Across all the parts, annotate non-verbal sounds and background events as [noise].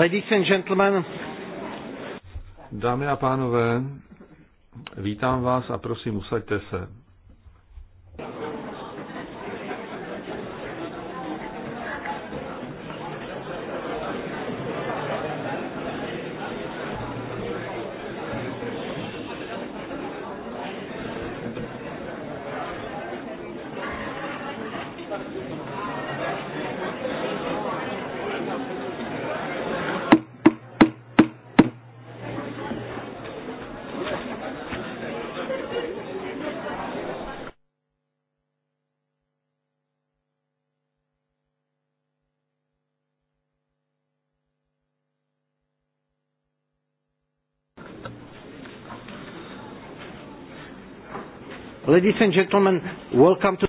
Ladies and gentlemen. Dámy a pánové, vítám vás a prosím, usaďte se. Ladies and gentlemen, welcome to...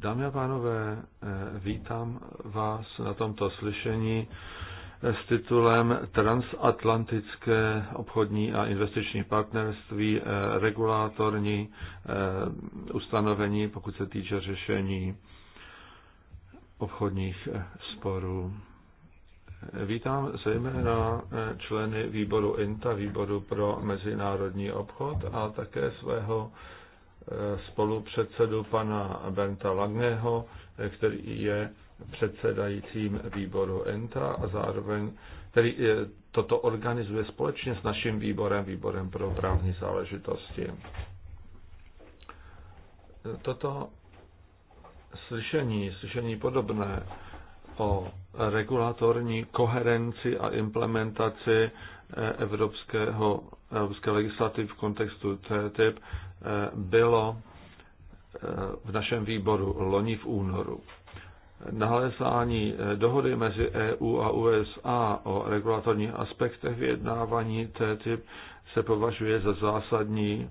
Dámy a pánové, eh, vítám vás na tomto slyšení eh, s titulem Transatlantické obchodní a investiční partnerství eh, regulátorní ustanovení, pokud se týče řešení obchodních sporů. Vítám zejména členy výboru INTA, výboru pro mezinárodní obchod a také svého spolupředsedu pana Benta Langného, který je předsedajícím výboru ENTA a zároveň, který eh, toto organizuje společně s naším výborem, výborem pro právní záležitosti. Toto slyšení, slyšení podobné o regulatorní koherenci a implementaci eh, evropského, evropské legislativy v kontextu TTIP Eh, bylo eh, v našem výboru loni v únoru. Nalezání eh, dohody mezi EU a USA o regulatorních aspektech vyjednávání TTIP se považuje za zásadní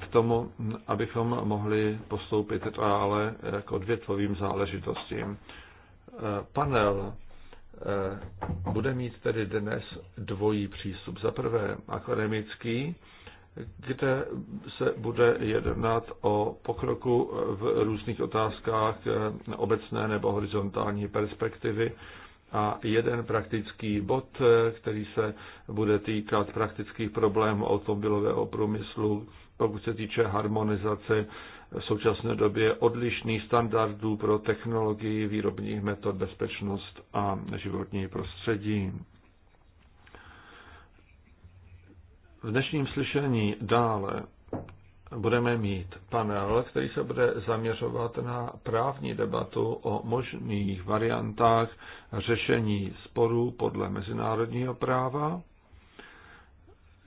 k tomu, abychom mohli postoupit dále k odvětvovým záležitostím. Panel bude mít tedy dnes dvojí přístup. Za prvé akademický, kde se bude jednat o pokroku v různých otázkách eh, obecné nebo horizontální perspektivy a jeden praktický bod, eh, který se bude týkat praktických problémů automobilového průmyslu, pokud se týče harmonizace v současné době odlišných standardů pro technologii, výrobních metod, bezpečnost a životní prostředí. V dnešním slyšení dále budeme mít panel, který se bude zaměřovat na právní debatu o možných variantách řešení sporů podle mezinárodního práva,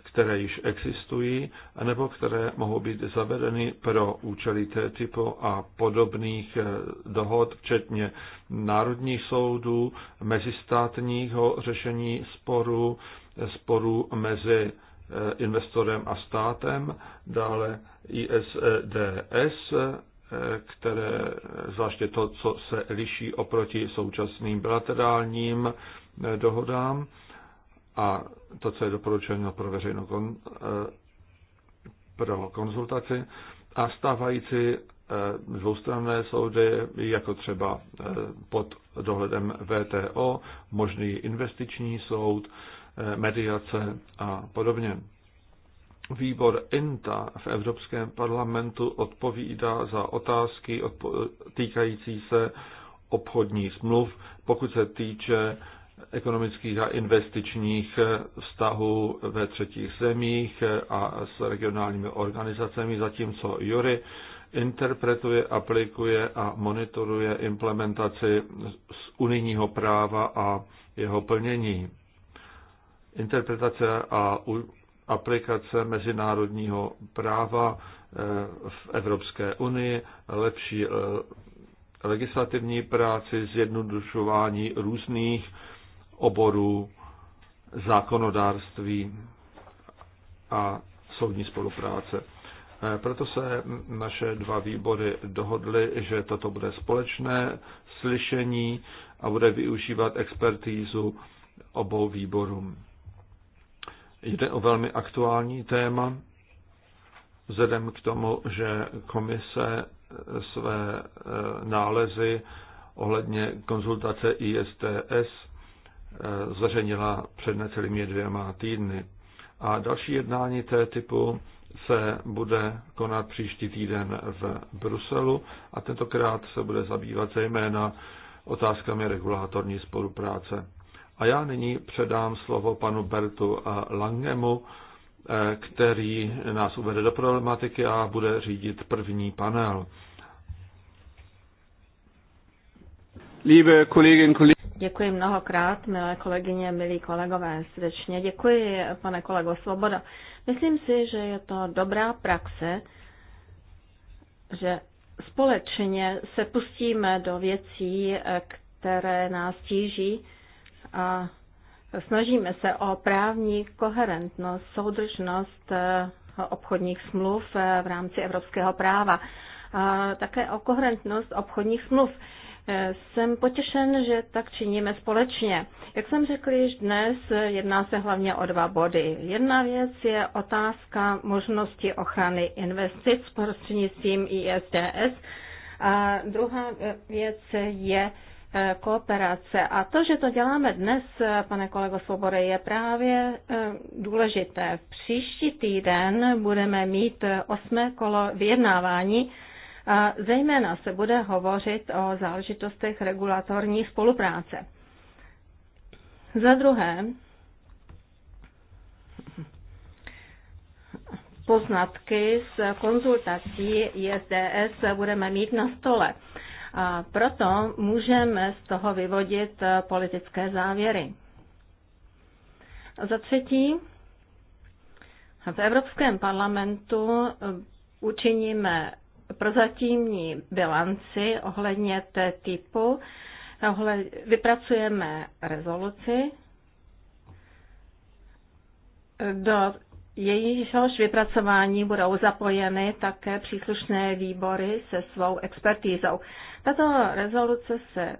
které již existují, nebo které mohou být zavedeny pro účely té typu a podobných eh, dohod, včetně národních soudů, mezistátního řešení sporů, sporů mezi Eh, investorem a státem, dále ISDS, e eh, které zvláště to, co se liší oproti současným bilaterálním eh, dohodám a to, co je doporučeno pro veřejnou kon, pro konzultaci a stávající dvoustranné soudy, jako třeba pod dohledem VTO, možný investiční soud, Eh, mediace a podobně. Výbor INTA v Evropském parlamentu odpovídá za otázky týkající se obchodních smluv, pokud se týče ekonomických a investičních vztahů ve třetích zemích a s regionálními organizacemi, zatímco Jury interpretuje, aplikuje a monitoruje implementaci z unijního práva a jeho plnění interpretace a aplikace mezinárodního práva eh, v Evropské unii, lepší eh, legislativní práci, zjednodušování různých oborů zákonodárství a soudní spolupráce. Eh, proto se naše dva výbory dohodly, že toto bude společné slyšení a bude využívat expertízu obou výborům. Jde o velmi aktuální téma, vzhledem k tomu, že komise své e, nálezy ohledně konzultace ISTS e, zveřejnila před necelými dvěma týdny. A další jednání té typu se bude konat příští týden v Bruselu a tentokrát se bude zabývat zejména otázkami regulatorní spolupráce. A já nyní předám slovo panu Bertu Langemu, eh, který nás uvede do problematiky a bude řídit první panel. Děkuji mnohokrát, milé kolegyně, milí kolegové. Srdečně děkuji, pane kolego Svoboda. Myslím si, že je to dobrá praxe, že společně se pustíme do věcí, eh, které nás tíží a snažíme se o právní koherentnost, soudržnost eh, obchodních smluv eh, v rámci evropského práva a také o koherentnost obchodních smluv. Eh, jsem potěšen, že tak činíme společně. Jak jsem řekl již dnes, jedná se hlavně o dva body. Jedna věc je otázka možnosti ochrany investic prostřednictvím ISDS a druhá věc je Eh, kooperace. A to, že to děláme dnes, eh, pane kolego Svobody, je právě eh, důležité. Příští týden budeme mít osmé kolo vyjednávání. A zejména se bude hovořit o záležitostech regulatorní spolupráce. Za druhé, poznatky z konzultací ISDS budeme mít na stole. A proto můžeme z toho vyvodit eh, politické závěry. A za třetí, v Evropském parlamentu eh, učiníme prozatímní bilanci ohledně té typu, vypracujeme rezoluci, eh, do jejíhož vypracování budou zapojeny také příslušné výbory se svou expertízou. Tato rezoluce se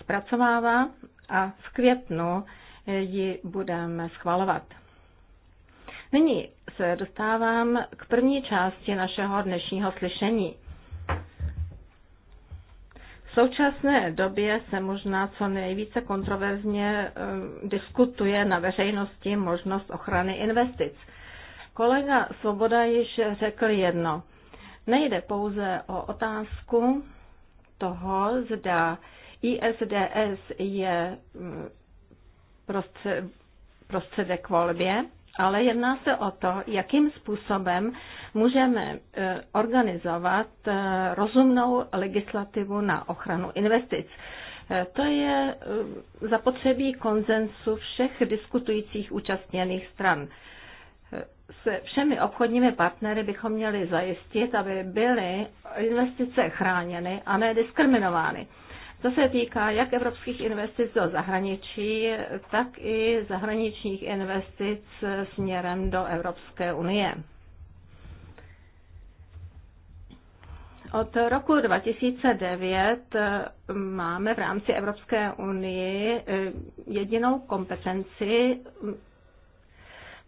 zpracovává a v květnu ji budeme schvalovat. Nyní se dostávám k první části našeho dnešního slyšení. V současné době se možná co nejvíce kontroverzně eh, diskutuje na veřejnosti možnost ochrany investic. Kolega Svoboda již řekl jedno. Nejde pouze o otázku, toho, zda ISDS je mm, prostředek volbě, ale jedná se o to, jakým způsobem můžeme eh, organizovat eh, rozumnou legislativu na ochranu investic. Eh, to je zapotřebí konsensu všech diskutujících účastněných stran se všemi obchodními partnery bychom měli zajistit, aby byly investice chráněny a ne diskriminovány. To se týká jak evropských investic do zahraničí, tak i zahraničních investic směrem do Evropské unie. Od roku 2009 eh, máme v rámci Evropské unie eh, jedinou kompetenci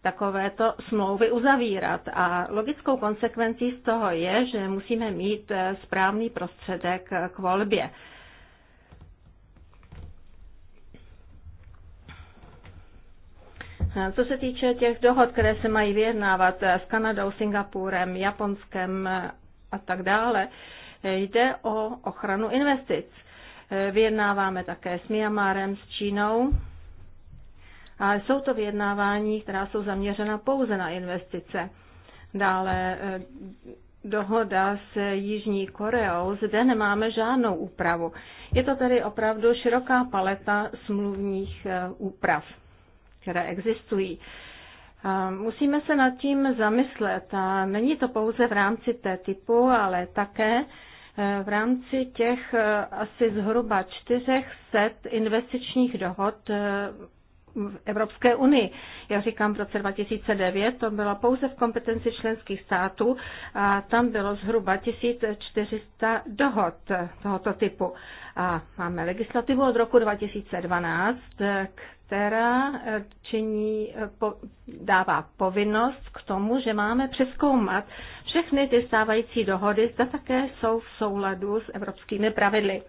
takovéto smlouvy uzavírat. A logickou konsekvencí z toho je, že musíme mít eh, správný prostředek eh, k volbě. Eh, co se týče těch dohod, které se mají vyjednávat s Kanadou, Singapurem, Japonskem a tak dále, jde o ochranu investic. Vyjednáváme také s Myanmarem, s Čínou ale jsou to vyjednávání, která jsou zaměřena pouze na investice. Dále eh, dohoda s Jižní Koreou, zde nemáme žádnou úpravu. Je to tedy opravdu široká paleta smluvních eh, úprav, které existují. Musíme se nad tím zamyslet a není to pouze v rámci té typu, ale také eh, v rámci těch asi zhruba 400 investičních dohod v Evropské unii. Já říkám, v roce 2009 to bylo pouze v kompetenci členských států a tam bylo zhruba 1400 dohod tohoto typu. A máme legislativu od roku 2012, která eh, činí, eh, po, dává povinnost k tomu, že máme přeskoumat všechny ty stávající dohody, zda také jsou v souladu s evropskými pravidly.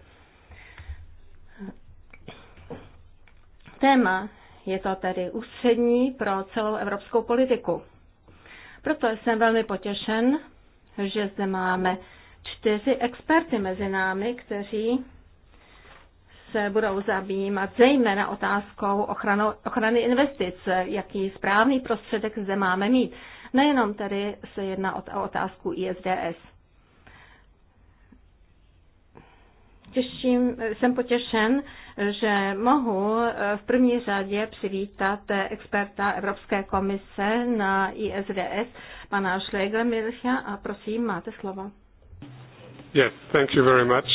Téma je to tedy ústřední pro celou evropskou politiku. Proto jsem velmi potěšen, že zde máme čtyři experty mezi námi, kteří se budou zabývat zejména otázkou ochranu, ochrany investic, jaký správný prostředek zde máme mít. Nejenom tedy se jedná o otázku ISDS. těším, jsem potěšen, že mohu eh, v první řadě přivítat eh, experta Evropské komise na ISDS, pana Schlegelmilcha, a prosím, máte slovo. Yes, thank you very much.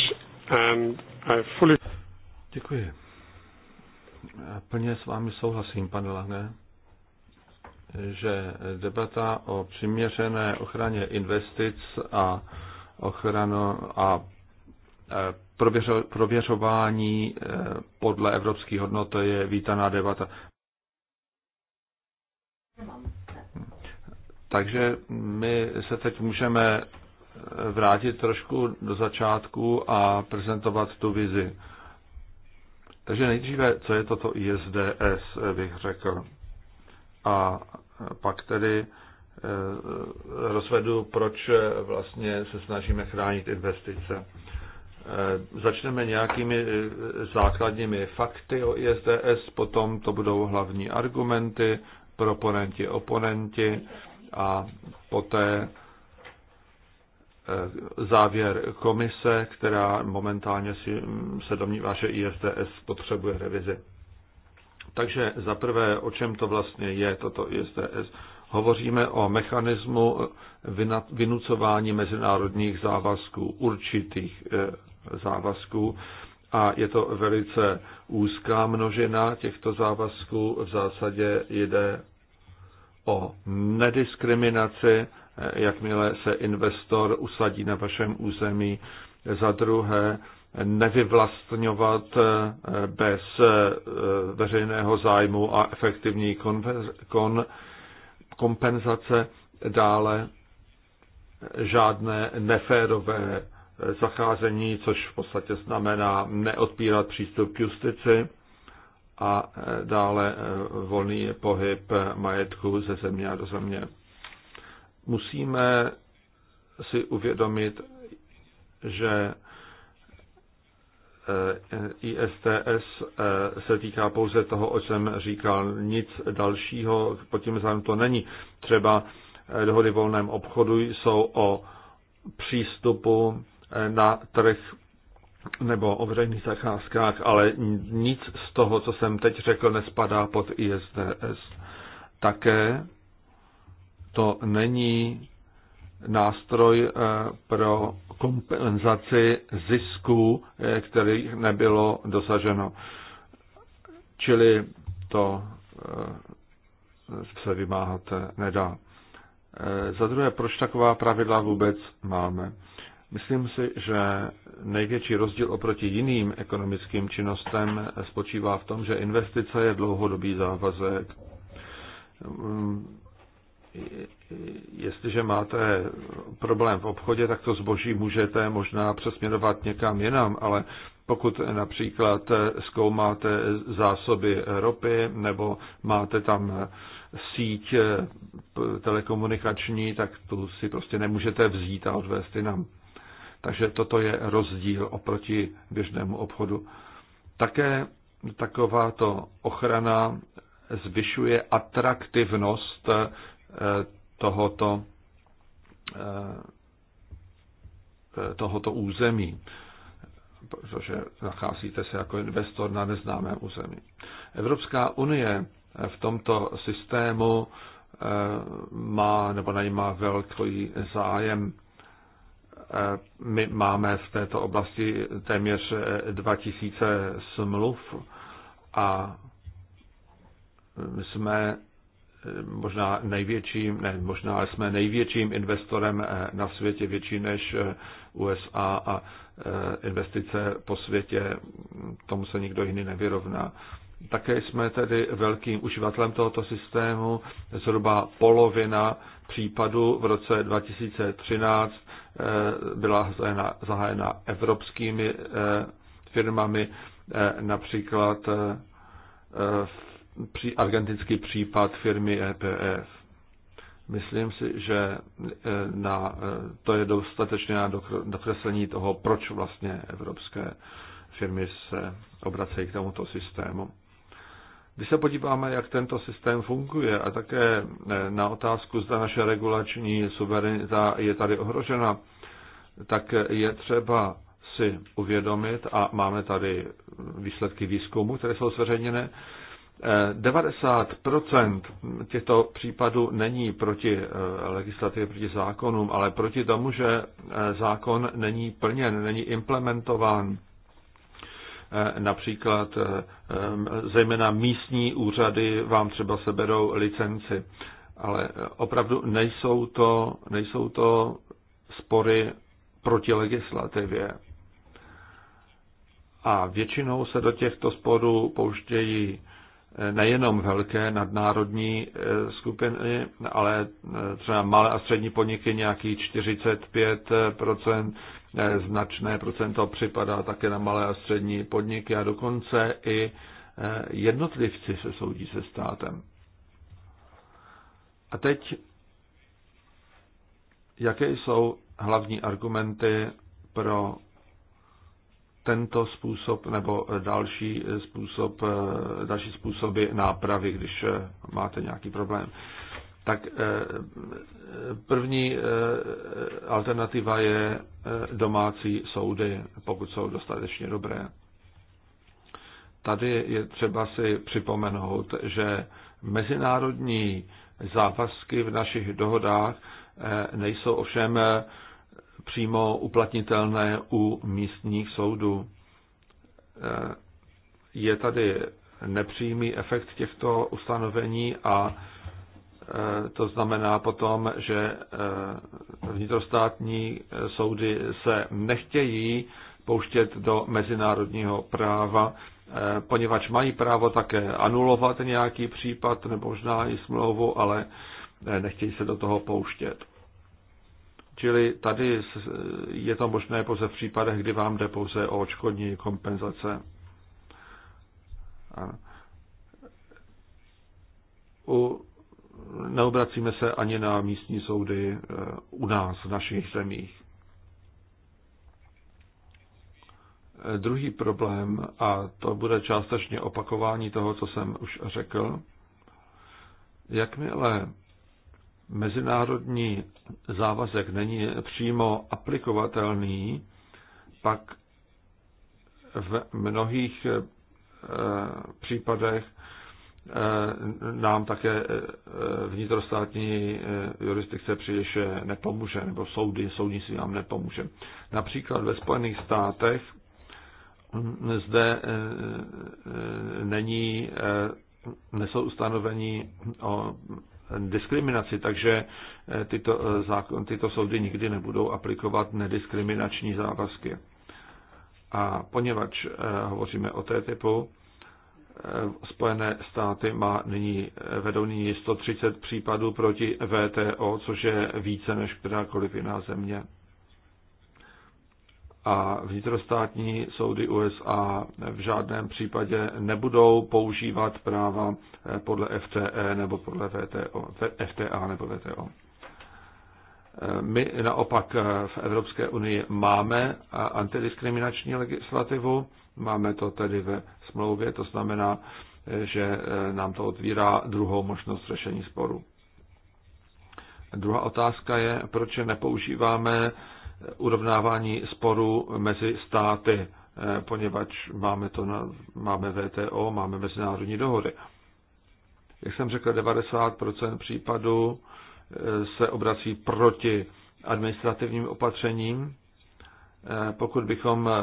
And I fully... Děkuji. Já plně s vámi souhlasím, pane Lange, že debata o přiměřené ochraně investic a ochranu a eh, prověřo, prověřování eh, podle evropských hodnot, je vítaná debata. Takže my se teď můžeme eh, vrátit trošku do začátku a prezentovat tu vizi. Takže nejdříve, co je toto ISDS, eh, bych řekl. A pak tedy rozvedu, proč vlastně se snažíme chránit investice. Eh, začneme nějakými eh, základními fakty o ISDS, potom to budou hlavní argumenty, proponenti, oponenti a poté eh, závěr komise, která momentálně si, mm, se domnívá, že ISDS potřebuje revizi. Takže za prvé, o čem to vlastně je toto ISDS? Hovoříme o mechanismu vynucování mezinárodních závazků určitých závazků a je to velice úzká množina těchto závazků. V zásadě jde o nediskriminaci, jakmile se investor usadí na vašem území. Za druhé, nevyvlastňovat eh, bez eh, veřejného zájmu a efektivní kon, kompenzace dále žádné neférové zacházení, což v podstatě znamená neodpírat přístup k justici a e, dále e, volný pohyb majetku ze země a do země. Musíme si uvědomit, že e, ISTS se týká pouze toho, o čem říkal, nic dalšího, pod tím zájem to není. Třeba dohody volném obchodu jsou o přístupu na trh nebo o veřejných zakázkách, ale nic z toho, co jsem teď řekl, nespadá pod ISDS. Také to není nástroj eh, pro kompenzaci zisků, eh, kterých nebylo dosaženo. Čili to eh, se vymáhat nedá. Za druhé, proč taková pravidla vůbec máme? Myslím si, že největší rozdíl oproti jiným ekonomickým činnostem spočívá v tom, že investice je dlouhodobý závazek. Jestliže máte problém v obchodě, tak to zboží můžete možná přesměrovat někam jinam, ale pokud například zkoumáte zásoby ropy nebo máte tam síť telekomunikační, tak tu si prostě nemůžete vzít a odvést jinam. nám. Takže toto je rozdíl oproti běžnému obchodu. Také takováto ochrana zvyšuje atraktivnost eh, tohoto, eh, tohoto území, protože nacházíte se jako investor na neznámém území. Evropská unie v tomto systému eh, má nebo na má velký zájem. Eh, my máme v této oblasti téměř 2000 eh, smluv a my jsme eh, možná největším, ne možná, ale jsme největším investorem na světě, větší než USA a investice po světě, tomu se nikdo jiný nevyrovná. Také jsme tedy velkým uživatelem tohoto systému. Zhruba polovina případů v roce 2013 Eh, byla zahájena evropskými eh, firmami, eh, například argentinský případ firmy EPF. Myslím si, že na, to je dostatečné na dokreslení toho, proč vlastně evropské firmy se obracejí k tomuto systému. Když se podíváme, jak tento systém funguje a také eh, na otázku, zda naše regulační suverenita je tady ohrožena, tak eh, je třeba si uvědomit, a máme tady výsledky výzkumu, které jsou zveřejněné, 90% eh, těchto případů není proti legislativě, proti zákonům, ale proti tomu, že zákon není plněn, není implementován. Eh, například eh, zejména místní úřady vám třeba seberou licenci. Ale eh, opravdu nejsou to, nejsou to spory proti legislativě. A většinou se do těchto sporů pouštějí nejenom velké nadnárodní skupiny, ale třeba malé a střední podniky nějaký 45%, E, značné procento připadá také na malé a střední podniky a dokonce i e, jednotlivci se soudí se státem. A teď, jaké jsou hlavní argumenty pro tento způsob nebo další způsob, e, další způsoby nápravy, když máte nějaký problém tak eh, první eh, alternativa je eh, domácí soudy, pokud jsou dostatečně dobré. Tady je třeba si připomenout, že mezinárodní závazky v našich dohodách nejsou ovšem přímo uplatnitelné u místních soudů. Je tady nepřímý efekt těchto ustanovení a Eh, to znamená potom, že eh, vnitrostátní eh, soudy se nechtějí pouštět do mezinárodního práva, poněvadž mají právo také anulovat nějaký případ nebo možná i smlouvu, ale nechtějí se do toho pouštět. Čili tady je to možné pouze v případech, kdy vám jde pouze o očkodní kompenzace. U neobracíme se ani na místní soudy eh, u nás, v našich zemích. Eh, druhý problém, a to bude částečně opakování toho, co jsem už řekl, jakmile mezinárodní závazek není přímo aplikovatelný, pak v mnohých eh, případech Eh, nám také eh, vnitrostátní eh, jurisdikce příliš nepomůže, nebo soudy, si nám nepomůže. Například ve Spojených státech mm, zde není, nesou ustanovení o diskriminaci, takže tyto, zákon, tyto soudy nikdy nebudou aplikovat nediskriminační závazky. A poněvadž hovoříme o té typu, Eh, Spojené státy má nyní eh, vedou nyní 130 případů proti VTO, což je více než kterákoliv jiná země. A vnitrostátní soudy USA v žádném případě nebudou používat práva eh, podle FTE nebo podle VTO, FTA nebo VTO. My naopak v Evropské unii máme antidiskriminační legislativu, Máme to tedy ve smlouvě, to znamená, že eh, nám to otvírá druhou možnost řešení sporu. Druhá otázka je, proč nepoužíváme eh, urovnávání sporu mezi státy, eh, poněvadž máme, to na, máme VTO, máme mezinárodní dohody. Jak jsem řekl, 90% případů se obrací proti administrativním opatřením Eh, pokud bychom eh,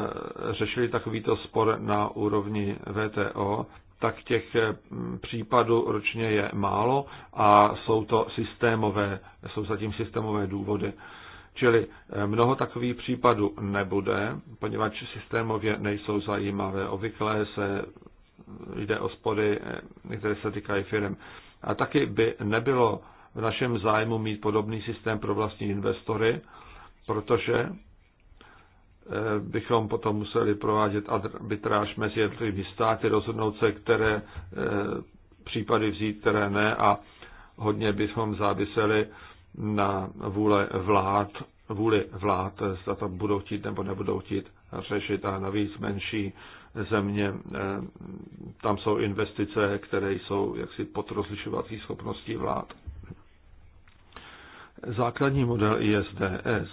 řešili takovýto spor na úrovni VTO, tak těch eh, případů ročně je málo a jsou to systémové, jsou zatím systémové důvody. Čili mnoho takových případů nebude, poněvadž systémově nejsou zajímavé. Obvykle se mm, jde o spory, které se týkají firm. A taky by nebylo v našem zájmu mít podobný systém pro vlastní investory, protože bychom potom museli provádět arbitráž mezi jednotlivými státy, rozhodnout se, které eh, případy vzít, které ne a hodně bychom záviseli na vůle vlád, vůli vlád, zda to budou chtít nebo nebudou chtít řešit a navíc menší země, eh, tam jsou investice, které jsou jaksi pod rozlišovací schopností vlád. Základní model ISDS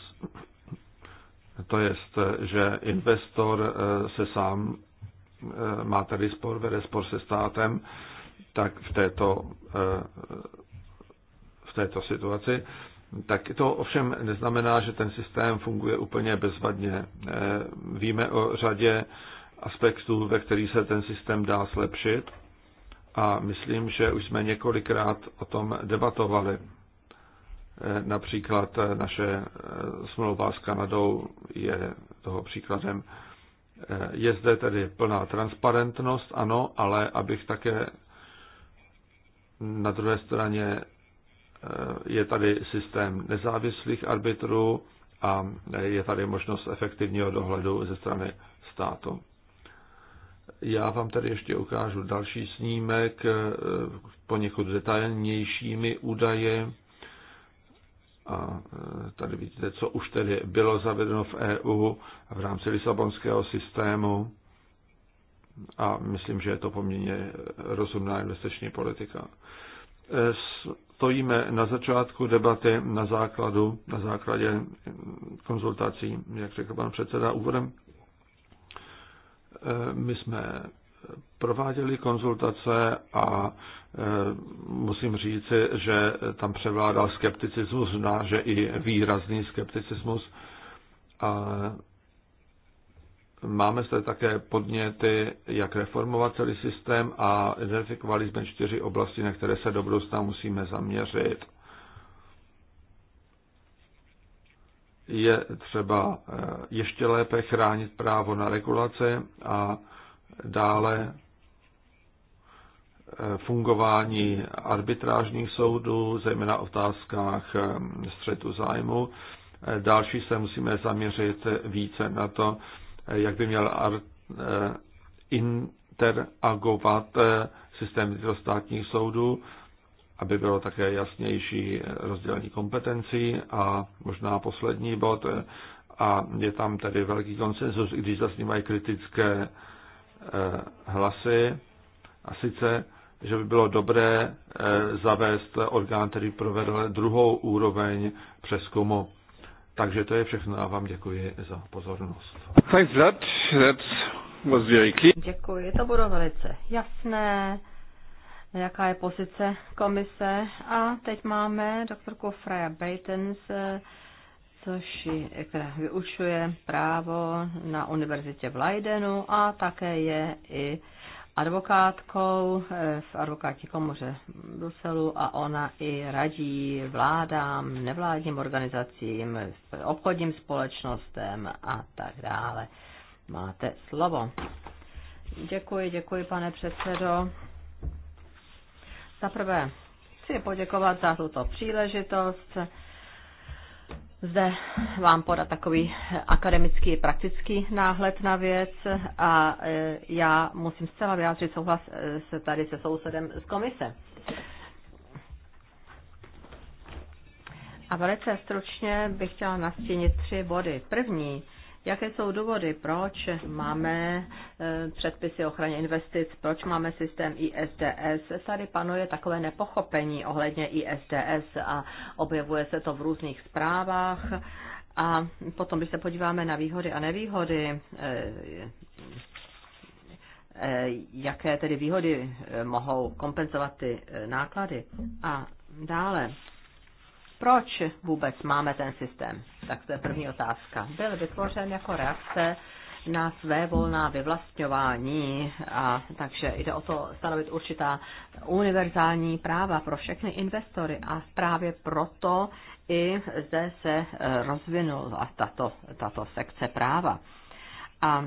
to je, že investor eh, se sám eh, má tady spor, vede spor se státem, tak v této, eh, v této situaci. Tak to ovšem neznamená, že ten systém funguje úplně bezvadně. Víme o řadě aspektů, ve kterých se ten systém dá zlepšit a myslím, že už jsme několikrát o tom debatovali. Eh, například eh, naše eh, smlouva s Kanadou je toho příkladem. Je zde tedy plná transparentnost, ano, ale abych také na druhé straně je tady systém nezávislých arbitrů a je tady možnost efektivního dohledu ze strany státu. Já vám tady ještě ukážu další snímek poněkud detailnějšími údaje. A e, tady vidíte, co už tedy bylo zavedeno v EU v rámci Lisabonského systému. A myslím, že je to poměrně rozumná investiční politika. E, stojíme na začátku debaty na základu, na základě konzultací, jak řekl pan předseda úvodem. E, my jsme prováděli konzultace a e, musím říci, že tam převládal skepticismus, zná, že i výrazný skepticismus. A máme zde také podněty, jak reformovat celý systém a identifikovali jsme čtyři oblasti, na které se do budoucna musíme zaměřit. Je třeba e, ještě lépe chránit právo na regulace a Dále eh, fungování arbitrážních soudů, zejména v otázkách eh, střetu zájmu. Eh, další se musíme zaměřit více na to, jak by měl interagovat systém vnitrostátních soudů, aby bylo také jasnější rozdělení kompetencí a možná poslední bod, a je tam tedy velký konsenzus, i když zasnívají kritické Eh, hlasy, a sice, že by bylo dobré eh, zavést orgán, který provedl druhou úroveň přeskumu. Takže to je všechno a vám děkuji za pozornost. Thanks a lot. That was very Děkuji, to bylo velice jasné, jaká je pozice komise. A teď máme doktorku Freya Baton eh, což která vyučuje právo na univerzitě v Leidenu a také je i advokátkou eh, v advokátní komoře Bruselu a ona i radí vládám, nevládním organizacím, obchodním společnostem a tak dále. Máte slovo. Děkuji, děkuji, pane předsedo. Za prvé chci poděkovat za tuto příležitost zde vám podat takový akademický praktický náhled na věc a e, já musím zcela vyjádřit souhlas se tady se sousedem z komise. A velice stručně bych chtěla nastínit tři body. První Jaké jsou důvody, proč máme eh, předpisy ochraně investic, proč máme systém ISDS? Tady panuje takové nepochopení ohledně ISDS a objevuje se to v různých zprávách. A potom, když se podíváme na výhody a nevýhody, eh, eh, jaké tedy výhody mohou kompenzovat ty náklady. A dále proč vůbec máme ten systém? Tak to je první otázka. Byl vytvořen jako reakce na své volná vyvlastňování, a, takže jde o to stanovit určitá univerzální práva pro všechny investory a právě proto i zde se eh, rozvinula tato, tato sekce práva. A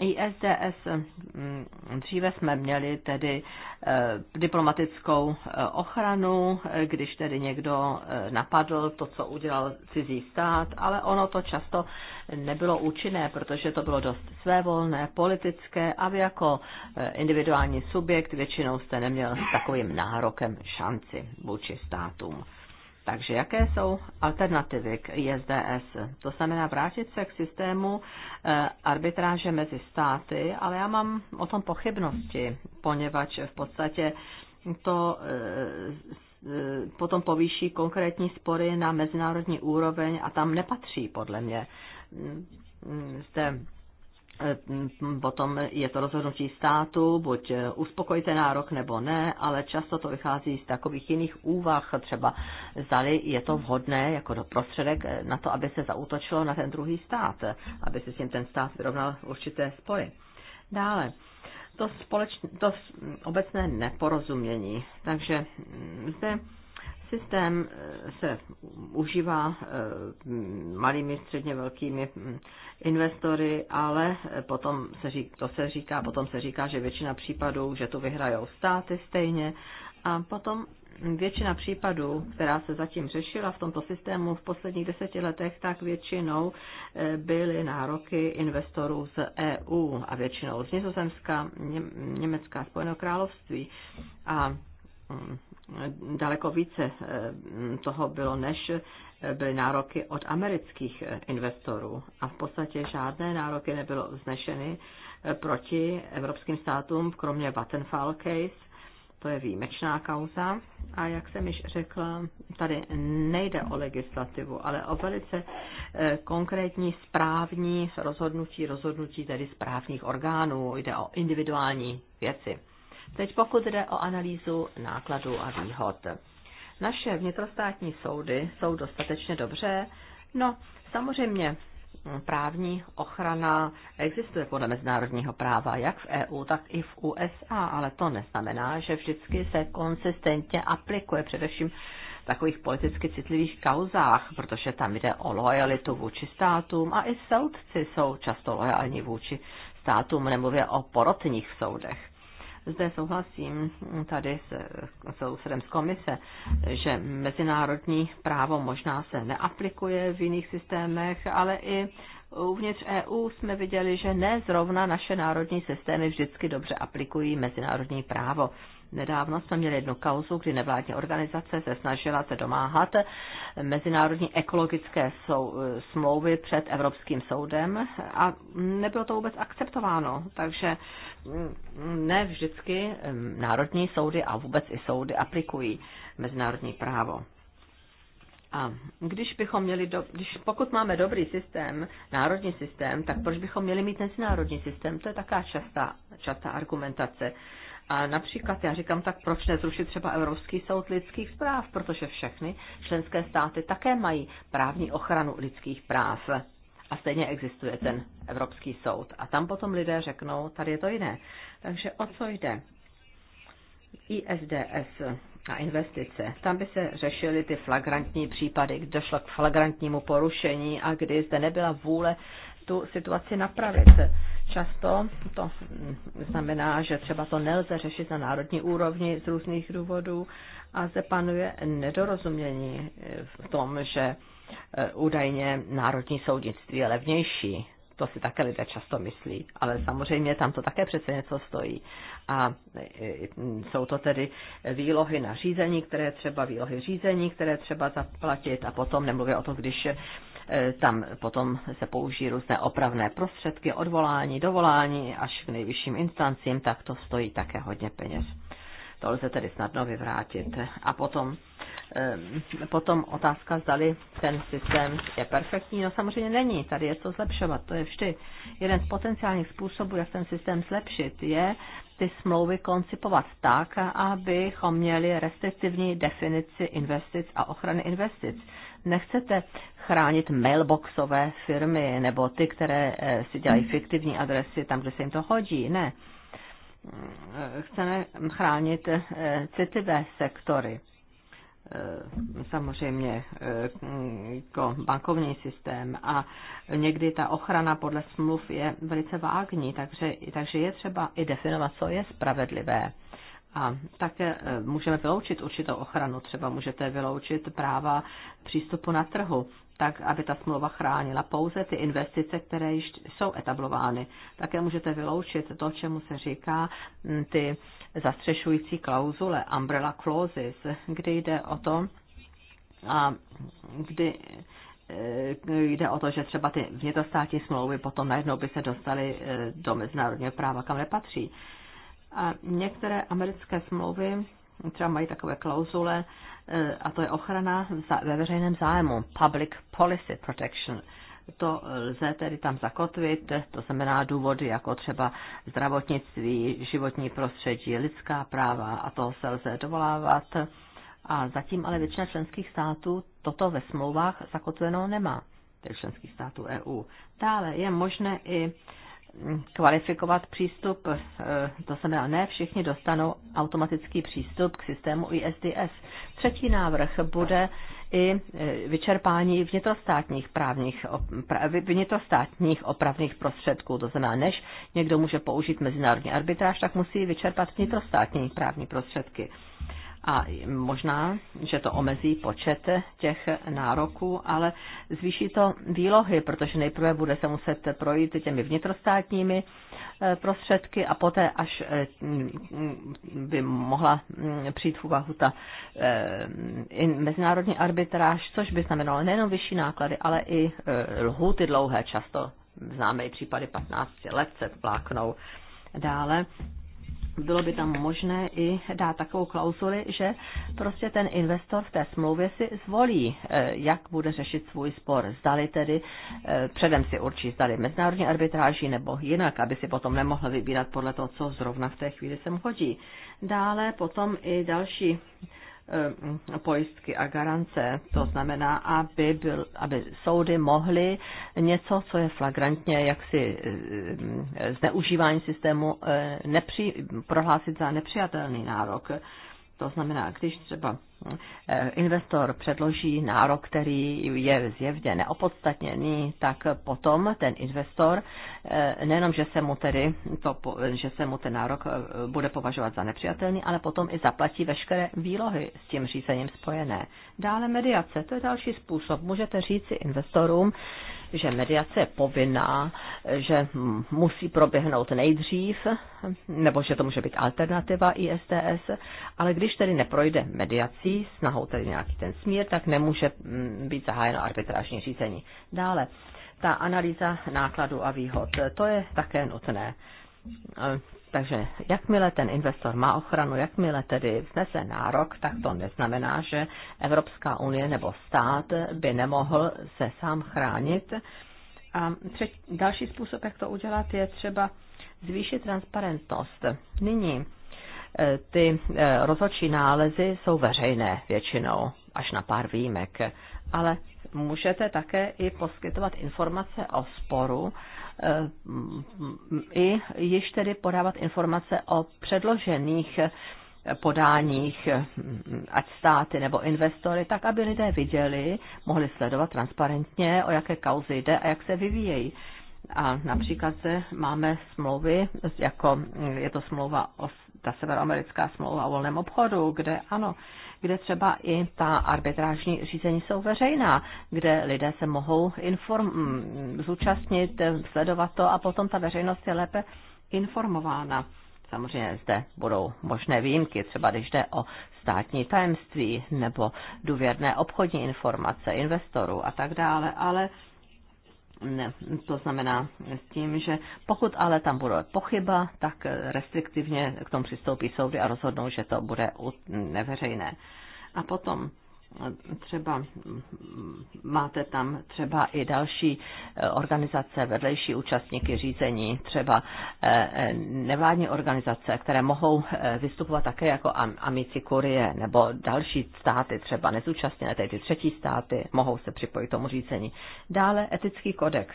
ISDS, mm, dříve jsme měli tedy eh, diplomatickou eh, ochranu, eh, když tedy někdo napadl to, co udělal cizí stát, ale ono to často nebylo účinné, protože to bylo dost svévolné, politické a vy jako individuální subjekt většinou jste neměl s takovým nárokem šanci vůči státům. Takže jaké jsou alternativy k ISDS? To znamená vrátit se k systému eh, arbitráže mezi státy, ale já mám o tom pochybnosti, poněvadž v podstatě to eh, eh, potom povýší konkrétní spory na mezinárodní úroveň a tam nepatří podle mě. Mm, mm, zde Eh, potom je to rozhodnutí státu, buď eh, uspokojte nárok nebo ne, ale často to vychází z takových jiných úvah, třeba zdali je to vhodné jako do prostředek eh, na to, aby se zautočilo na ten druhý stát, aby se s tím ten stát vyrovnal určité spory. Dále, to, společ, to obecné neporozumění. Takže mm, zde Systém eh, se užívá eh, malými, středně velkými hm, investory, ale potom se říká, to se říká, potom se říká, že většina případů, že tu vyhrajou státy stejně a potom většina případů, která se zatím řešila v tomto systému v posledních deseti letech, tak většinou eh, byly nároky investorů z EU a většinou z Nizozemska, Německa, Spojeného království. A Mm, daleko více mm, toho bylo, než byly nároky od amerických investorů. A v podstatě žádné nároky nebylo vznešeny eh, proti evropským státům, kromě Vattenfall case. To je výjimečná kauza. A jak jsem již řekla, tady nejde o legislativu, ale o velice eh, konkrétní správní rozhodnutí, rozhodnutí tedy správních orgánů. Jde o individuální věci. Teď pokud jde o analýzu nákladů a výhod. Naše vnitrostátní soudy jsou dostatečně dobře. No, samozřejmě hm, právní ochrana existuje podle mezinárodního práva jak v EU, tak i v USA, ale to neznamená, že vždycky se konsistentně aplikuje především v takových politicky citlivých kauzách, protože tam jde o lojalitu vůči státům a i soudci jsou často lojální vůči státům, nemluvě o porotních soudech zde souhlasím tady s sousedem z komise, že mezinárodní právo možná se neaplikuje v jiných systémech, ale i uvnitř EU jsme viděli, že ne zrovna naše národní systémy vždycky dobře aplikují mezinárodní právo. Nedávno jsme měli jednu kauzu, kdy nevládní organizace se snažila se domáhat mezinárodní ekologické sou, smlouvy před Evropským soudem a nebylo to vůbec akceptováno. Takže mm, ne vždycky mm, národní soudy a vůbec i soudy aplikují mezinárodní právo. A když bychom měli, do, když, pokud máme dobrý systém, národní systém, tak proč bychom měli mít mezinárodní systém? To je taká častá, častá argumentace. A například já říkám, tak proč nezrušit třeba Evropský soud lidských práv, protože všechny členské státy také mají právní ochranu lidských práv. A stejně existuje ten Evropský soud. A tam potom lidé řeknou, tady je to jiné. Takže o co jde? ISDS a investice. Tam by se řešily ty flagrantní případy, kdy došlo k flagrantnímu porušení a kdy zde nebyla vůle tu situaci napravit. Často to znamená, že třeba to nelze řešit na národní úrovni z různých důvodů a zde panuje nedorozumění v tom, že eh, údajně národní soudnictví je levnější. To si také lidé často myslí, ale samozřejmě tam to také přece něco stojí. A eh, jsou to tedy výlohy na řízení, které třeba výlohy řízení, které třeba zaplatit a potom nemluvě o tom, když E, tam potom se použijí různé opravné prostředky, odvolání, dovolání až k nejvyšším instancím, tak to stojí také hodně peněz. To lze tedy snadno vyvrátit. A potom, e, potom otázka, zdali ten systém je perfektní. No samozřejmě není, tady je co zlepšovat, to je vždy. Jeden z potenciálních způsobů, jak ten systém zlepšit, je ty smlouvy koncipovat tak, abychom měli restriktivní definici investic a ochrany investic nechcete chránit mailboxové firmy nebo ty, které eh, si dělají hmm. fiktivní adresy tam, kde se jim to hodí. Ne. Chceme chránit eh, citlivé sektory. Eh, samozřejmě jako bankovní systém a někdy ta ochrana podle smluv je velice vágní, takže, takže je třeba i definovat, co je spravedlivé a také e, můžeme vyloučit určitou ochranu, třeba můžete vyloučit práva přístupu na trhu, tak aby ta smlouva chránila pouze ty investice, které již jsou etablovány. Také můžete vyloučit to, čemu se říká ty zastřešující klauzule, umbrella clauses, kdy jde o to, a kdy e, jde o to, že třeba ty vnitrostátní smlouvy potom najednou by se dostaly e, do mezinárodního práva, kam nepatří. patří. A některé americké smlouvy třeba mají takové klauzule, e, a to je ochrana ve veřejném zájmu, public policy protection. To lze tedy tam zakotvit, to znamená důvody jako třeba zdravotnictví, životní prostředí, lidská práva a to se lze dovolávat. A zatím ale většina členských států toto ve smlouvách zakotveno nemá, tedy členských států EU. Dále je možné i kvalifikovat přístup, eh, to znamená ne všichni dostanou automatický přístup k systému ISDS. Třetí návrh bude i eh, vyčerpání vnitrostátních, právních, vnitrostátních opravných prostředků. To znamená, než někdo může použít mezinárodní arbitráž, tak musí vyčerpat vnitrostátní právní prostředky a možná, že to omezí počet těch nároků, ale zvýší to výlohy, protože nejprve bude se muset projít těmi vnitrostátními eh, prostředky a poté, až eh, by mohla mm, přijít v úvahu ta eh, mezinárodní arbitráž, což by znamenalo nejenom vyšší náklady, ale i lhuty dlouhé, často známé případy 15 let se vláknou. Dále bylo by tam možné i dát takovou klauzuli, že prostě ten investor v té smlouvě si zvolí, eh, jak bude řešit svůj spor. Zdali tedy, eh, předem si určí, zdali mezinárodní arbitráží nebo jinak, aby si potom nemohl vybírat podle toho, co zrovna v té chvíli sem chodí. Dále potom i další Eh, pojistky a garance. To znamená, aby, byl, aby soudy mohly něco, co je flagrantně jaksi eh, zneužívání systému, eh, nepři, prohlásit za nepřijatelný nárok. To znamená, když třeba Eh, investor předloží nárok, který je zjevně neopodstatněný, tak potom ten investor eh, nejenom, že se mu tedy to, že se mu ten nárok eh, bude považovat za nepřijatelný, ale potom i zaplatí veškeré výlohy s tím řízením spojené. Dále mediace, to je další způsob. Můžete si investorům, že mediace je povinná, že musí proběhnout nejdřív, nebo že to může být alternativa ISTS, ale když tedy neprojde mediací, nějaký snahou, tedy nějaký ten směr, tak nemůže mm, být zahájeno arbitrážní řízení. Dále, ta analýza nákladů a výhod, to je také nutné. Takže jakmile ten investor má ochranu, jakmile tedy vznese nárok, tak to neznamená, že Evropská unie nebo stát by nemohl se sám chránit. A třetí, další způsob, jak to udělat, je třeba zvýšit transparentnost. Nyní Eh, ty eh, rozhodčí nálezy jsou veřejné většinou, až na pár výjimek, ale můžete také i poskytovat informace o sporu, eh, i již tedy podávat informace o předložených podáních, ať státy nebo investory, tak aby lidé viděli, mohli sledovat transparentně, o jaké kauzy jde a jak se vyvíjejí. A například máme smlouvy, jako je to smlouva o ta severoamerická smlouva o volném obchodu, kde ano, kde třeba i ta arbitrážní řízení jsou veřejná, kde lidé se mohou inform, mm, zúčastnit, sledovat to a potom ta veřejnost je lépe informována. Samozřejmě zde budou možné výjimky, třeba když jde o státní tajemství nebo důvěrné obchodní informace investorů a tak dále, ale ne, to znamená s tím, že pokud ale tam bude pochyba, tak restriktivně k tomu přistoupí soudy a rozhodnou, že to bude neveřejné. A potom třeba mm, máte tam třeba i další eh, organizace, vedlejší účastníky řízení, třeba eh, eh, nevládní organizace, které mohou vystupovat také jako amici kurie nebo další státy, třeba nezúčastněné, tedy ty třetí státy, mohou se připojit k tomu řízení. Dále etický kodex.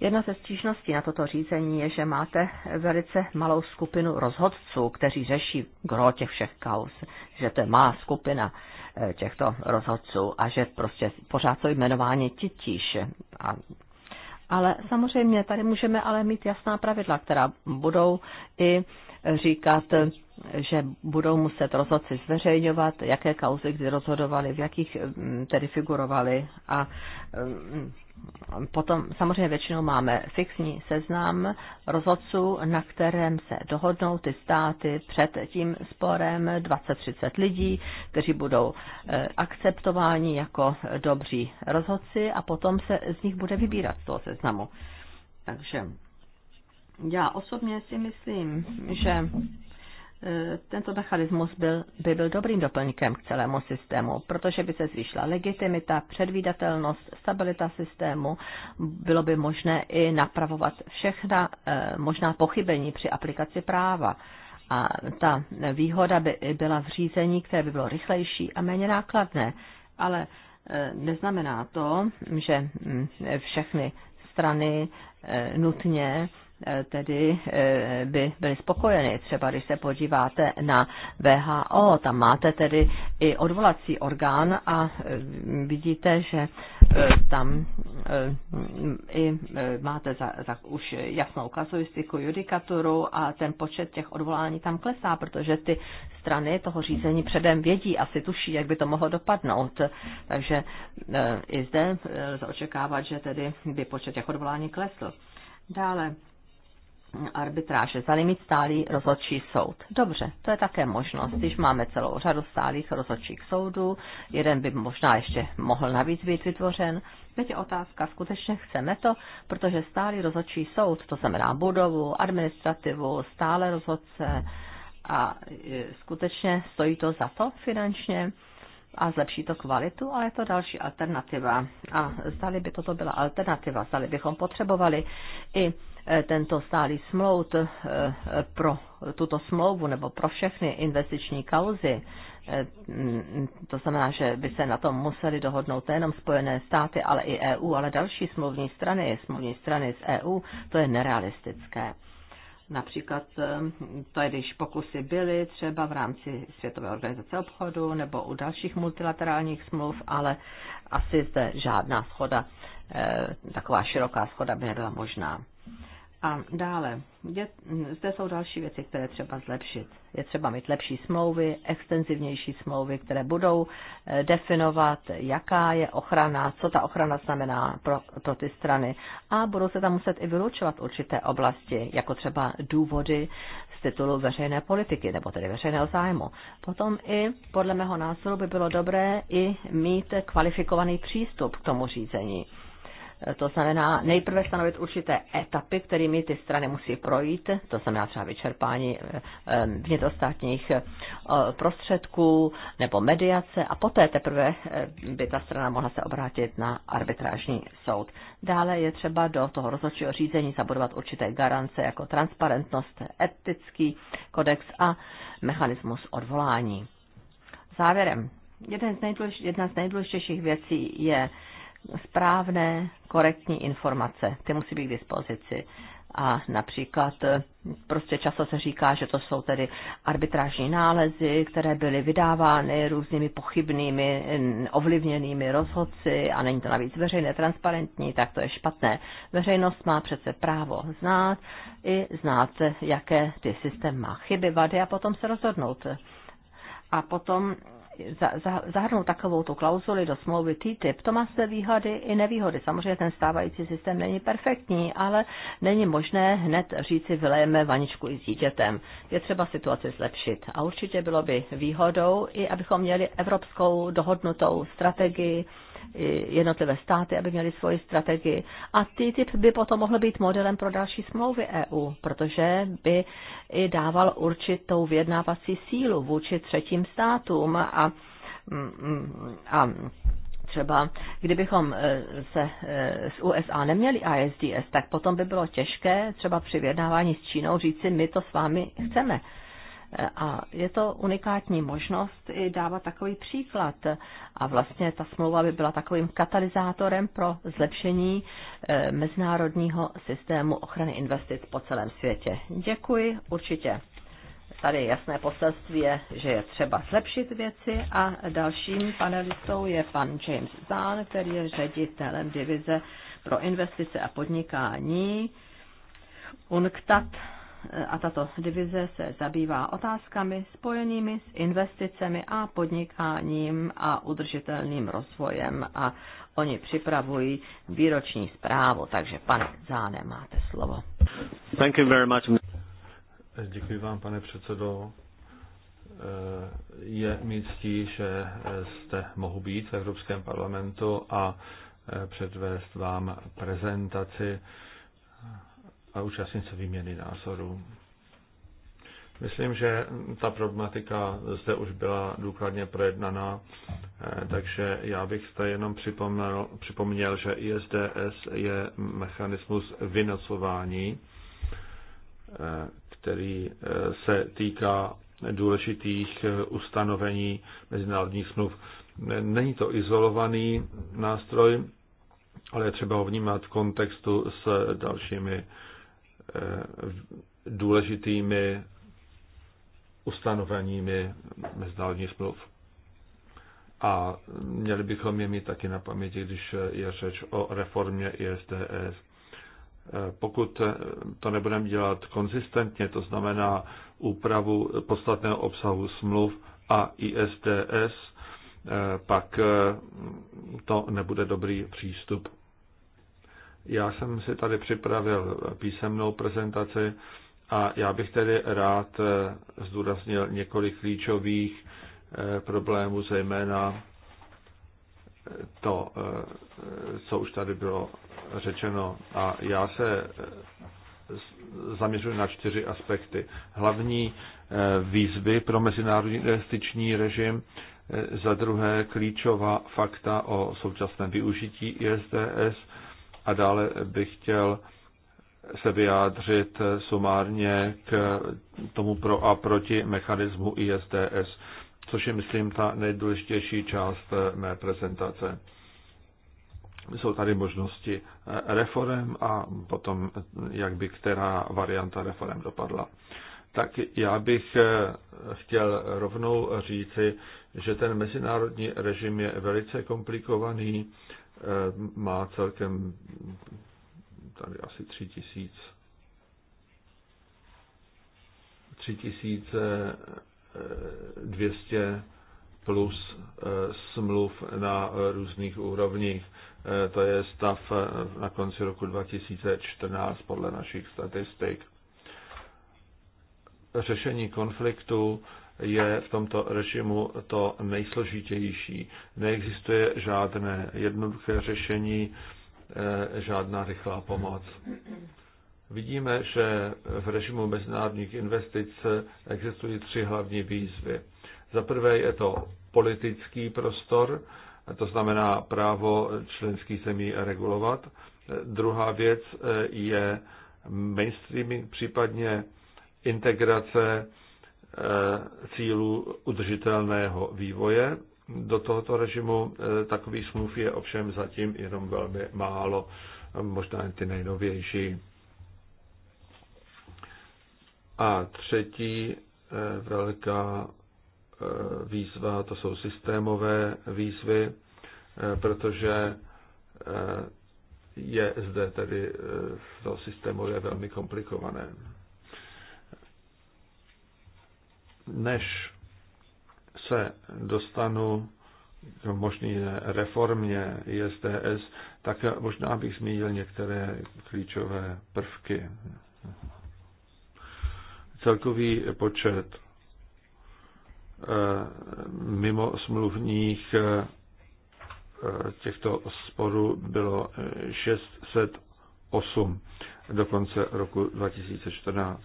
Jedna ze stížností na toto řízení je, že máte velice malou skupinu rozhodců, kteří řeší gro těch všech kaus, že to je malá skupina Eh, těchto rozhodců a že prostě pořád jsou jmenováni titíž. A, ale samozřejmě tady můžeme ale mít jasná pravidla, která budou i říkat, že budou muset rozhodci zveřejňovat, jaké kauzy kdy rozhodovali, v jakých mm, tedy figurovali a mm, potom samozřejmě většinou máme fixní seznam rozhodců, na kterém se dohodnou ty státy před tím sporem 20-30 lidí, kteří budou e, akceptováni jako dobří rozhodci a potom se z nich bude vybírat z toho seznamu. Takže já osobně si myslím, že Eh, tento mechanismus byl, by byl dobrým doplňkem k celému systému, protože by se zvýšila legitimita, předvídatelnost, stabilita systému. Bylo by možné i napravovat všechna eh, možná pochybení při aplikaci práva. A ta výhoda by byla v řízení, které by bylo rychlejší a méně nákladné. Ale eh, neznamená to, že hm, všechny strany nutně tedy eh, by byly spokojeny. Třeba když se podíváte na VHO, tam máte tedy i odvolací orgán a eh, vidíte, že eh, tam i máte za, za už jasnou kazuistiku, judikaturu a ten počet těch odvolání tam klesá, protože ty strany toho řízení předem vědí, asi tuší, jak by to mohlo dopadnout. Takže i zde lze očekávat, že tedy by počet těch odvolání klesl. Dále arbitráže zda mít stálý rozhodčí soud. Dobře, to je také možnost, když máme celou řadu stálých rozhodčích soudů, jeden by možná ještě mohl navíc být vytvořen. Teď je otázka, skutečně chceme to, protože stálý rozhodčí soud, to znamená budovu, administrativu, stále rozhodce a e, skutečně stojí to za to finančně a zlepší to kvalitu, ale je to další alternativa. A zdali by toto byla alternativa, zdali bychom potřebovali i Eh, tento stálý smlout eh, pro tuto smlouvu nebo pro všechny investiční kauzy, eh, to znamená, že by se na tom museli dohodnout nejenom Spojené státy, ale i EU, ale další smluvní strany, smluvní strany z EU, to je nerealistické. Například to je, když pokusy byly třeba v rámci Světové organizace obchodu nebo u dalších multilaterálních smluv, ale asi zde žádná schoda, taková široká schoda by nebyla možná. A dále, je, zde jsou další věci, které třeba zlepšit. Je třeba mít lepší smlouvy, extenzivnější smlouvy, které budou eh, definovat, jaká je ochrana, co ta ochrana znamená pro, pro ty strany. A budou se tam muset i vylučovat určité oblasti, jako třeba důvody z titulu veřejné politiky, nebo tedy veřejného zájmu. Potom i, podle mého názoru, by bylo dobré i mít kvalifikovaný přístup k tomu řízení to znamená nejprve stanovit určité etapy, kterými ty strany musí projít, to znamená třeba vyčerpání eh, eh, vnitrostátních eh, prostředků nebo mediace a poté teprve by ta strana mohla se obrátit na arbitrážní soud. Dále je třeba do toho rozhodčího řízení zabudovat určité garance jako transparentnost, etický kodex a mechanismus odvolání. Závěrem, jeden z jedna z nejdůležitějších věcí je správné, korektní informace. Ty musí být k dispozici. A například eh, prostě často se říká, že to jsou tedy arbitrážní nálezy, které byly vydávány různými pochybnými, ovlivněnými rozhodci a není to navíc veřejné, transparentní, tak to je špatné. Veřejnost má přece právo znát i znát, eh, jaké ty systém má chyby, vady a potom se rozhodnout. A potom zahrnout takovou tu klauzuli do smlouvy TTIP, to má své výhody i nevýhody. Samozřejmě ten stávající systém není perfektní, ale není možné hned říci vylejeme vaničku i s dítětem. Je třeba situaci zlepšit. A určitě bylo by výhodou i abychom měli evropskou dohodnutou strategii, jednotlivé státy, aby měly svoji strategii. A TTIP by potom mohl být modelem pro další smlouvy EU, protože by i dával určitou vyjednávací sílu vůči třetím státům a, a třeba, kdybychom e, se e, z USA neměli ISDS, tak potom by bylo těžké třeba při vyjednávání s Čínou říci, my to s vámi chceme. A je to unikátní možnost i dávat takový příklad. A vlastně ta smlouva by byla takovým katalyzátorem pro zlepšení eh, mezinárodního systému ochrany investic po celém světě. Děkuji, určitě. Tady jasné poselství je, že je třeba zlepšit věci a dalším panelistou je pan James Zahn, který je ředitelem divize pro investice a podnikání UNCTAD a tato divize se zabývá otázkami spojenými s investicemi a podnikáním a udržitelným rozvojem a oni připravují výroční zprávu. Takže pane Záne, máte slovo. Thank you very much. Děkuji vám, pane předsedo. Eh, je mi ctí, že jste mohu být v Evropském parlamentu a eh, předvést vám prezentaci a účastnit se výměny názorů. Myslím, že ta problematika zde už byla důkladně projednaná, eh, takže já bych zde jenom připomněl, připomněl že ISDS je mechanismus vynocování, eh, který eh, se týká důležitých ustanovení mezinárodních smluv. Není to izolovaný nástroj, ale je třeba ho vnímat v kontextu s dalšími Eh, důležitými ustanoveními mezinárodních smluv. A měli bychom je mít taky na paměti, když je řeč o reformě ISDS. Eh, pokud to nebudeme dělat konzistentně, to znamená úpravu podstatného obsahu smluv a ISDS, eh, pak to nebude dobrý přístup já jsem si tady připravil písemnou prezentaci a já bych tedy rád eh, zdůraznil několik klíčových eh, problémů, zejména eh, to, co už tady bylo řečeno. A já se zaměřuji na čtyři aspekty. Hlavní výzvy pro mezinárodní investiční režim, za druhé klíčová fakta o současném využití ISDS, a dále bych chtěl se vyjádřit sumárně k tomu pro a proti mechanismu ISDS, což je, myslím, ta nejdůležitější část mé prezentace. Jsou tady možnosti reform a potom, jak by která varianta reform dopadla. Tak já bych chtěl rovnou říci, že ten mezinárodní režim je velice komplikovaný, Eh, má celkem tady asi tři tisíc. Tři tisíce 200 eh, plus eh, smluv na různých úrovních. To je stav na konci roku 2014 podle našich statistik. Řešení konfliktu je v tomto režimu to nejsložitější. Neexistuje žádné jednoduché řešení, eh, žádná rychlá pomoc. Vidíme, že v režimu mezinárodních investic existují tři hlavní výzvy. Za prvé je to politický prostor, to znamená právo členských zemí regulovat. Druhá věc eh, je mainstreaming, případně integrace Eh, cílů udržitelného vývoje. Do tohoto režimu eh, takových smluv je ovšem zatím jenom velmi málo, možná jen ty nejnovější. A třetí eh, velká výzva, to jsou systémové výzvy, protože je zde tedy to systémově velmi komplikované. Než se dostanu k možné reformě ISDS, tak možná bych zmínil některé klíčové prvky. Celkový počet eh, mimo smluvních eh, těchto sporů bylo 608 do konce roku 2014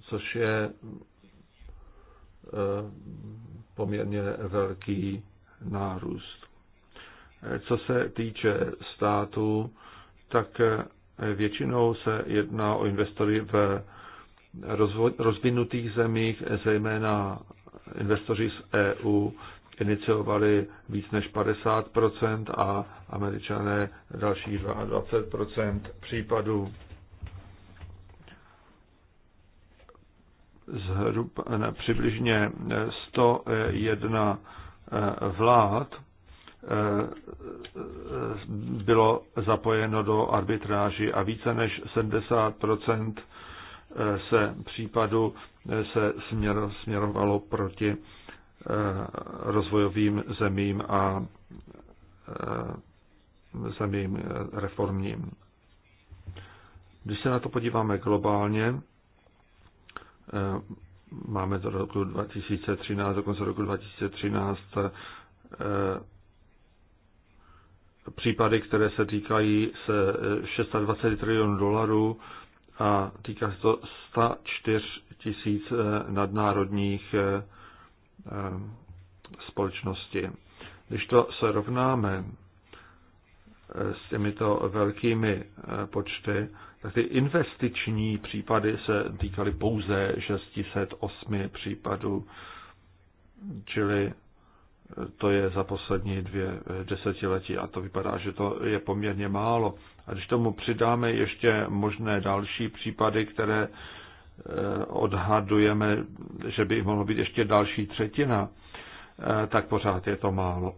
což je eh, poměrně velký nárůst. Eh, co se týče státu, tak eh, většinou se jedná o investory v rozvinutých zemích, zejména investoři z EU iniciovali víc než 50 a američané dalších 22 případů. zhruba, ne, přibližně 101 eh, vlád eh, bylo zapojeno do arbitráži a více než 70 eh, se případu se směro, směrovalo proti rozvojovým zemím a zemím reformním. Když se na to podíváme globálně, Eh, máme do roku 2013, do konce roku 2013 eh, případy, které se týkají se 620 eh, trilionů dolarů a týká se to 104 tisíc nadnárodních společností. Když to se rovnáme s těmito velkými počty, ty investiční případy se týkaly pouze 608 případů, čili to je za poslední dvě desetiletí a to vypadá, že to je poměrně málo. A když tomu přidáme ještě možné další případy, které eh, odhadujeme, že by mohlo být ještě další třetina, eh, tak pořád je to málo.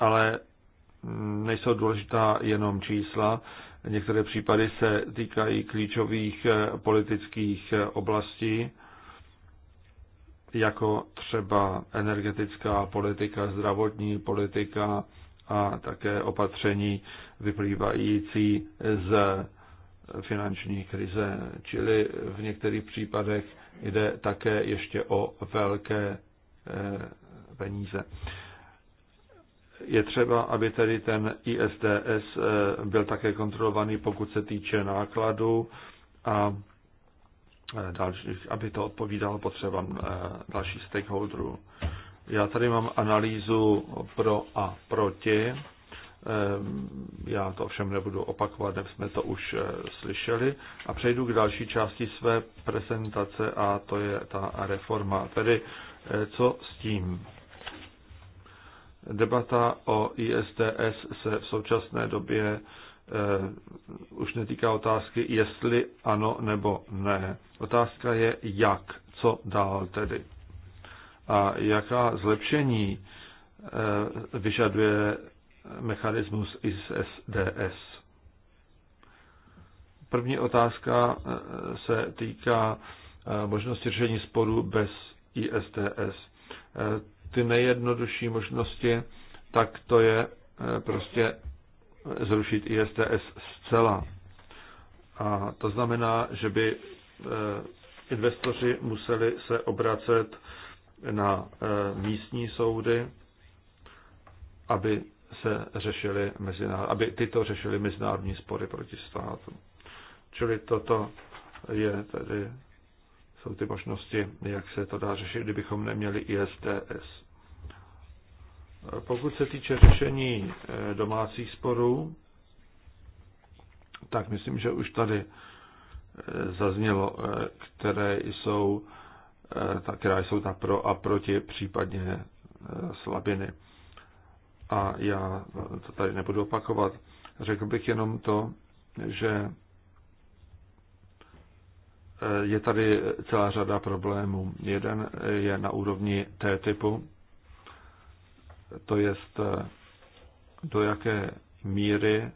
Ale mm, nejsou důležitá jenom čísla, Některé případy se týkají klíčových eh, politických eh, oblastí, jako třeba energetická politika, zdravotní politika a také opatření vyplývající z finanční krize. Čili v některých případech jde také ještě o velké eh, peníze je třeba, aby tedy ten ISDS eh, byl také kontrolovaný, pokud se týče nákladu a eh, dalších, aby to odpovídalo potřebám eh, dalších stakeholderů. Já tady mám analýzu pro a proti. Ehm, já to ovšem nebudu opakovat, nebo jsme to už slyšeli. A přejdu k další části své prezentace a to je ta reforma. Tedy co s tím? Debata o ISTS se v současné době eh, už netýká otázky, jestli ano nebo ne. Otázka je jak, co dál tedy. A jaká zlepšení eh, vyžaduje mechanismus ISDS. První otázka eh, se týká možnosti řešení sporů bez ISTS ty nejjednodušší možnosti, tak to je eh, prostě eh, zrušit ISTS zcela. A to znamená, že by eh, investoři museli se obracet na místní soudy, aby se řešili aby tyto řešili mezinárodní spory proti státu. Čili toto je tedy, jsou ty možnosti, jak se to dá řešit, kdybychom neměli ISTS. Pokud se týče řešení eh, domácích sporů, tak myslím, že už tady eh, zaznělo, eh, které jsou, která jsou ta pro a proti, případně slabiny. A já to tady nebudu opakovat. Řekl bych jenom to, že je tady celá řada problémů. Jeden je na úrovni T-typu, to jest e, do jaké míry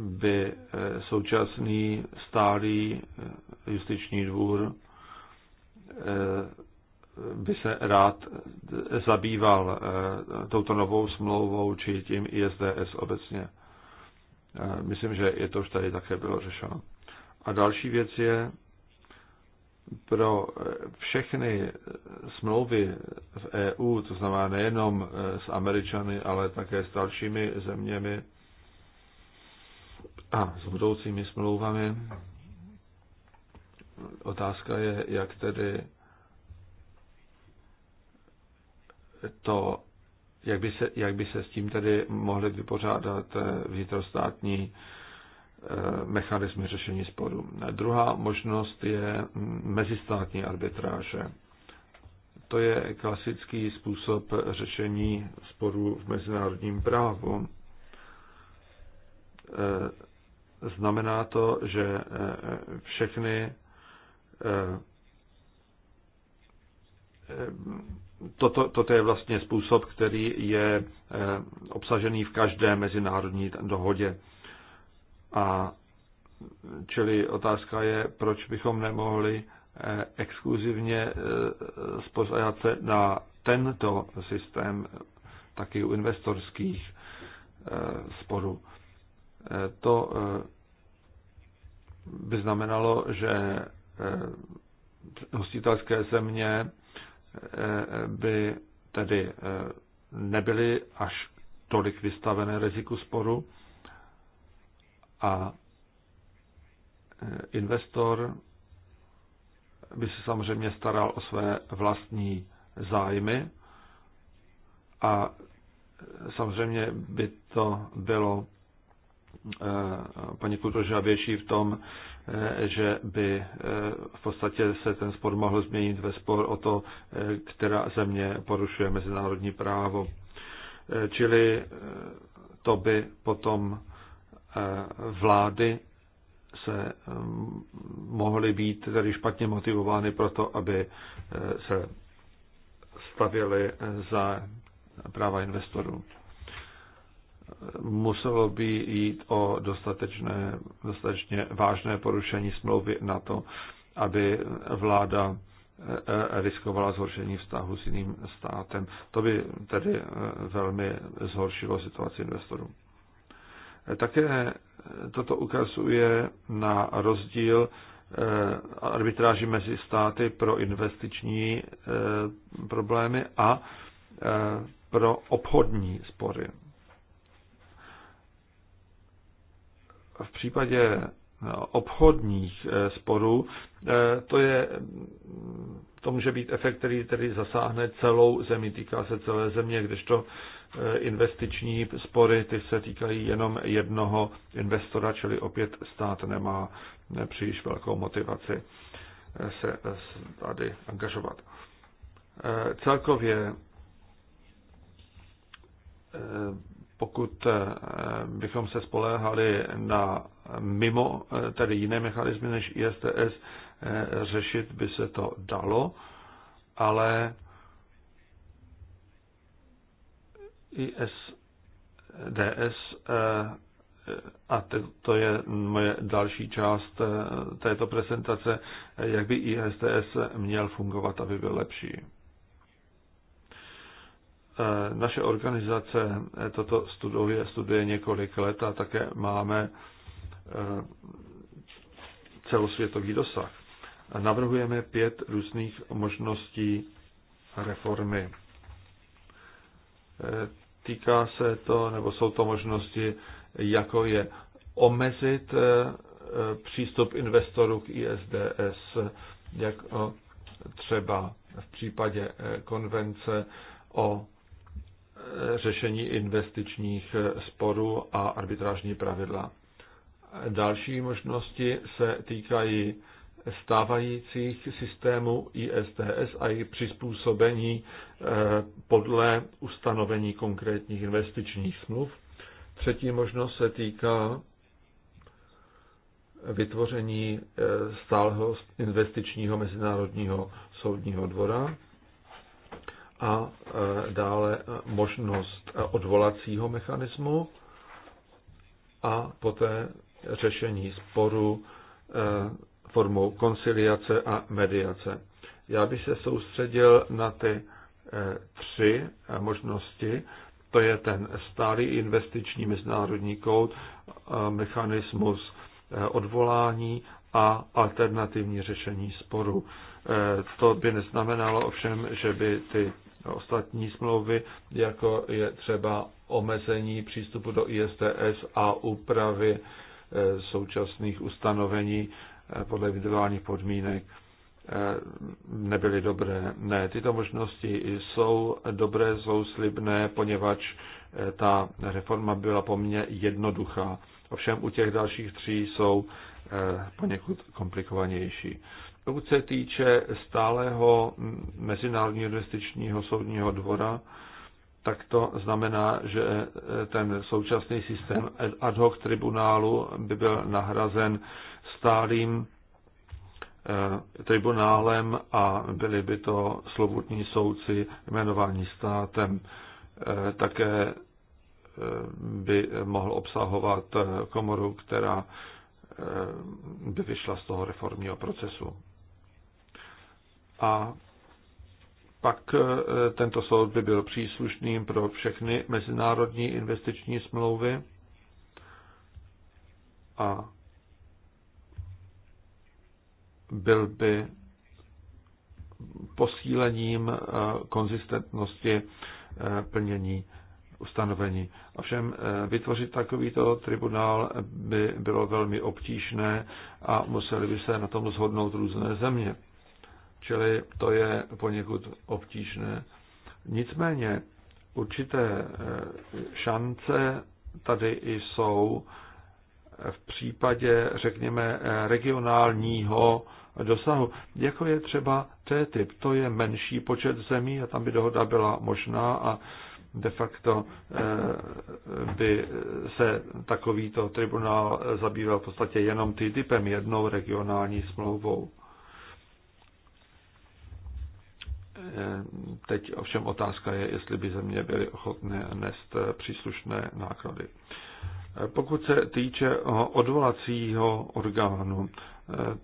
by e, současný stálý e, justiční dvůr by se rád zabýval touto novou smlouvou či tím ISDS obecně. Myslím, že je to už tady také bylo řešeno. A další věc je, pro eh, všechny smlouvy v EU, to znamená nejenom eh, s Američany, ale také s dalšími zeměmi a s budoucími smlouvami. Otázka je, jak tedy to, jak by se, jak by se s tím tedy mohly vypořádat eh, vnitrostátní Eh, mechanismy řešení sporu. Druhá možnost je mezistátní arbitráže. To je klasický způsob řešení sporů v mezinárodním právu. Eh, znamená to, že eh, všechny toto, toto je vlastně způsob, který je obsažený v každé mezinárodní dohodě. A čili otázka je, proč bychom nemohli eh, exkluzivně eh, spozajat se na tento systém taky u investorských eh, sporů. To by znamenalo, že hostitelské země by tedy nebyly až tolik vystavené riziku sporu a e, investor by se samozřejmě staral o své vlastní zájmy a e, samozřejmě by to bylo e, poněkud větší v tom, že by v podstatě se ten spor mohl změnit ve spor o to, která země porušuje mezinárodní právo. Čili to by potom Eh, vlády se eh, mohly být tedy špatně motivovány pro to, aby eh, se stavěly za práva investorů. Muselo by jít o dostatečné, dostatečně vážné porušení smlouvy na to, aby vláda riskovala zhoršení vztahu s jiným státem. To by tedy velmi zhoršilo situaci investorů. Také toto ukazuje na rozdíl eh, arbitráži mezi státy pro investiční eh, problémy a eh, pro obchodní spory. V případě no, obchodních sporů to je to může být efekt, který tedy zasáhne celou zemi, týká se celé země, kdežto Eh, investiční spory, ty se týkají jenom jednoho investora, čili opět stát nemá eh, příliš velkou motivaci eh, se tady angažovat. Celkově, pokud bychom se spoléhali na mimo, tedy jiné mechanismy než ISTS, řešit by se to dalo, ale ISDS eh, a to je moje další část eh, této prezentace, jak by ISDS měl fungovat, aby byl lepší. Eh, naše organizace toto studuje, studuje několik let a také máme celosvětový dosah. Navrhujeme pět různých možností reformy týká se to, nebo jsou to možnosti, jako je omezit eh, eh, přístup investorů k ISDS, jak třeba v případě eh, konvence o řešení investičních sporů a arbitrážní pravidla. Další možnosti se týkají stávajících systémů ISTS a jejich přizpůsobení eh, podle ustanovení konkrétních investičních smluv. Třetí možnost se týká vytvoření eh, stálého investičního mezinárodního soudního dvora a eh, dále možnost odvolacího mechanismu a poté řešení sporu formou konciliace a mediace. Já bych se soustředil na ty eh, tři eh, možnosti. To je ten starý investiční mezinárodní kód, eh, mechanismus odvolání a alternativní řešení sporu. To by neznamenalo ovšem, že by ty ostatní smlouvy, jako je třeba omezení přístupu do ISTS a úpravy současných ustanovení Eh, podle individuálních podmínek eh, nebyly dobré. Ne, tyto možnosti jsou dobré, jsou slibné, poněvadž eh, ta reforma byla poměrně jednoduchá. Ovšem u těch dalších tří jsou poněkud komplikovanější. Pokud se týče stálého Mezinárodního investičního soudního dvora, tak to znamená, že ten současný systém ad hoc tribunálu by byl nahrazen stálým eh, tribunálem a byli by to slovutní soudci jmenování státem. Eh, také eh, by mohl obsahovat komoru, která by vyšla z toho reformního procesu. A pak tento soud by byl příslušným pro všechny mezinárodní investiční smlouvy a byl by posílením eh, konzistentnosti eh, plnění ustanovení. Ovšem eh, vytvořit takovýto tribunál by bylo velmi obtížné a museli by se na tom zhodnout různé země. Čili to je poněkud obtížné. Nicméně určité šance tady jsou v případě, řekněme, regionálního dosahu, jako je třeba TTIP. To je menší počet zemí a tam by dohoda byla možná a de facto eh, by se takovýto tribunál zabýval v podstatě jenom TTIPem, jednou regionální smlouvou. Eh, teď ovšem otázka je, jestli by země byly ochotné nést příslušné náklady. Eh, pokud se týče odvolacího orgánu,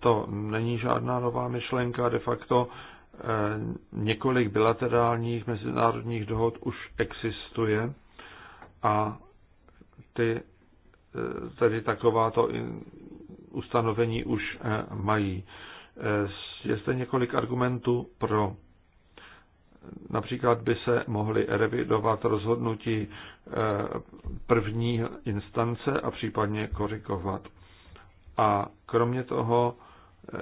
to není žádná nová myšlenka, de facto eh, několik bilaterálních mezinárodních dohod už existuje a ty eh, tedy takováto ustanovení už eh, mají. Je zde několik argumentů pro. Například by se mohly revidovat rozhodnutí první instance a případně korikovat. A kromě toho eh,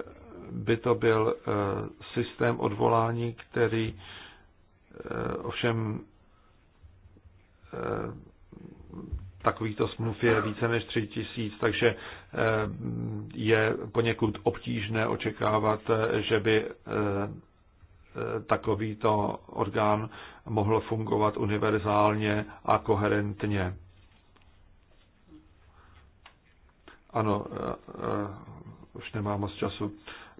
by to byl eh, systém odvolání, který eh, ovšem takovýchto smluv je více než tři tisíc, takže je poněkud obtížné očekávat, že by takovýto orgán mohl fungovat univerzálně a koherentně. Ano, eh, eh, už nemám moc času.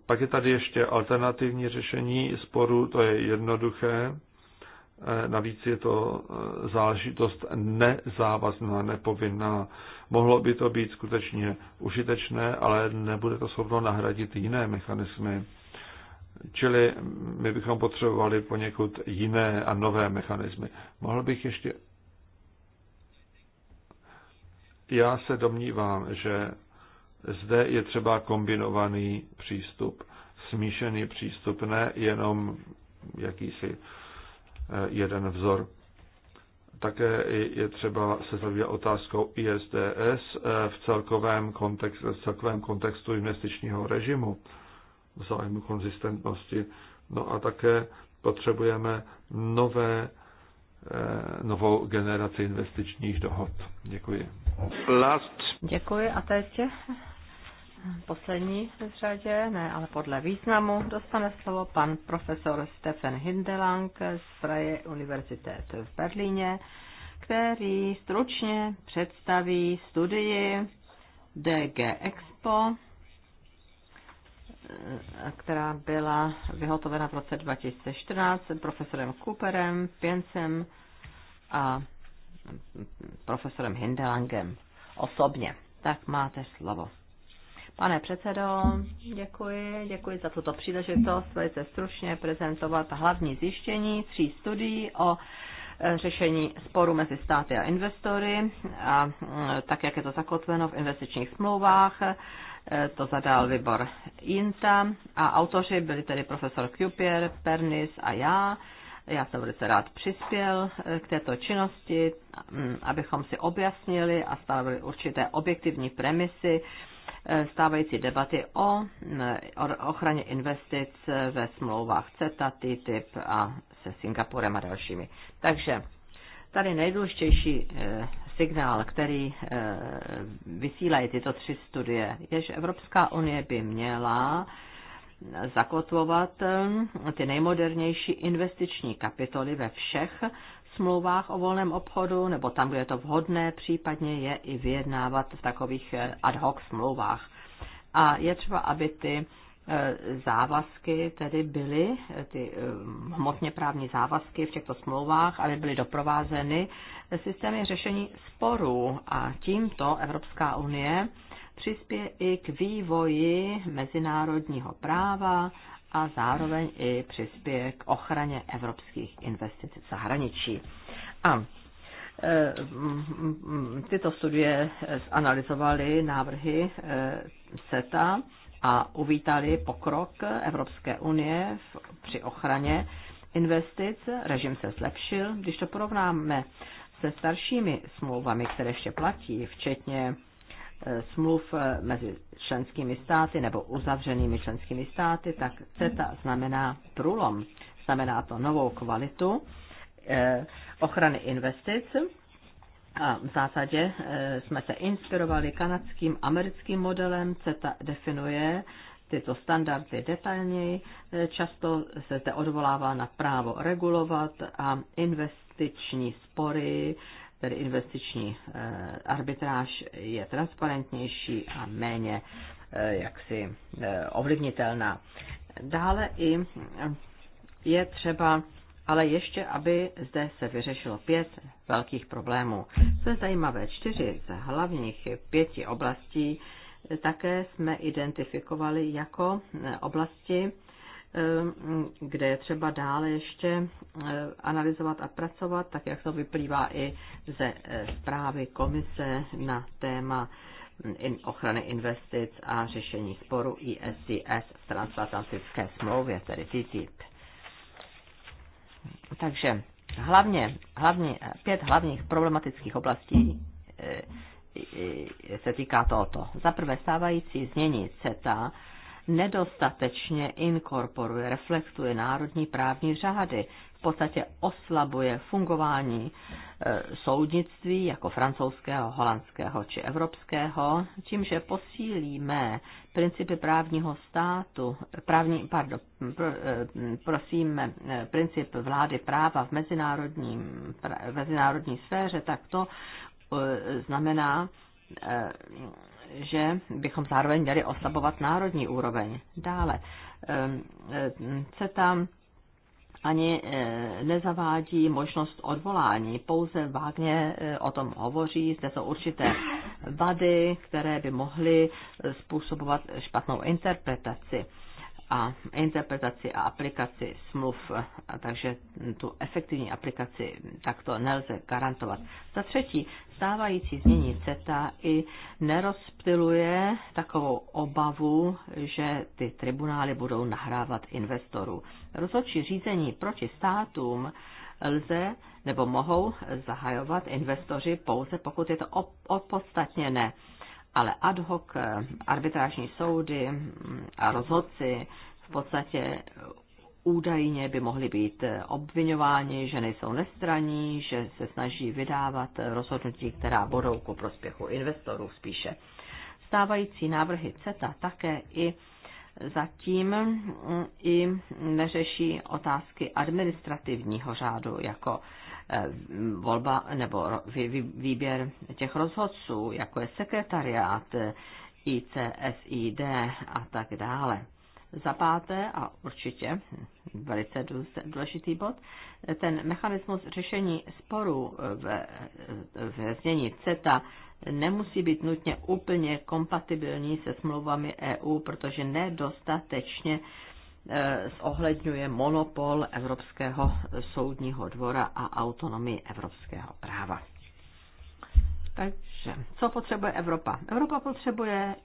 Pak je tady ještě alternativní řešení sporu, to je jednoduché. Eh, navíc je to záležitost nezávazná, nepovinná. Mohlo by to být skutečně užitečné, ale nebude to schopno nahradit jiné mechanismy. Čili my bychom potřebovali poněkud jiné a nové mechanismy. Mohl bych ještě. Já se domnívám, že zde je třeba kombinovaný přístup, smíšený přístup, ne jenom jakýsi eh, jeden vzor. Také je třeba se zabývat otázkou ISDS eh, v celkovém, kontextu, v celkovém kontextu investičního režimu v zájmu konzistentnosti. No a také potřebujeme nové, eh, novou generaci investičních dohod. Děkuji. Last. Děkuji a teď poslední v řadě, ne, ale podle významu, dostane slovo pan profesor Stefan Hindelang z Freie Universität v Berlíně, který stručně představí studii DG Expo, která byla vyhotovena v roce 2014 profesorem Cooperem, Pěncem a profesorem Hindelangem osobně. Tak máte slovo. Pane předsedo, děkuji, děkuji za tuto příležitost velice stručně prezentovat hlavní zjištění tří studií o e, řešení sporu mezi státy a investory, a e, tak jak je to zakotveno v investičních smlouvách, e, to zadal výbor Inta a autoři byli tedy profesor Kupier, Pernis a já. Já jsem velice rád přispěl k této činnosti, abychom si objasnili a stavili určité objektivní premisy stávající debaty o ochraně investic ve smlouvách CETA, TTIP a se Singapurem a dalšími. Takže tady nejdůležitější eh, signál, který eh, vysílají tyto tři studie, je, že Evropská unie by měla zakotvovat eh, ty nejmodernější investiční kapitoly ve všech smlouvách o volném obchodu, nebo tam, kde je to vhodné, případně je i vyjednávat v takových eh, ad hoc smlouvách. A je třeba, aby ty eh, závazky tedy byly, eh, ty hmotně právní závazky v těchto smlouvách, aby byly doprovázeny systémy řešení sporů. A tímto Evropská unie přispěje i k vývoji mezinárodního práva a zároveň i přispěje k ochraně evropských investic v zahraničí. A e, tyto studie zanalizovaly návrhy e, CETA a uvítali pokrok Evropské unie v při ochraně investic. Režim se zlepšil. Když to porovnáme se staršími smlouvami, které ještě platí, včetně Eh, smluv eh, mezi členskými státy nebo uzavřenými členskými státy, tak CETA znamená průlom. Znamená to novou kvalitu eh, ochrany investic. A v zásadě jsme se inspirovali kanadským, americkým modelem. CETA definuje tyto standardy detailněji. Často se zde odvolává na právo regulovat a investiční spory tedy investiční eh, arbitráž je transparentnější a méně eh, jaksi eh, ovlivnitelná. Dále i je třeba ale ještě, aby zde se vyřešilo pět velkých problémů. Co je zajímavé, čtyři z hlavních pěti oblastí také jsme identifikovali jako oblasti, Ehm, kde je třeba dále ještě eh, analyzovat a pracovat, tak jak to vyplývá i ze eh, zprávy komise na téma mm, ochrany investic a řešení sporu ISDS v transatlantické smlouvě, tedy TTIP. Takže hlavně, hlavně pět hlavních problematických oblastí eh, se týká tohoto. Za prvé stávající znění CETA nedostatečně inkorporuje, reflektuje národní právní řády, v podstatě oslabuje fungování e, soudnictví jako francouzského, holandského či evropského, tím, že posílíme principy právního státu, právní, pardon, e, prosíme, e, princip vlády práva v mezinárodní, mezinárodní sféře, tak to znamená že bychom zároveň měli oslabovat národní úroveň. Dále, ehm, ehm, CETA ani eh, nezavádí možnost odvolání, pouze vágně eh, o tom hovoří, zde jsou určité vady, které by mohly způsobovat špatnou interpretaci a interpretaci a aplikaci smluv, a takže tu efektivní aplikaci takto nelze garantovat. Za třetí, stávající změní CETA i nerozptiluje takovou obavu, že ty tribunály budou nahrávat investorů. Rozhodčí řízení proti státům lze nebo mohou zahajovat investoři pouze pokud je to opodstatněné. Op- ale ad hoc eh, arbitrážní soudy mm, a rozhodci v podstatě údajně by mohli být eh, obvinováni, že nejsou nestraní, že se snaží vydávat eh, rozhodnutí, která budou ku prospěchu investorů spíše. Stávající návrhy CETA také i zatím mm, i neřeší otázky administrativního řádu jako Eh, volba nebo výběr těch rozhodců, jako je sekretariát, eh, ICSID a tak dále. Za páté, a určitě velice důležitý bod, eh, ten mechanismus řešení sporů ve, ve znění CETA nemusí být nutně úplně kompatibilní se smlouvami EU, protože nedostatečně Eh, zohledňuje monopol Evropského soudního dvora a autonomii evropského práva. Takže, co potřebuje Evropa? Evropa potřebuje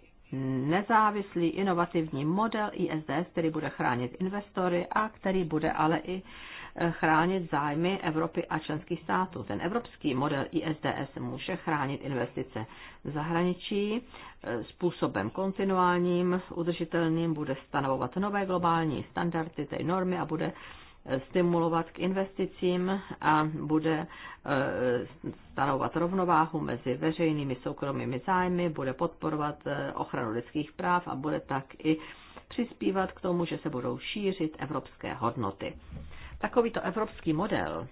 nezávislý inovativní model ISDS, který bude chránit investory a který bude ale i chránit zájmy Evropy a členských států. Ten evropský model ISDS může chránit investice v zahraničí e, způsobem kontinuálním, udržitelným, bude stanovovat nové globální standardy, ty normy a bude e, stimulovat k investicím a bude e, stanovat rovnováhu mezi veřejnými soukromými zájmy, bude podporovat ochranu lidských práv a bude tak i přispívat k tomu, že se budou šířit evropské hodnoty. Takovýto evropský model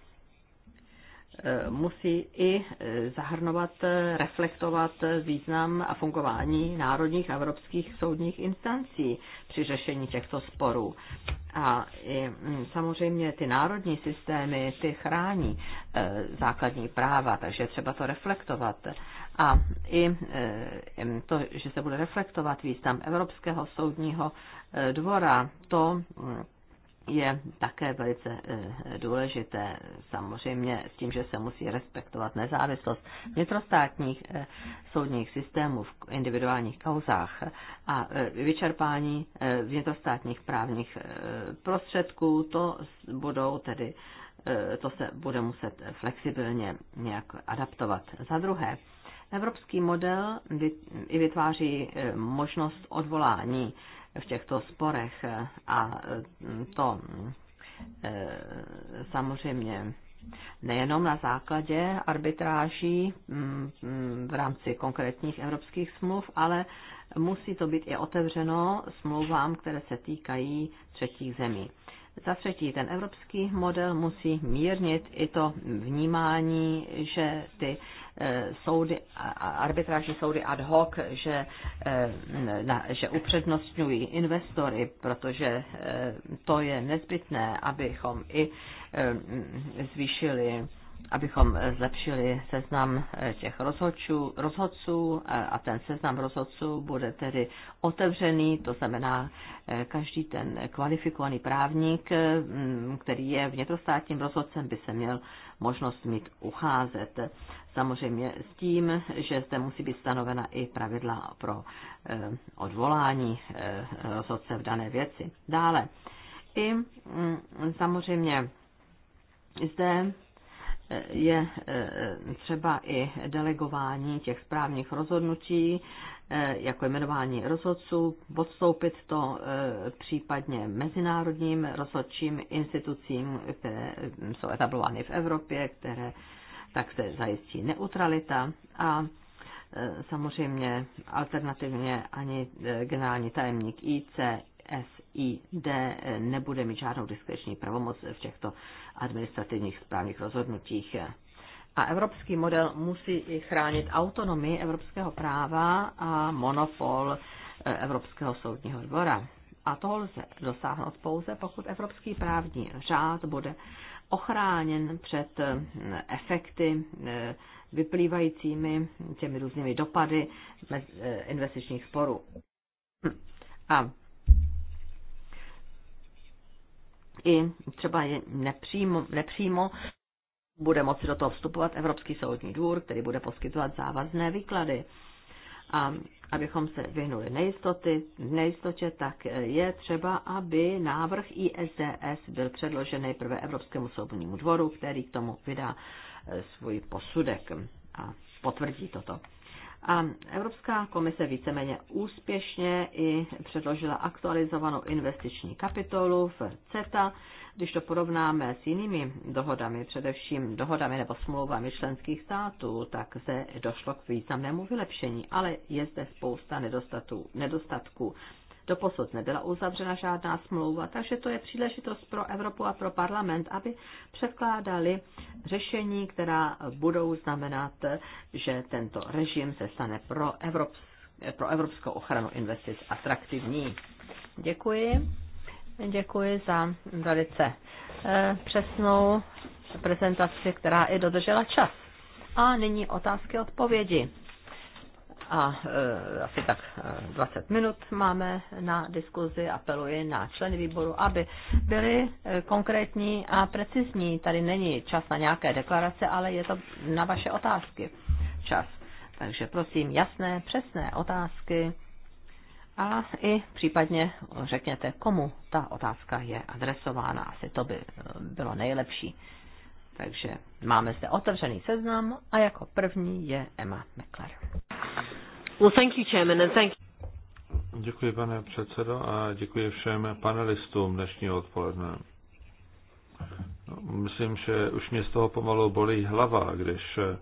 eh, musí i eh, zahrnovat, eh, reflektovat význam a fungování národních a evropských soudních instancí při řešení těchto sporů. A i, mm, samozřejmě ty národní systémy, ty chrání základní práva, takže třeba to reflektovat. A i to, že se bude reflektovat význam Evropského soudního dvora, to mm, je také velice eh, důležité, samozřejmě s tím, že se musí respektovat nezávislost vnitrostátních eh, soudních systémů v individuálních kauzách a eh, vyčerpání vnitrostátních právních prostředků, to budou tedy to se bude muset flexibilně nějak adaptovat. Za druhé, evropský model i vytváří možnost odvolání v těchto sporech. A to eh, samozřejmě nejenom na základě arbitráží mm, v rámci konkrétních evropských smluv, ale musí to být i otevřeno smlouvám, které se týkají třetích zemí. Za třetí, ten evropský model musí mírnit i to vnímání, že ty Eh, soudy, arbitrážní soudy ad hoc, že, eh, že upřednostňují investory, protože eh, to je nezbytné, abychom i zvýšili abychom zlepšili seznam těch rozhodčů, rozhodců a ten seznam rozhodců bude tedy otevřený, to znamená každý ten kvalifikovaný právník, který je vnitrostátním rozhodcem, by se měl možnost mít ucházet. Samozřejmě s tím, že zde musí být stanovena i pravidla pro eh, odvolání eh, rozhodce v dané věci. Dále, i mm, samozřejmě zde eh, je třeba i delegování těch správních rozhodnutí Eh, jako jmenování rozhodců, podstoupit to eh, případně mezinárodním rozhodčím institucím, které jsou etablovány v Evropě, které tak se zajistí neutralita a eh, samozřejmě alternativně ani generální tajemník SID nebude mít žádnou diskreční pravomoc v těchto administrativních správních rozhodnutích. A evropský model musí i chránit autonomii evropského práva a monopol eh, Evropského soudního dvora. A toho lze dosáhnout pouze, pokud evropský právní řád bude ochráněn před eh, efekty eh, vyplývajícími těmi různými dopady investičních sporů. A i třeba je nepřímo, nepřímo bude moci do toho vstupovat Evropský soudní dvůr, který bude poskytovat závazné výklady. A abychom se vyhnuli nejistoty, nejistotě, tak je třeba, aby návrh ISDS byl předložen nejprve Evropskému soudnímu dvoru, který k tomu vydá eh, svůj posudek a potvrdí toto. A Evropská komise víceméně úspěšně i předložila aktualizovanou investiční kapitolu v CETA, když to porovnáme s jinými dohodami, především dohodami nebo smlouvami členských států, tak se došlo k významnému vylepšení, ale je zde spousta nedostatků. Doposud nebyla uzavřena žádná smlouva, takže to je příležitost pro Evropu a pro parlament, aby předkládali řešení, která budou znamenat, že tento režim se stane pro, evropsk- pro evropskou ochranu investic atraktivní. Děkuji. Děkuji za velice eh, přesnou prezentaci, která i dodržela čas. A nyní otázky odpovědi a e, asi tak 20 eh, minut máme na diskuzi. Apeluji na členy výboru, aby byli eh, konkrétní a precizní. Tady není čas na nějaké deklarace, ale je to na vaše otázky čas. Takže prosím jasné, přesné otázky a i případně řekněte, komu ta otázka je adresována. Asi to by bylo nejlepší. Takže máme zde otevřený seznam a jako první je Emma Meckler. Well, thank you, Chairman, and thank you. Děkuji, pane předsedo, a děkuji všem panelistům dnešního odpoledne. No, myslím, že už mě z toho pomalu bolí hlava, když eh,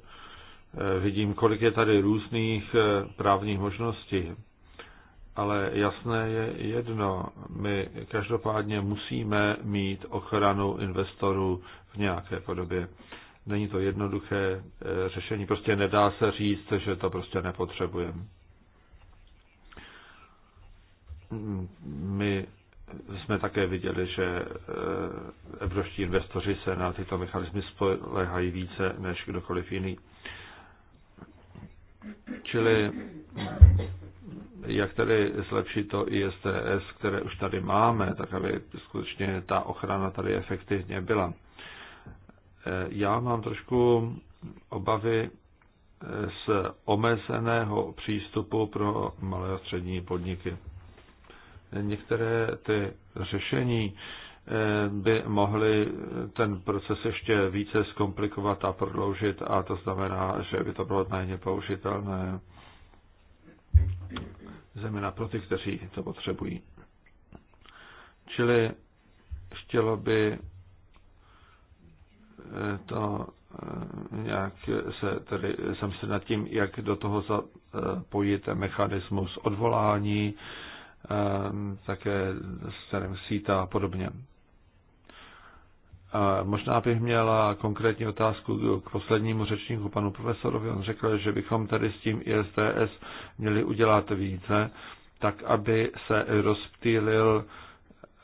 vidím, kolik je tady různých eh, právních možností. Ale jasné je jedno, my každopádně musíme mít ochranu investorů v nějaké podobě. Není to jednoduché eh, řešení, prostě nedá se říct, že to prostě nepotřebujeme. My jsme také viděli, že eh, evropští investoři se na tyto mechanismy spolehají více než kdokoliv jiný. Čili jak tedy zlepšit to ISTS, které už tady máme, tak aby skutečně ta ochrana tady efektivně byla. Eh, já mám trošku obavy eh, z omezeného přístupu pro malé a střední podniky. Některé ty řešení eh, by mohly ten proces ještě více zkomplikovat a prodloužit a to znamená, že by to bylo méně použitelné zejména pro ty, kteří to potřebují. Čili chtělo by eh, to eh, nějak se tedy jsem se nad tím, jak do toho zapojit eh, mechanismus odvolání, také s kterým síta a podobně. A možná bych měla konkrétní otázku k poslednímu řečníku, panu profesorovi. On řekl, že bychom tady s tím ISDS měli udělat více, tak aby se rozptýlil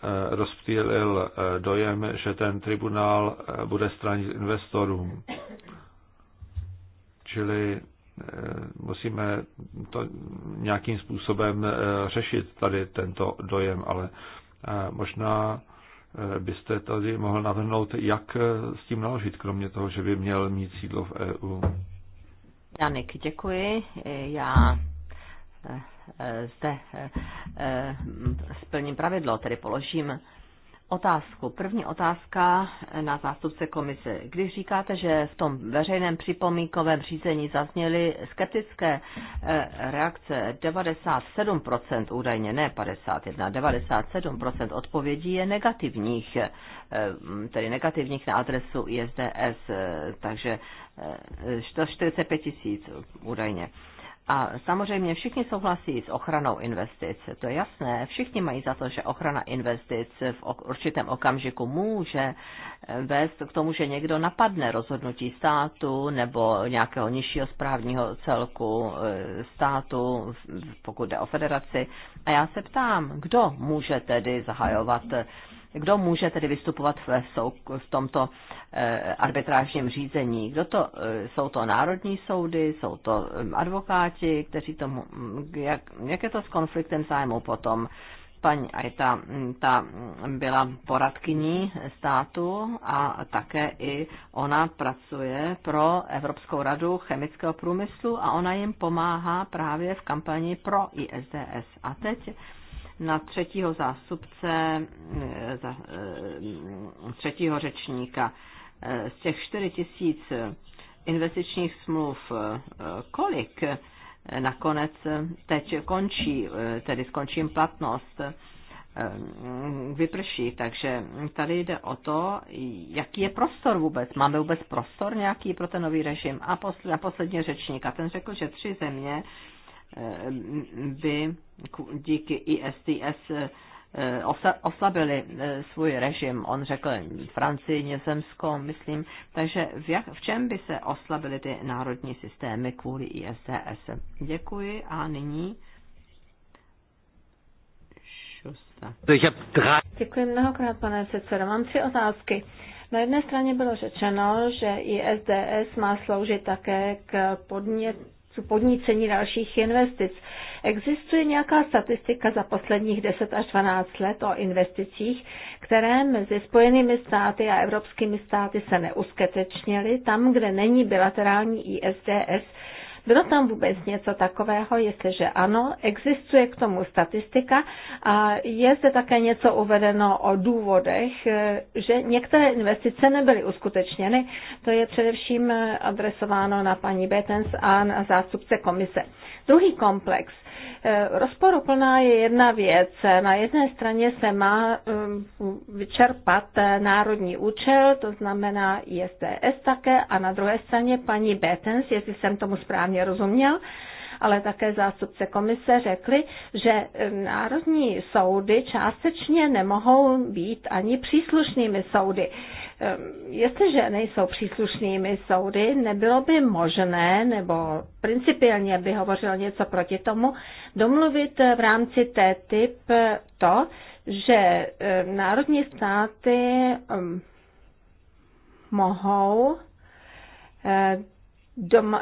eh, rozptýlil eh, dojem, že ten tribunál eh, bude stranit investorům. Čili musíme to nějakým způsobem řešit tady tento dojem, ale možná Eh, byste tady mohl navrhnout, jak eh, s tím naložit, kromě toho, že by měl mít sídlo v EU. Janik, děkuji. Já eh, zde splním pravidlo, tedy položím otázku. První otázka na zástupce komise. Když říkáte, že v tom veřejném připomínkovém řízení zazněly skeptické eh, reakce 97%, údajně ne 51, 97% odpovědí je negativních, eh, tedy negativních na adresu ISDS, eh, takže 145 tisíc údajně. A samozřejmě všichni souhlasí s ochranou investic. To je jasné. Všichni mají za to, že ochrana investic v určitém okamžiku může eh, vést k tomu, že někdo napadne rozhodnutí státu nebo nějakého nižšího správního celku eh, státu, pokud jde o federaci. A já se ptám, kdo může tedy zahajovat eh, kdo může tedy vystupovat v, souk- v tomto e, arbitrážním řízení. Kdo to, e, jsou to národní soudy, jsou to e, advokáti, kteří tomu, mm, jak, jak je to s konfliktem zájmu potom? Paní Aita mm, ta byla poradkyní státu a také i ona pracuje pro Evropskou radu chemického průmyslu a ona jim pomáhá právě v kampani pro ISDS. A teď na třetího zástupce, eh, eh, třetího řečníka. Eh, z těch 4 tisíc investičních smluv, kolik nakonec teď končí, tedy skončím platnost, vyprší. Takže tady jde o to, jaký je prostor vůbec. Máme vůbec prostor nějaký pro ten nový režim. A posledně řečník. A ten řekl, že tři země by eh, díky ISTS eh, oslabili eh, svůj režim. On řekl Francii, Nězemsko, myslím. Takže v, jak, v čem by se oslabily ty národní systémy kvůli ISTS? Děkuji a nyní Děkuji mnohokrát, pane předsedo. Mám tři otázky. Na jedné straně bylo řečeno, že ISDS má sloužit také k podnět podnícení dalších investic. Existuje nějaká statistika za posledních 10 až 12 let o investicích, které mezi Spojenými státy a evropskými státy se neuskutečnily tam, kde není bilaterální ISDS bylo tam vůbec něco takového? Jestliže ano, existuje k tomu statistika a je zde také něco uvedeno o důvodech, eh, že některé investice nebyly uskutečněny. To je především adresováno na paní Betens a na zástupce komise. Druhý komplex. Eh, rozporuplná je jedna věc. Na jedné straně se má eh, vyčerpat eh, národní účel, to znamená ISDS také, a na druhé straně paní Betens, jestli jsem tomu správně rozuměl, ale také zástupce komise řekli, že národní soudy částečně nemohou být ani příslušnými soudy. Ehm, jestliže nejsou příslušnými soudy, nebylo by možné, nebo principiálně by hovořilo něco proti tomu, domluvit eh, v rámci té typ eh, to, že ehm, národní státy ehm, mohou eh, Doma,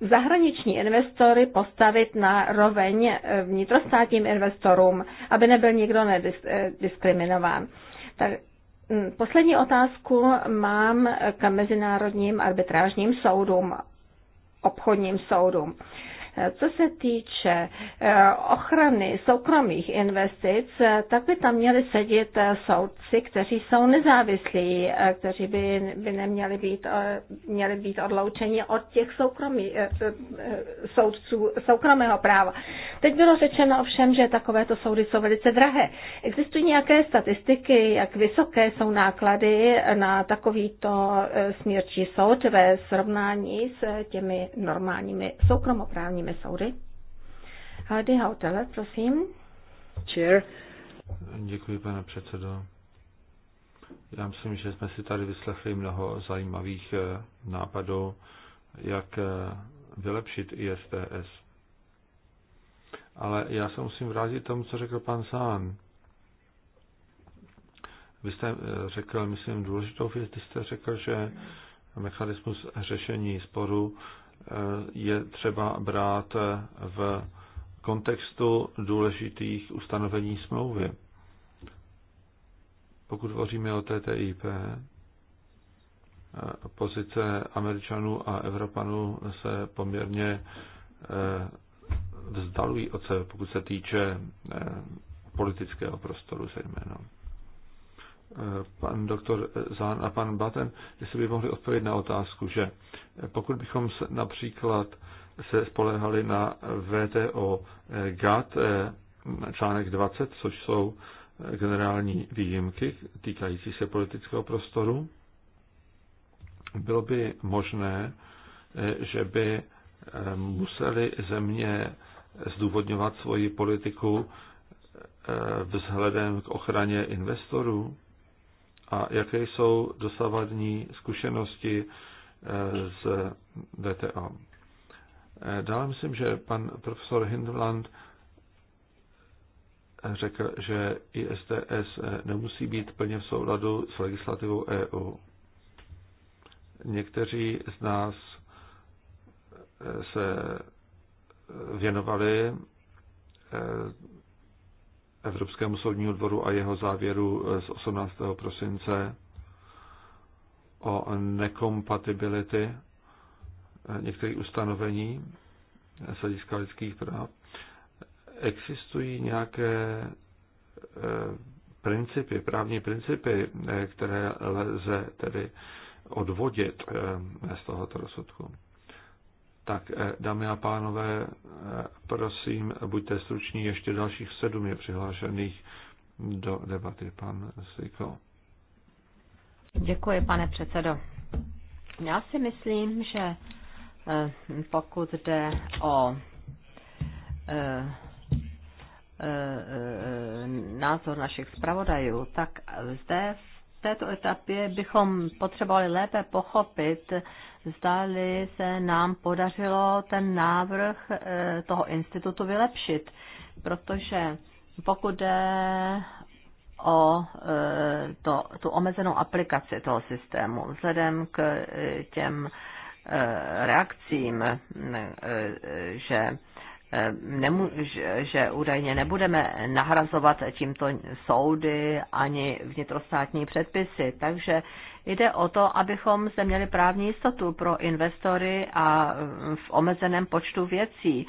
zahraniční investory postavit na roveň vnitrostátním investorům, aby nebyl nikdo nedis, diskriminován. Tak Mm, poslední otázku mám k mezinárodním arbitrážním soudům, obchodním soudům. Co se týče eh, ochrany soukromých investic, eh, tak by tam měli sedět eh, soudci, kteří jsou nezávislí, kteří by, by neměli být, měli být odloučeni od těch soukromí, soudců soukromého práva. Teď bylo řečeno ovšem, že takovéto soudy jsou velice drahé. Existují nějaké statistiky, jak vysoké jsou náklady na takovýto smírčí soud ve srovnání s těmi normálními soukromoprávními správními soudy. Hardy Hautele, prosím. Chair. Děkuji, pane předsedo. Já myslím, že jsme si tady vyslechli mnoho zajímavých eh, nápadů, jak eh, vylepšit ISTS. Ale já se musím vrátit tomu, co řekl pan Sán. Vy jste eh, řekl, myslím, důležitou věc, když jste řekl, že mechanismus řešení sporu je třeba brát v kontextu důležitých ustanovení smlouvy. Pokud hovoříme o TTIP, pozice Američanů a Evropanů se poměrně eh, vzdalují od sebe, pokud se týče eh, politického prostoru zejména pan doktor Zahn a pan Baten, jestli by mohli odpovědět na otázku, že pokud bychom se například se spolehali na VTO GAT eh, článek 20, což jsou eh, generální výjimky týkající se politického prostoru, bylo by možné, eh, že by museli země zdůvodňovat svoji politiku vzhledem k ochraně investorů a jaké jsou dosavadní zkušenosti eh, z DTA. Eh, dále myslím, že pan profesor Hindland řekl, že ISTS eh, nemusí být plně v souladu s legislativou EU. Někteří z nás se věnovali Evropskému soudního dvoru a jeho závěru z 18. prosince o nekompatibility některých ustanovení z hlediska lidských práv. Existují nějaké eh, principy, právní principy, eh, které lze tedy odvodit eh, z tohoto rozsudku. Tak, eh, dámy a pánové, eh, prosím, buďte struční, ještě dalších sedm je přihlášených do debaty. Pan Siko. Děkuji, pane předsedo. Já si myslím, že eh, pokud jde o názor našich zpravodajů, tak zde v této etapě bychom potřebovali lépe pochopit zdali se nám podařilo ten návrh eh, toho institutu vylepšit, protože pokud jde o eh, to, tu omezenou aplikaci toho systému vzhledem k eh, těm reakcím, že nemůže, že údajně nebudeme nahrazovat tímto soudy ani vnitrostátní předpisy. Takže jde o to, abychom se měli právní jistotu pro investory a v omezeném počtu věcí.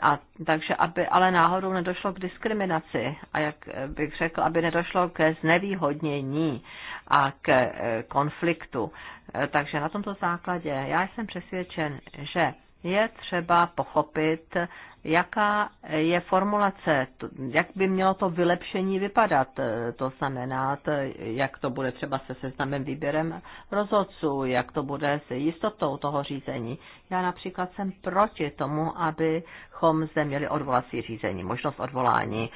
A, takže aby ale náhodou nedošlo k diskriminaci a jak bych řekl, aby nedošlo ke znevýhodnění a k eh, konfliktu. Eh, takže na tomto základě já jsem přesvědčen, že je třeba pochopit, jaká je formulace, jak by mělo to vylepšení vypadat. To znamená, jak to bude třeba se seznamem výběrem rozhodců, jak to bude s jistotou toho řízení. Já například jsem proti tomu, abychom zde měli odvolací řízení, možnost odvolání.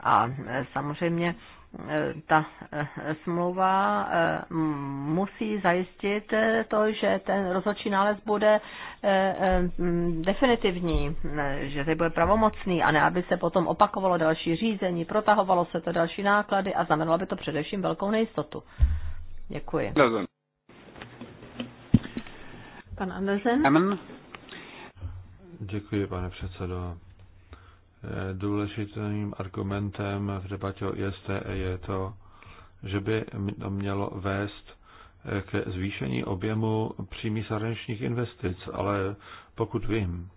A samozřejmě ta eh, smlouva eh, musí zajistit eh, to, že ten rozhodčí nález bude definitivní, že se bude pravomocný a ne, aby se potom opakovalo další řízení, protahovalo se to další náklady a znamenalo by to především velkou nejistotu. Děkuji. Pan Andersen. Děkuji, pane předsedo. Důležitým argumentem v debatě o ISTE je to, že by to mělo vést k zvýšení objemu přímých zahraničních investic, ale pokud vím,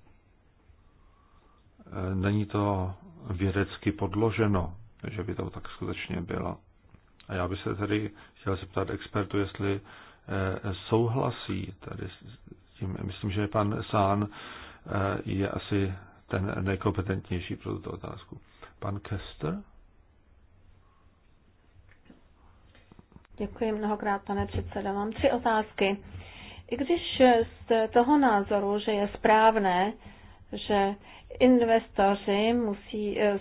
není to vědecky podloženo, že by to tak skutečně bylo. A já bych se tedy chtěl zeptat expertu, jestli eh, souhlasí tady s tím. Myslím, že pan Sán eh, je asi ten nejkompetentnější pro tuto otázku. Pan Kester? Děkuji mnohokrát, pane předsedo. Mám tři otázky. I když z toho názoru, že je správné, že investoři musí eh,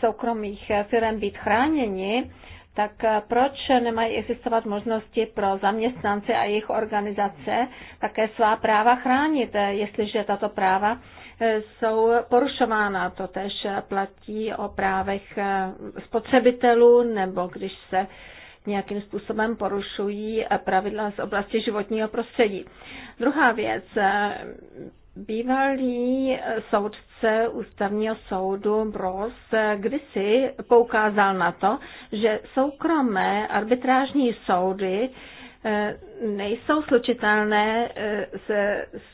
soukromých firm být chráněni, tak eh, proč nemají existovat možnosti pro zaměstnance a jejich organizace také svá práva chránit, eh, jestliže tato práva E, jsou porušována. To tež platí o právech e, spotřebitelů nebo když se nějakým způsobem porušují pravidla z oblasti životního prostředí. Druhá věc, e, Bývalý soudce ústavního soudu Bros kdysi poukázal na to, že soukromé arbitrážní soudy Eh, nejsou slučitelné eh, s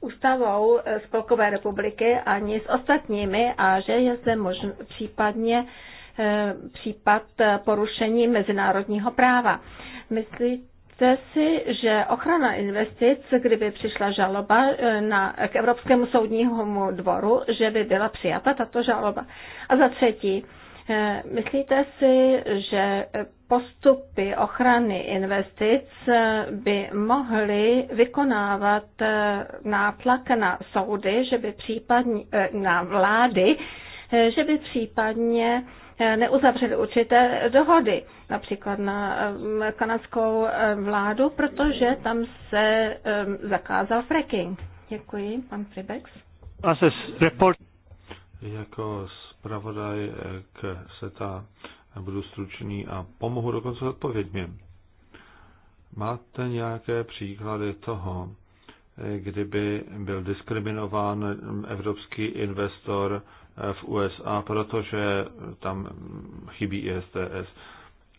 ústavou eh, Spolkové republiky ani s ostatními a že je zde možn, případně případ porušení mezinárodního práva. Myslíte si, že ochrana investic, kdyby přišla žaloba na, k Evropskému soudnímu dvoru, že by byla přijata tato žaloba? A za třetí, Eh, myslíte si, že postupy ochrany investic eh, by mohly vykonávat eh, nátlak na soudy, že by případně na vlády, že by případně neuzavřeli určité dohody, například na kanadskou vládu, protože tam se zakázal fracking. Děkuji, pan Fribex. Jako z zpravodaj eh, k SETA. Budu stručný a pomohu dokonce odpověďmi. Máte nějaké příklady toho, eh, kdyby byl diskriminován evropský investor eh, v USA, protože tam chybí ISTS.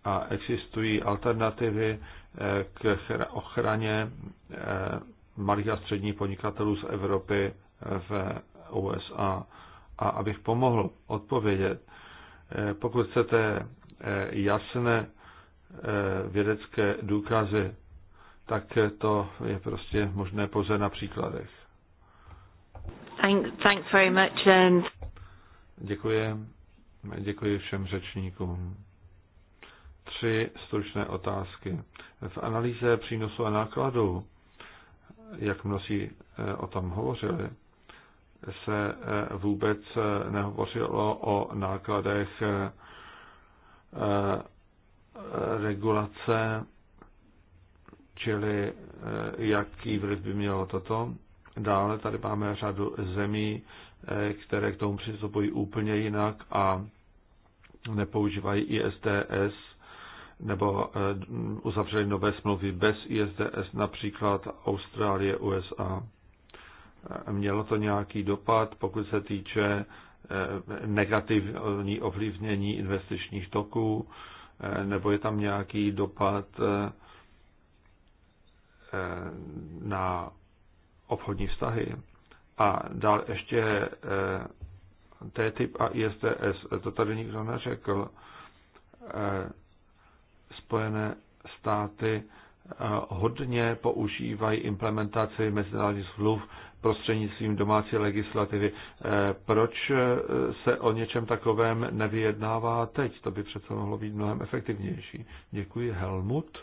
A existují alternativy k ochraně malých a středních podnikatelů z Evropy v USA a abych pomohl odpovědět, eh, pokud chcete eh, jasné eh, vědecké důkazy, tak to je prostě možné pouze na příkladech. Thanks very much. And... Um, Děkuji. Děkuji všem řečníkům. Tři stručné otázky. V analýze přínosu a nákladů, jak mnozí o tom hovořili, se eh, vůbec eh, nehovořilo o nákladech eh, regulace, čili jaký vliv by mělo toto. Dále tady máme řadu zemí, které k tomu přistupují úplně jinak a nepoužívají ISDS nebo uzavřeli nové smlouvy bez ISDS, například Austrálie, USA. Mělo to nějaký dopad, pokud se týče eh, negativní ovlivnění investičních toků, eh, nebo je tam nějaký dopad eh, na obchodní vztahy. A dál ještě TTIP a ISDS, to tady nikdo neřekl. Spojené státy hodně používají implementaci mezinárodních smluv prostřednictvím domácí legislativy. Eh, proč eh, se o něčem takovém nevyjednává teď? To by přece mohlo být mnohem efektivnější. Děkuji, Helmut.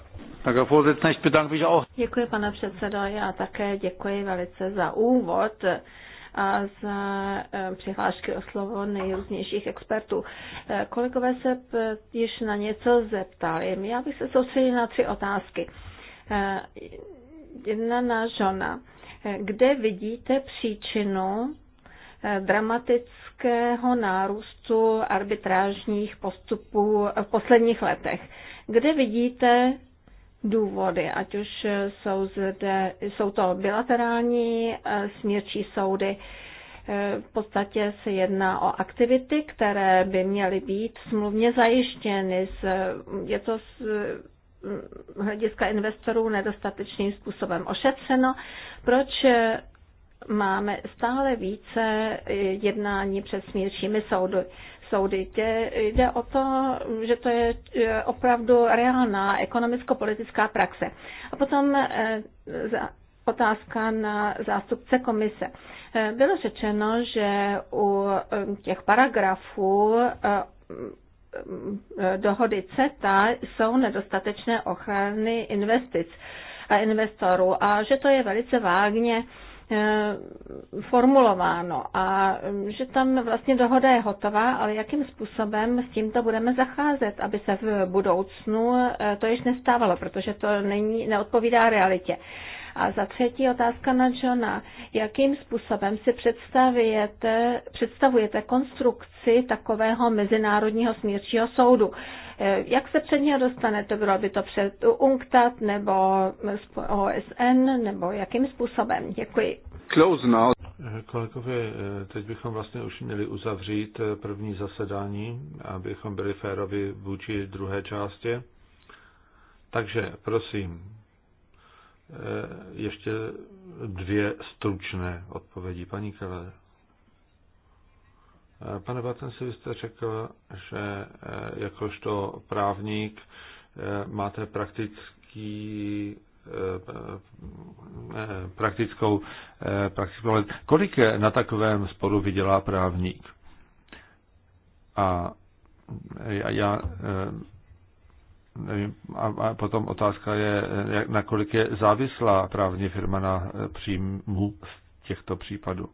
Děkuji, pane předsedo. Já také děkuji velice za úvod a za eh, přihlášky o slovo nejrůznějších expertů. Kolegové se již na něco zeptali. Já bych se soustředila na tři otázky. Jedna na Žona Eh, kde vidíte příčinu eh, dramatického nárůstu arbitrážních postupů eh, v posledních letech. Kde vidíte důvody, ať už jsou, zde, jsou to bilaterální směrčí soudy, v podstatě se jedná o aktivity, které by měly být smluvně zajištěny. Je to hlediska investorů nedostatečným způsobem ošetřeno. Proč eh, máme stále více eh, jednání před smírčími soudy? soudy. Tě jde o to, že to je eh, opravdu reálná ekonomicko-politická praxe. A potom otázka na zástupce komise. Bylo řečeno, že u těch paragrafů Eh, dohody CETA jsou nedostatečné ochrany investic a investorů a že to je velice vágně eh, formulováno a eh, že tam vlastně dohoda je hotová, ale jakým způsobem s tímto budeme zacházet, aby se v budoucnu to již nestávalo, protože to není, neodpovídá realitě. A za třetí otázka na Johna. Jakým způsobem si představujete, představujete konstrukci takového mezinárodního smírčího soudu? Eh, jak se před něho dostanete? Bylo by to před UNCTAD nebo OSN nebo jakým způsobem? Děkuji. Close now. Eh, kolegové, eh, teď bychom vlastně už měli uzavřít první zasedání, abychom byli férovi vůči druhé části. Takže prosím, Eh, ještě dvě stručné odpovědi. Paní Kele. Eh, pane Batensi, vy jste řekl, že eh, jakožto právník máte praktický praktickou, praktickou kolik na takovém sporu vydělá právník? A já a potom otázka je, jak, nakolik je závislá právní firma na eh, příjmu z těchto případů.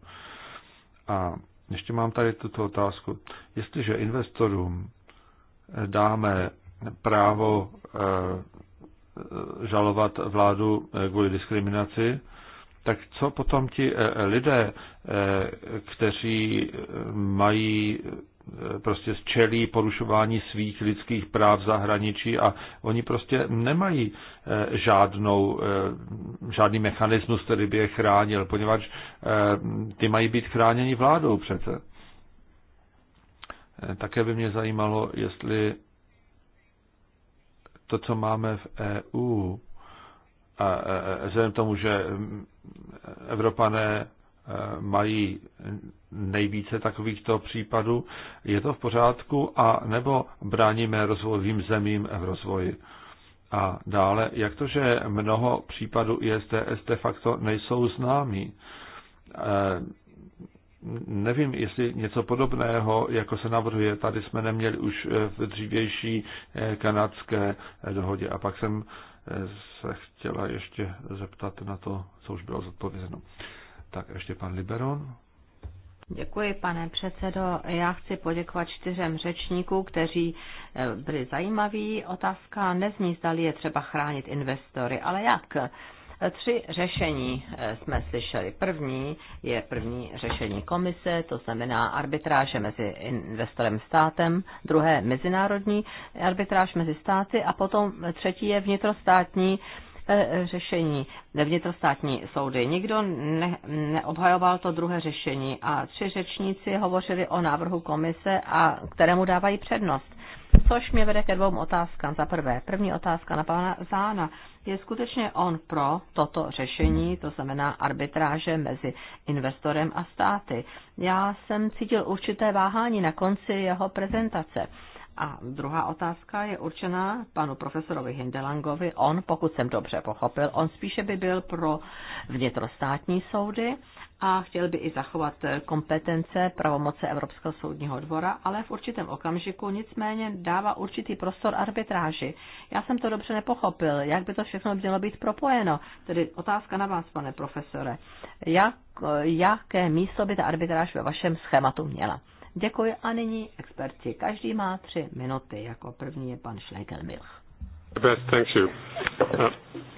A ještě mám tady tuto otázku. Jestliže investorům eh, dáme právo eh, žalovat vládu kvůli diskriminaci, tak co potom ti lidé, kteří mají Eh, prostě čelí porušování svých lidských práv v zahraničí a oni prostě nemají eh, žádnou, eh, žádný mechanismus, který by je chránil, poněvadž ty mají být chráněni vládou přece. Také by mě zajímalo, jestli to, co máme v EU, a a tomu, že mm, Evropané Eh, mají nejvíce takovýchto případů. Je to v pořádku a nebo bráníme rozvojovým zemím v rozvoji? A dále, jak to, že mnoho případů ISDS de facto nejsou známí? Eh, nevím, jestli něco podobného, jako se navrhuje, tady jsme neměli už eh, v dřívější kanadské dohodě. A pak jsem se chtěla ještě zeptat na to, co už bylo zodpovězeno. Tak ještě pan Liberon. Děkuji, pane předsedo. Já chci poděkovat čtyřem řečníkům, kteří eh, byli zajímaví. Otázka nezní, zdali je třeba chránit investory, ale jak? Eh, tři řešení eh, jsme slyšeli. První je první řešení komise, to znamená arbitráže mezi investorem a státem, druhé mezinárodní arbitráž mezi státy a potom třetí je vnitrostátní E, řešení vnitrostátní soudy. Nikdo ne, neobhajoval to druhé řešení a tři řečníci hovořili o návrhu komise, a kterému dávají přednost. Což mě vede ke dvou otázkám. Za prvé, první otázka na pana Zána. Je skutečně on pro toto řešení, to znamená arbitráže mezi investorem a státy? Já jsem cítil určité váhání na konci jeho prezentace. A druhá otázka je určená panu profesorovi Hindelangovi. On, pokud jsem dobře pochopil, on spíše by byl pro vnitrostátní soudy a chtěl by i zachovat kompetence pravomoce Evropského soudního dvora, ale v určitém okamžiku nicméně dává určitý prostor arbitráži. Já jsem to dobře nepochopil, jak by to všechno mělo být propojeno. Tedy otázka na vás, pane profesore. Jak, jaké místo by ta arbitráž ve vašem schématu měla? Děkuji a nyní experti. Každý má tři minuty. Jako první je pan Schlegelmilch. Best, you. Uh,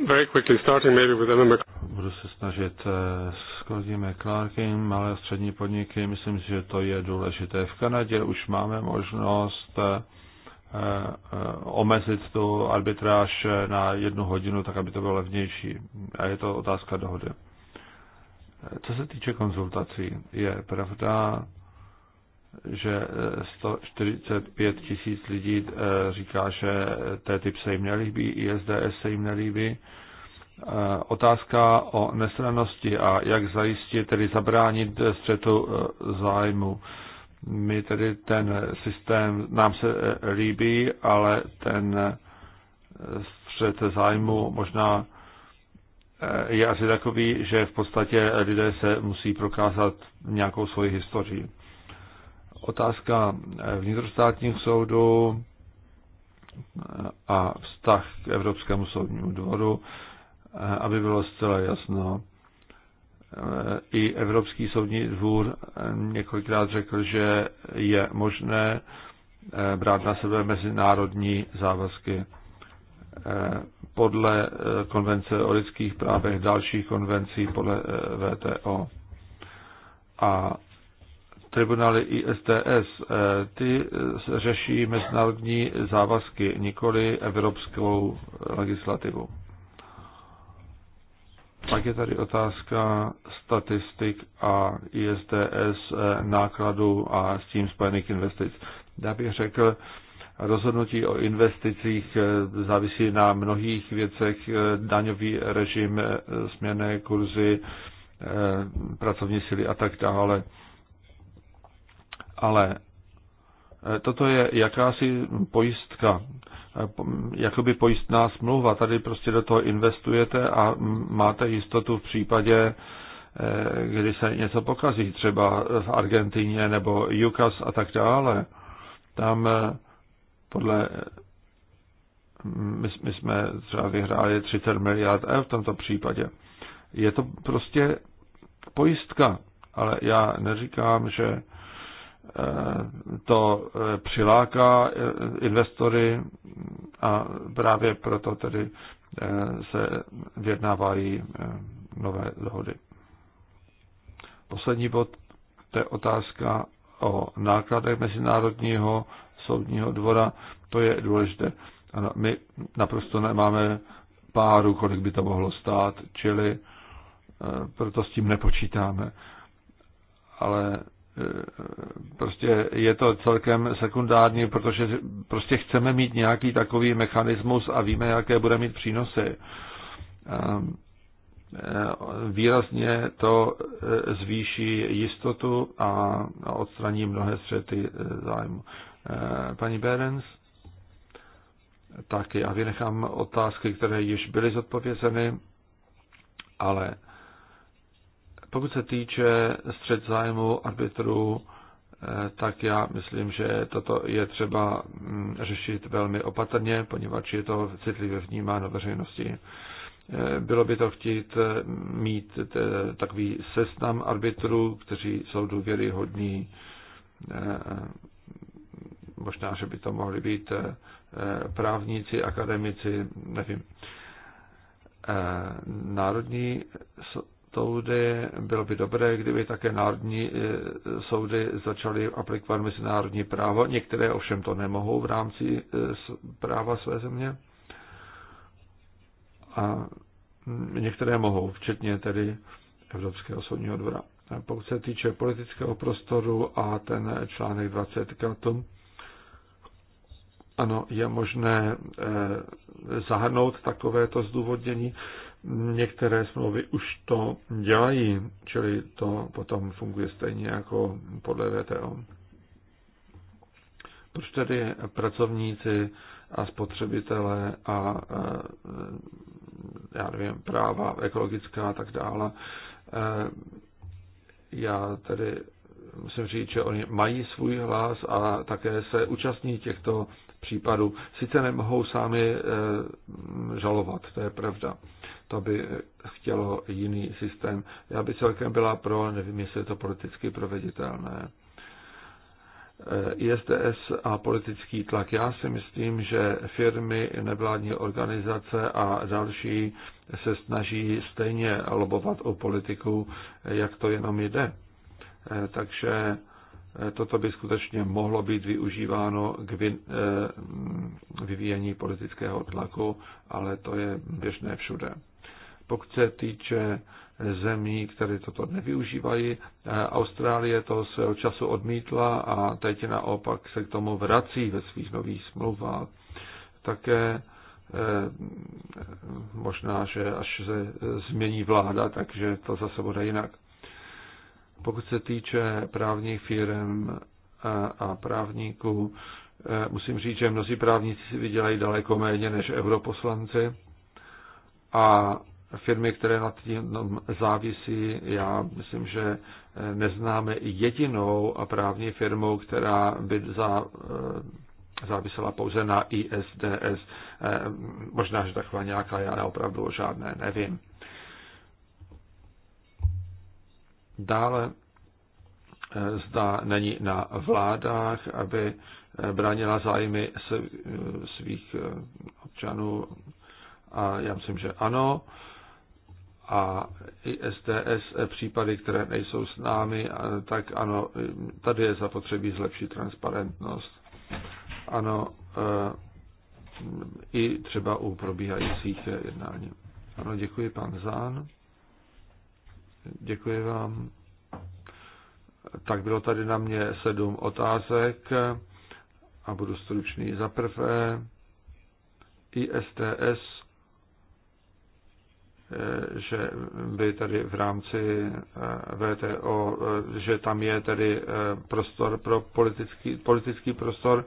very quickly, starting maybe with Budu se snažit uh, s kolegyně Clarkem, malé a střední podniky. Myslím si, že to je důležité. V Kanadě už máme možnost uh, omezit tu arbitráž na jednu hodinu, tak aby to bylo levnější. A je to otázka dohody. Co se týče konzultací, je pravda, že 145 eh, tisíc lidí eh, říká, že eh, té typ se jim nelíbí, ISDS se jim nelíbí. Otázka o nestrannosti a jak zajistit, tedy zabránit střetu zájmu. My tedy ten systém nám se líbí, ale ten střet zájmu možná je asi takový, že v podstatě lidé se musí prokázat nějakou svoji historii. Otázka eh, vnitrostátních soudů eh, a vztah k Evropskému soudnímu dvoru, eh, aby bylo zcela jasno, i Evropský soudní dvůr několikrát řekl, že je možné brát na sebe mezinárodní závazky podle konvence o lidských právech, dalších konvencí podle VTO. A tribunály ISDS. Eh, ty eh, řeší mezinárodní závazky, nikoli evropskou eh, legislativu. Pak je tady otázka statistik a ISDS nákladů a s tím spojených investic. Já bych řekl, rozhodnutí o investicích závisí na mnohých věcech, daňový režim, směné kurzy, pracovní síly a tak dále ale e, toto je jakási pojistka, e, jakoby pojistná smlouva. Tady prostě do toho investujete a máte jistotu v případě, e, kdy se něco pokazí, třeba v Argentíně nebo Jukas a tak dále. Tam podle my, my jsme třeba vyhráli 30 miliard eur v tomto případě. Je to prostě pojistka, ale já neříkám, že to eh, přiláká eh, investory a právě proto tedy eh, se vyjednávají nové dohody. Poslední bod, to je otázka o nákladech Mezinárodního soudního dvora. To je důležité. Ano, my naprosto nemáme páru, kolik by to mohlo stát, čili proto s tím nepočítáme. Ale prostě je to celkem sekundární, protože prostě chceme mít nějaký takový mechanismus a víme, jaké bude mít přínosy. Ehm, eh, výrazně to eh, zvýší jistotu a odstraní mnohé střety eh, zájmu. Paní Berens? Tak já vynechám otázky, které již byly zodpovězeny, ale pokud se týče střed zájmu arbitrů, eh, tak já myslím, že toto je třeba mm, řešit velmi opatrně, poněvadž je to citlivě vnímáno veřejnosti. Eh, bylo by to chtít eh, mít takový seznam arbitrů, kteří jsou důvěryhodní. Možná, že by to mohli být právníci, akademici, nevím. Národní soudy. Bylo by dobré, kdyby také národní eh, soudy začaly aplikovat mezinárodní právo. Některé ovšem to nemohou v rámci eh, práva své země. A některé mohou, včetně tedy Evropského soudního dvora. Pokud se týče politického prostoru a ten článek 20 to ano, je možné eh, zahrnout takovéto zdůvodnění. Některé smlouvy už to dělají, čili to potom funguje stejně jako podle VTO. Proč tedy pracovníci a spotřebitelé a e, já nevím, práva ekologická a tak dále. E, já tedy musím říct, že oni mají svůj hlas a také se účastní těchto případů. Sice nemohou sami e, žalovat, to je pravda. To by eh, chtělo jiný systém. Já by celkem byla pro, ale nevím, jestli je to politicky proveditelné. Eh, ISDS a politický tlak. Já si myslím, že firmy, nevládní organizace a další se snaží stejně lobovat o politiku, eh, jak to jenom jde. Takže toto by skutečně mohlo být využíváno k vyvíjení politického tlaku, ale to je běžné všude. Pokud se týče zemí, které toto nevyužívají, eh, Austrálie to svého času odmítla a teď naopak se k tomu vrací ve svých nových smlouvách. Také eh, možná, že až se eh, změní vláda, takže to zase bude jinak. Pokud se týče právních firm a právníků, musím říct, že mnozí právníci si vydělají daleko méně než europoslanci a firmy, které na tím závisí. Já myslím, že neznáme jedinou a právní firmu, která by za, eh, závisela pouze na ISDS. Eh, možná, že taková nějaká, já opravdu o žádné nevím. Dále eh, zda není na vládách, aby bránila zájmy svých občanů a já myslím, že ano a i STS e, případy, které nejsou s námi, tak ano, tady je zapotřebí zlepšit transparentnost. Ano, e, i třeba u probíhajících jednání. Ano, děkuji pan Zán. Děkuji vám. Tak bylo tady na mě sedm otázek a budu stručný. Za prvé, ISTS Eh, že by tady v rámci eh, VTO, eh, že tam je tedy prostor pro politický, politický prostor.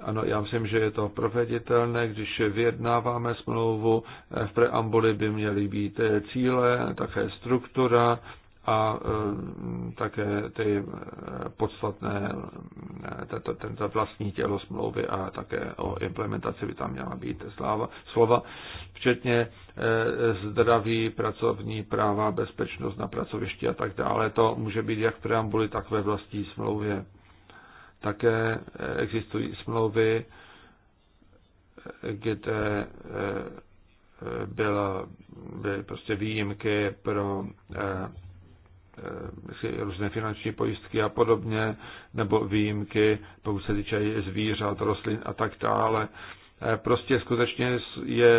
Ano, já myslím, že je to proveditelné, když vyjednáváme smlouvu, v preambuli by měly být cíle, také struktura, a e, také ty podstatné, tento, tento vlastní tělo smlouvy a také o implementaci by tam měla být sláva, slova, včetně e, zdraví, pracovní práva, bezpečnost na pracovišti a tak dále. To může být jak v preambuli, tak ve vlastní smlouvě. Také existují smlouvy, e, kde byla, byly prostě výjimky pro Eh, různé finanční pojistky a podobně, nebo výjimky, pokud se týče zvířat, rostlin a tak dále. Eh, prostě skutečně je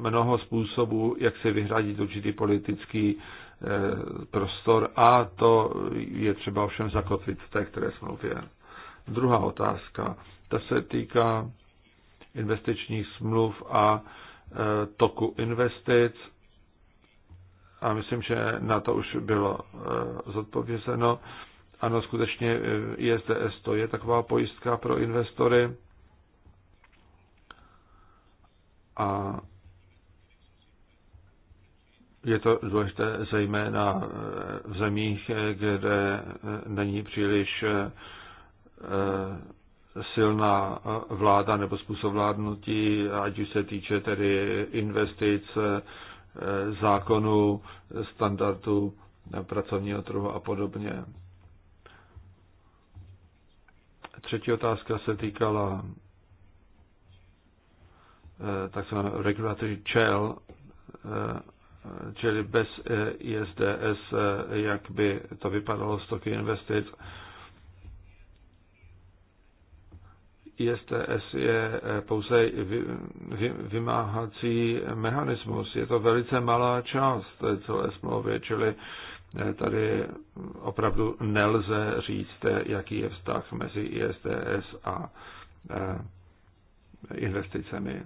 mnoho způsobů, jak se vyhradit určitý politický eh, prostor a to je třeba ovšem zakotvit v té, které smlouvě. Druhá otázka, ta se týká investičních smluv a toku investic a myslím, že na to už bylo eh, zodpovězeno. Ano, skutečně eh, ISDS to je taková pojistka pro investory. A je to důležité zejména eh, v zemích, kde není příliš silná vláda nebo způsob vládnutí, ať už se týče tedy investic, zákonů, standardů pracovního trhu a podobně. Třetí otázka se týkala eh, takzvané regulatory čel, eh, čili bez eh, ISDS, jak by to vypadalo z toky investic. ISTS je eh, pouze vymáhací mechanismus. Je to velice malá část celé smlouvy, čili eh, tady opravdu nelze říct, eh, jaký je vztah mezi ISTS a investicemi.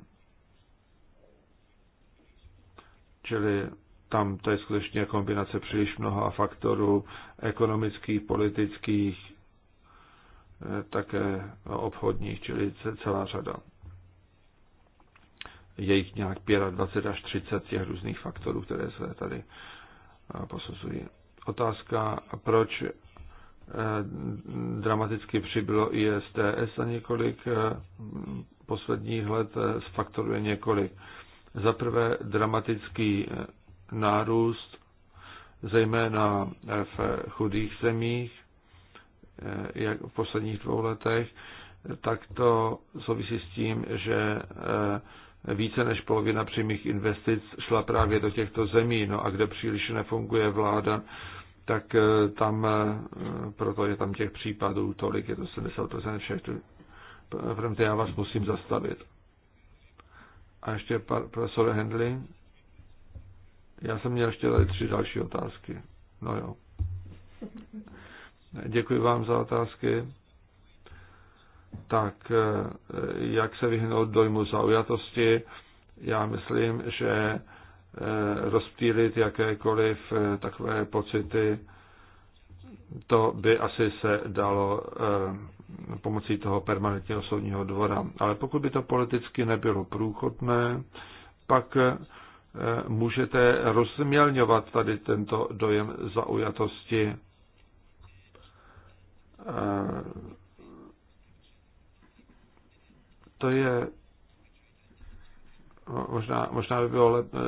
Čili tam to je skutečně kombinace příliš mnoha faktorů ekonomických, politických, Eh, také obchodních, čili celá řada. Je jich nějak 25 až 30 těch různých faktorů, které se tady eh, posuzují. Otázka, proč eh, dramaticky přibylo ISTS a několik posledních let z faktorů je několik. Za prvé dramatický nárůst, zejména v chudých zemích, Eh, jak v posledních dvou letech, tak to souvisí s tím, že eh, více než polovina přímých investic šla právě do těchto zemí. No a kde příliš nefunguje vláda, tak eh, tam, proto je tam těch případů tolik, je to 70% všech, proto já vás musím zastavit. A ještě par, profesor Hendley, já jsem měl ještě tady tři další otázky. No jo. Děkuji vám za otázky. Tak, eh, jak se vyhnout dojmu zaujatosti? Já myslím, že eh, rozptýlit jakékoliv eh, takové pocity, to by asi se dalo pomocí toho permanentního soudního dvora. Ale pokud by to politicky nebylo průchodné, pak můžete rozmělňovat tady tento dojem zaujatosti Eh, to je možná, možná by bylo lep, eh,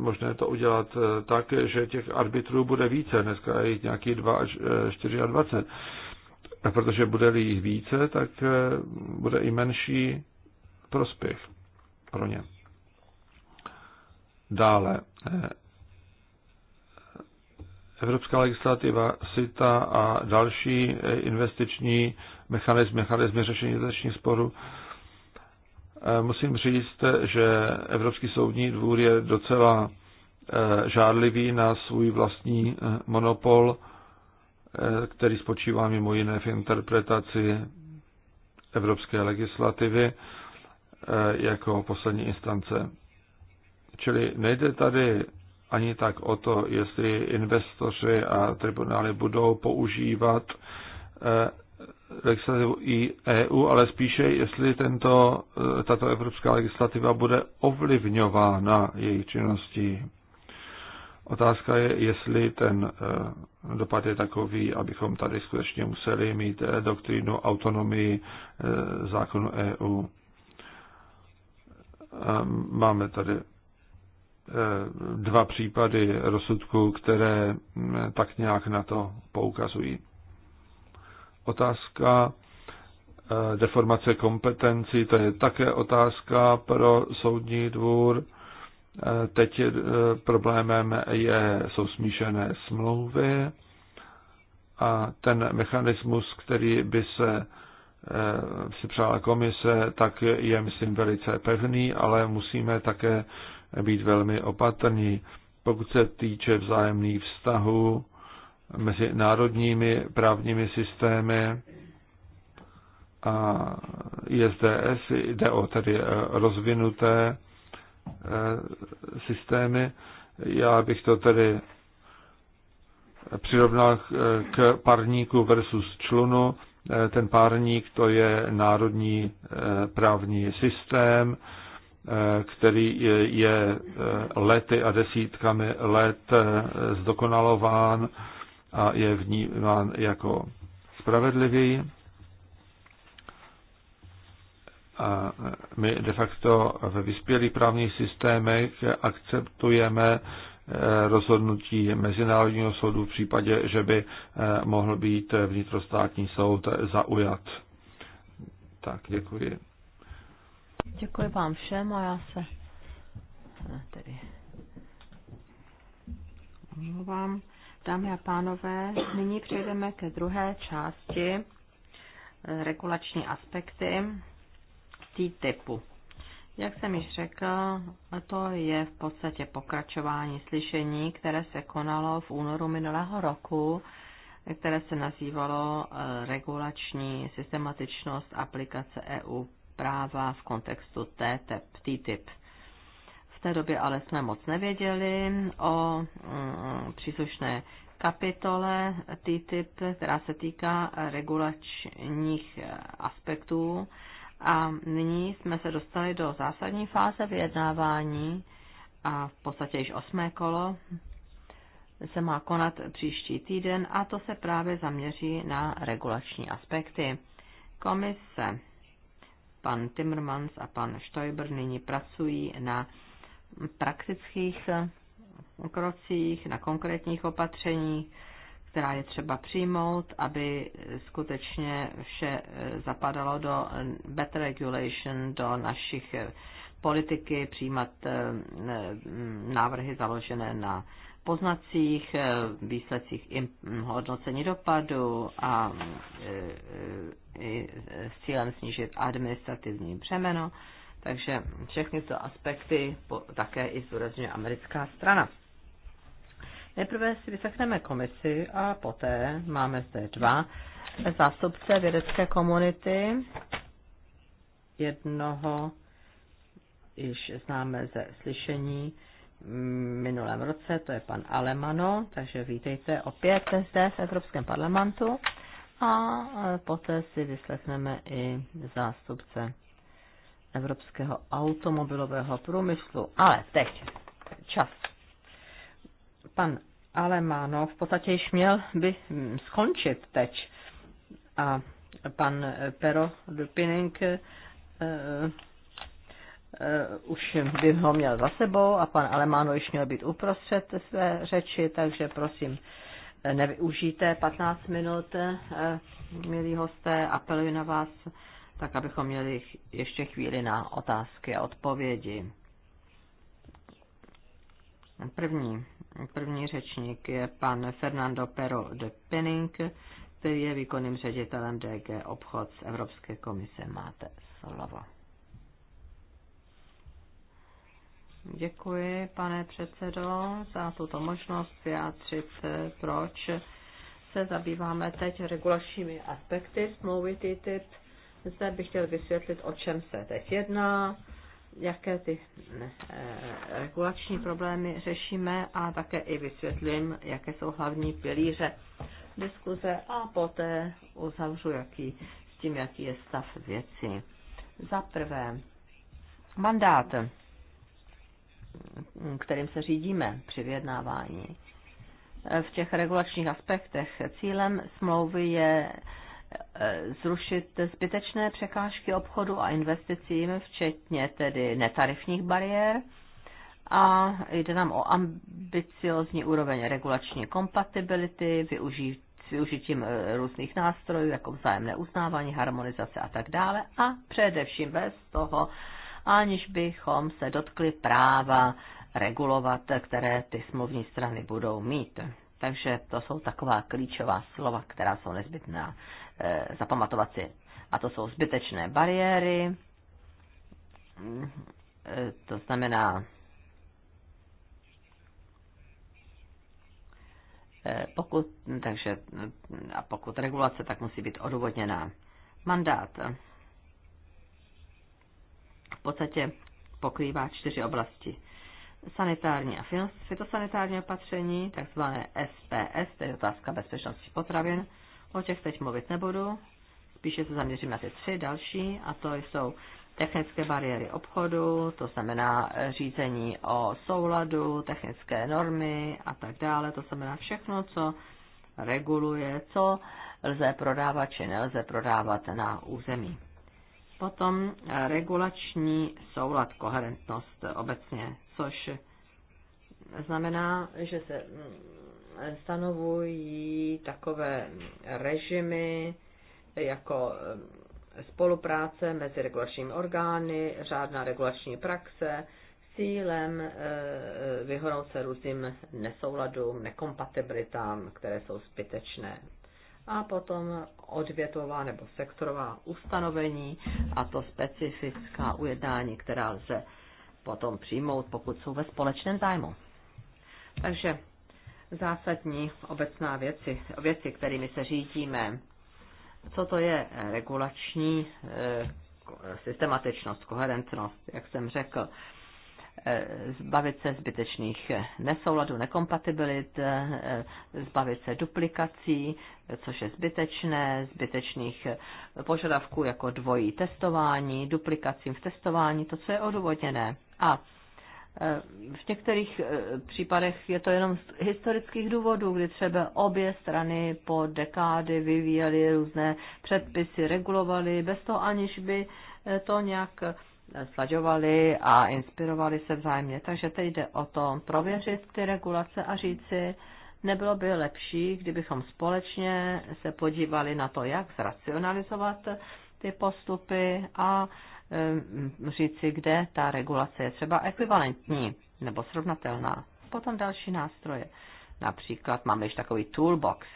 možné to udělat eh, tak, že těch arbitrů bude více, dneska je jich nějaký 2 až 4 a protože bude jich více, tak bude i menší prospěch pro ně. Dále, Evropská legislativa SITA a další eh, investiční mechanizmy, mechanizmy řešení investičních sporů. Eh, musím říct, že Evropský soudní dvůr je docela eh, žádlivý na svůj vlastní monopol, který spočívá mimo jiné v interpretaci evropské legislativy jako poslední instance. Čili nejde tady ani tak o to, jestli investoři a tribunály budou používat eh, legislativu i EU, ale spíše, jestli tento, eh, tato evropská legislativa bude ovlivňována jejich činností. Otázka je, jestli ten eh, dopad je takový, abychom tady skutečně museli mít doktrínu autonomii zákonu EU. Máme tady Eh, dva případy rozsudku, které eh, tak nějak na to poukazují. Otázka eh, deformace kompetencí, to je také otázka pro soudní dvůr. Teď problémem je, jsou smíšené smlouvy a ten mechanismus, který by se si přála komise, tak je, myslím, velice pevný, ale musíme také být velmi opatrní. Pokud se týče vzájemných vztahů mezi národními právními systémy a ISDS, jde o tedy eh, rozvinuté eh, systémy, já bych to tedy přirovnal eh, k parníku versus člunu. Ten párník to je národní právní systém, Eh, který je eh, lety a desítkami let eh, zdokonalován a je vnímán jako spravedlivý. A my de facto ve vyspělých právních systémech akceptujeme rozhodnutí Mezinárodního soudu v případě, že by mohl být vnitrostátní soud zaujat. Tak, děkuji. Děkuji vám všem a já se eh, tedy omlouvám. Dámy a pánové, nyní přejdeme ke druhé části eh, regulační aspekty T-typu. Jak jsem již řekl, to je v podstatě pokračování slyšení, které se konalo v únoru minulého roku, které se nazývalo eh, Regulační systematičnost aplikace EU práva v kontextu TTIP. TTIP. V té době ale jsme moc nevěděli o mm, příslušné kapitole TTIP, která se týká regulačních eh, aspektů. A nyní jsme se dostali do zásadní fáze vyjednávání a v podstatě již osmé kolo se má konat příští týden a to se právě zaměří na regulační aspekty. Komise Pan Timmermans a pan Stoiber nyní pracují na praktických krocích, na konkrétních opatřeních, která je třeba přijmout, aby skutečně vše eh, zapadalo do better regulation, do našich eh, politiky, přijímat eh, návrhy založené na poznacích, eh, výsledcích hodnocení dopadu a eh, eh, s cílem snížit administrativní břemeno. Takže všechny tyto aspekty také i zúrazně americká strana. Nejprve si vysechneme komisi a poté máme zde dva zástupce vědecké komunity. Jednoho již známe ze slyšení minulém roce, to je pan Alemano, takže vítejte opět zde v Evropském parlamentu a poté si vyslechneme i zástupce evropského automobilového průmyslu. Ale teď čas. Pan Alemano v podstatě již měl by hm, skončit teď a pan Pero Dupinink eh, Eh, už by ho měl za sebou a pan Alemáno již měl být uprostřed své řeči, takže prosím, eh, nevyužijte 15 minut, eh, milí hosté, apeluji na vás, tak abychom měli ještě chvíli na otázky a odpovědi. První, první řečník je pan Fernando Pero de Penning, který je výkonným ředitelem DG Obchod z Evropské komise. Máte slovo. Děkuji, pane předsedo, za tuto možnost vyjádřit, proč se zabýváme teď regulačními aspekty smlouvy TTIP. Zde bych chtěl vysvětlit, o čem se teď jedná, jaké ty eh, regulační problémy řešíme a také i vysvětlím, jaké jsou hlavní pilíře diskuze a poté uzavřu jaký, s tím, jaký je stav věci. Za prvé, mandát kterým se řídíme při vyjednávání. V těch regulačních aspektech cílem smlouvy je e, zrušit zbytečné překážky obchodu a investicím, včetně tedy netarifních bariér. A jde nám o ambiciozní úroveň regulační kompatibility, využít s využitím e, různých nástrojů, jako vzájemné uznávání, harmonizace a tak dále. A především bez toho, aniž bychom se dotkli práva regulovat, které ty smluvní strany budou mít. Takže to jsou taková klíčová slova, která jsou nezbytná e, zapamatovat si. A to jsou zbytečné bariéry, e, to znamená eh, pokud, takže, a pokud regulace, tak musí být odůvodněná. Mandát podstatě pokrývá čtyři oblasti. Sanitární a fitosanitární opatření, takzvané SPS, to je otázka bezpečnosti potravin, o těch teď mluvit nebudu, spíše se zaměřím na ty tři další, a to jsou technické bariéry obchodu, to znamená eh, řízení o souladu, technické normy a tak dále, to znamená všechno, co reguluje, co lze prodávat či nelze prodávat na území Potom eh, regulační soulad, koherentnost obecně, což znamená, že se mm, stanovují takové režimy jako eh, spolupráce mezi regulačními orgány, řádná regulační praxe s cílem eh, vyhnout se různým nesouladům, nekompatibilitám, které jsou zbytečné a potom odvětová nebo sektorová ustanovení a to specifická ujednání, která lze potom přijmout, pokud jsou ve společném zájmu. Takže zásadní obecná věci, věci, kterými se řídíme, co to je regulační eh, systematičnost, koherentnost, jak jsem řekl, Eh, zbavit se zbytečných nesouladů, nekompatibilit, eh, zbavit se duplikací, což je zbytečné, zbytečných požadavků jako dvojí testování, duplikacím v testování, to, co je odůvodněné. A eh, v některých případech je to jenom z historických důvodů, kdy třeba obě strany po dekády vyvíjely různé předpisy, regulovaly, bez toho aniž by to nějak slaďovali a inspirovali se vzájemně. Takže teď jde o to prověřit ty regulace a říci, nebylo by lepší, kdybychom společně se podívali na to, jak zracionalizovat ty postupy a eh, říci, kde ta regulace je třeba ekvivalentní nebo srovnatelná. Potom další nástroje. Například máme již takový toolbox,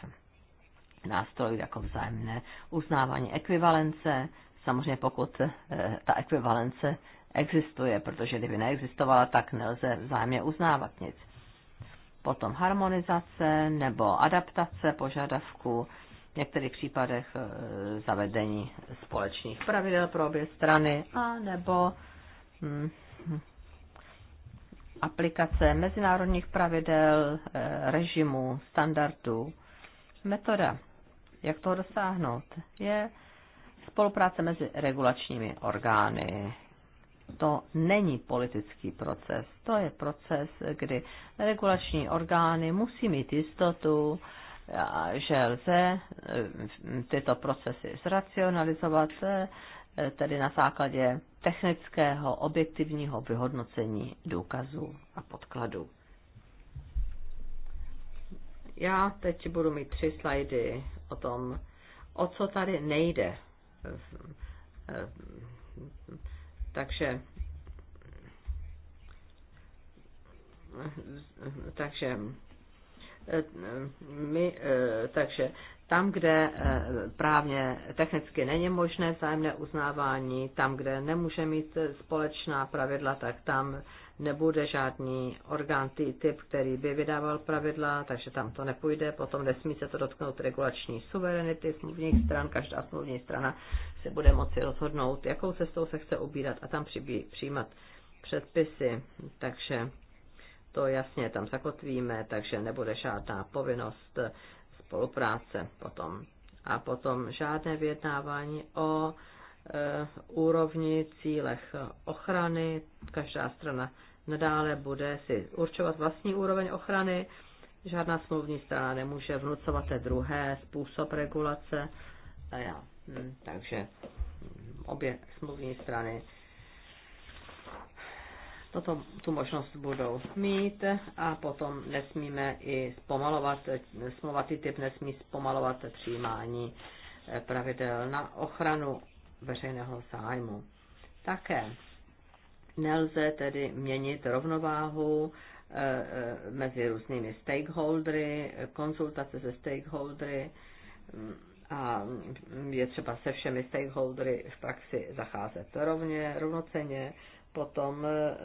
nástrojů jako vzájemné uznávání ekvivalence, Samozřejmě pokud eh, ta ekvivalence existuje, protože kdyby neexistovala, tak nelze vzájemně uznávat nic. Potom harmonizace nebo adaptace požadavků, v některých případech eh, zavedení společných pravidel pro obě strany, a nebo hm, aplikace mezinárodních pravidel, eh, režimů, standardů. Metoda, jak toho dosáhnout, je Spolupráce mezi regulačními orgány. To není politický proces, to je proces, kdy regulační orgány musí mít jistotu, že lze eh, tyto procesy zracionalizovat, eh, tedy na základě technického objektivního vyhodnocení důkazů a podkladů. Já teď budu mít tři slajdy o tom, o co tady nejde takže takže my, takže tam, kde právně technicky není možné vzájemné uznávání, tam, kde nemůže mít společná pravidla, tak tam nebude žádný orgán typ, který by vydával pravidla, takže tam to nepůjde. Potom nesmí se to dotknout regulační suverenity smluvních stran. Každá smluvní strana se bude moci rozhodnout, jakou cestou se chce ubírat a tam přijímat předpisy. Takže to jasně tam zakotvíme, takže nebude žádná povinnost spolupráce potom. A potom žádné vyjednávání o e, úrovni, cílech ochrany. Každá strana nadále bude si určovat vlastní úroveň ochrany. Žádná smluvní strana nemůže vnucovat té druhé způsob regulace. A já, hm, takže hm, obě smluvní strany toto, tu možnost budou mít a potom nesmíme i zpomalovat, smlouvatý typ nesmí zpomalovat přijímání eh, pravidel na ochranu veřejného zájmu. Také Nelze tedy měnit rovnováhu eh, eh, mezi různými stakeholdery, konzultace se stakeholdery mm, a je třeba se všemi stakeholdery v praxi zacházet rovně, rovnoceně. Potom eh,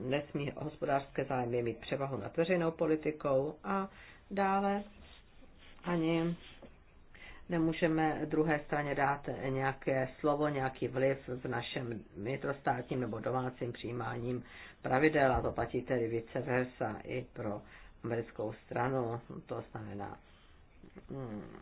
nesmí hospodářské zájmy mít převahu nad veřejnou politikou a dále ani nemůžeme druhé straně dát nějaké slovo, nějaký vliv v našem vnitrostátním nebo domácím přijímáním pravidel a to platí tedy vice versa i pro americkou stranu, to znamená to mm,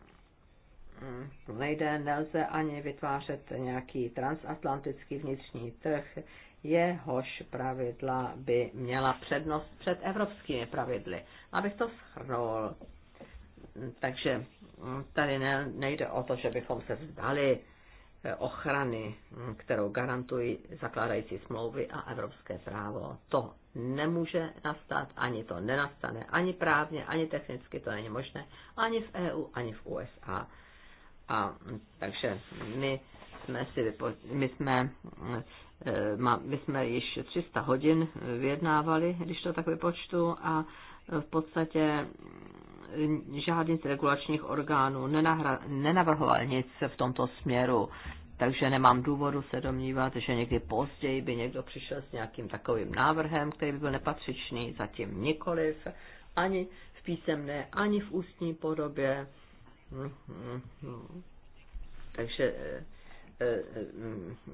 mm, nejde, nelze ani vytvářet nějaký transatlantický vnitřní trh, jehož pravidla by měla přednost před evropskými pravidly. Abych to shrnul, takže mm, tady ne, nejde o to, že bychom se vzdali eh, ochrany, mm, kterou garantují zakládající smlouvy a evropské právo. To nemůže nastat, ani to nenastane, ani právně, ani technicky to není možné, ani v EU, ani v USA. A mm, takže my jsme si vypo, my jsme, eh, my jsme již 300 hodin vyjednávali, když to tak vypočtu a v podstatě žádný z regulačních orgánů nenahra, nenavrhoval nic v tomto směru, takže nemám důvodu se domnívat, že někdy později by někdo přišel s nějakým takovým návrhem, který by byl nepatřičný, zatím nikoliv, ani v písemné, ani v ústní podobě. Takže eh, eh,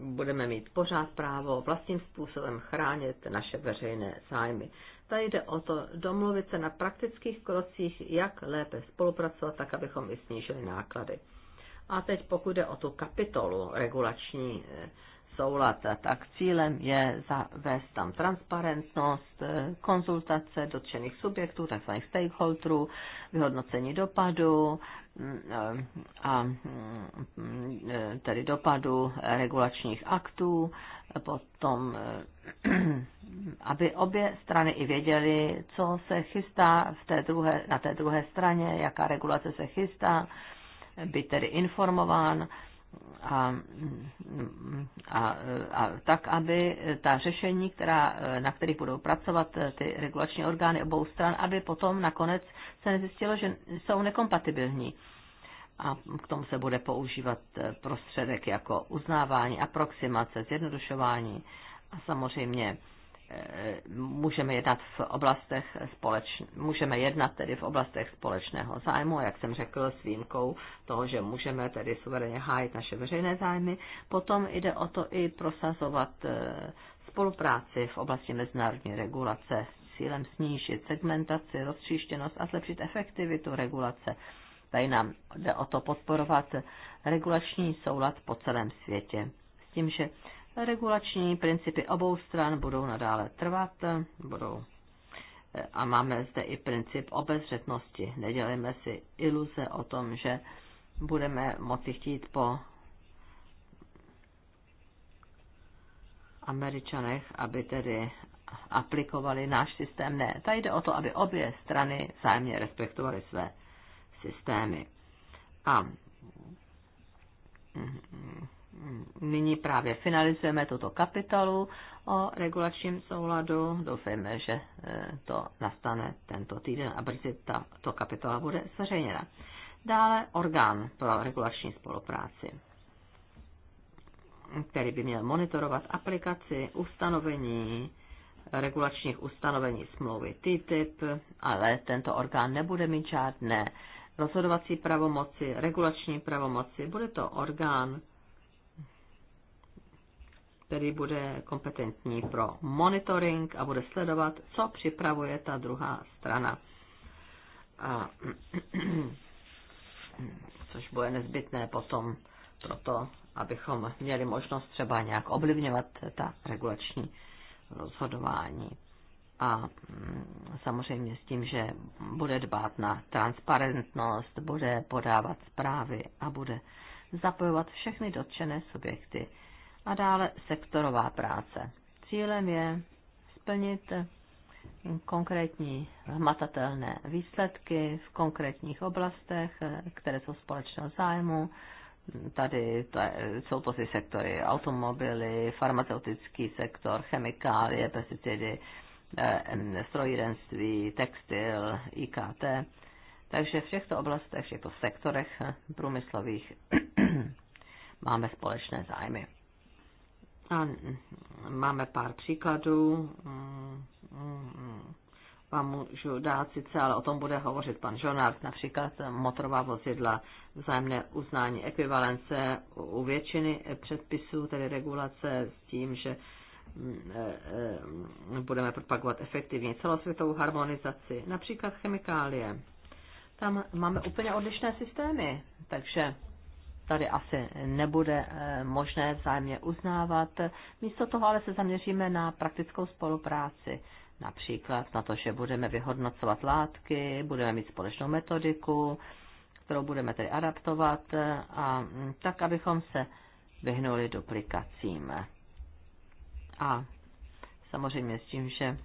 budeme mít pořád právo vlastním způsobem chránit naše veřejné zájmy. Tady jde o to domluvit se na praktických krocích, jak lépe spolupracovat, tak abychom i snížili náklady. A teď pokud jde o tu kapitolu regulační eh, soulad, tak cílem je zavést tam transparentnost, eh, konzultace dotčených subjektů, tzv. stakeholderů, vyhodnocení dopadu, a tedy dopadu regulačních aktů, potom, aby obě strany i věděly, co se chystá v té druhé, na té druhé straně, jaká regulace se chystá, být tedy informován a, a, a tak, aby ta řešení, která, na kterých budou pracovat ty regulační orgány obou stran, aby potom nakonec se nezjistilo, že jsou nekompatibilní. A k tomu se bude používat prostředek jako uznávání, aproximace, zjednodušování a samozřejmě můžeme jednat v oblastech společn- můžeme jednat tedy v oblastech společného zájmu, jak jsem řekl, s výjimkou toho, že můžeme tedy suverénně hájit naše veřejné zájmy. Potom jde o to i prosazovat eh, spolupráci v oblasti mezinárodní regulace s cílem snížit segmentaci, roztříštěnost a zlepšit efektivitu regulace. Tady nám jde o to podporovat regulační soulad po celém světě. S tím, že Regulační principy obou stran budou nadále trvat, budou a máme zde i princip obezřetnosti. Nedělejme si iluze o tom, že budeme moci chtít po Američanech, aby tedy aplikovali náš systém. Ne, tady jde o to, aby obě strany zájemně respektovaly své systémy. A nyní právě finalizujeme tuto kapitolu o regulačním souladu. Doufejme, že eh, to nastane tento týden a brzy ta, to kapitola bude zveřejněna. Dále orgán pro regulační spolupráci, který by měl monitorovat aplikaci ustanovení regulačních ustanovení smlouvy TTIP, ale tento orgán nebude mít žádné rozhodovací pravomoci, regulační pravomoci. Bude to orgán, který bude kompetentní pro monitoring a bude sledovat, co připravuje ta druhá strana. A, [clears throat] což bude nezbytné potom pro to, abychom měli možnost třeba nějak ovlivňovat ta regulační rozhodování. A mm, samozřejmě s tím, že bude dbát na transparentnost, bude podávat zprávy a bude zapojovat všechny dotčené subjekty a dále sektorová práce. Cílem je splnit konkrétní hmatatelné výsledky v konkrétních oblastech, které jsou společného zájmu. Tady to je, jsou to ty sektory automobily, farmaceutický sektor, chemikálie, pesticidy, eh, strojírenství, textil, IKT. Takže v těchto oblastech, v těchto sektorech průmyslových [clears throat] máme společné zájmy. A mm, máme pár příkladů, vám můžu dát sice, ale o tom bude hovořit pan Žonard, například motorová vozidla, vzájemné uznání ekvivalence u většiny předpisů, tedy regulace s tím, že mm, e, e, budeme propagovat efektivně celosvětovou harmonizaci, například chemikálie. Tam máme úplně odlišné systémy, takže tady asi nebude eh, možné vzájemně uznávat. Místo toho ale se zaměříme na praktickou spolupráci. Například na to, že budeme vyhodnocovat látky, budeme mít společnou metodiku, kterou budeme tedy adaptovat, eh, a mm, tak, abychom se vyhnuli duplikacím. A samozřejmě s tím, že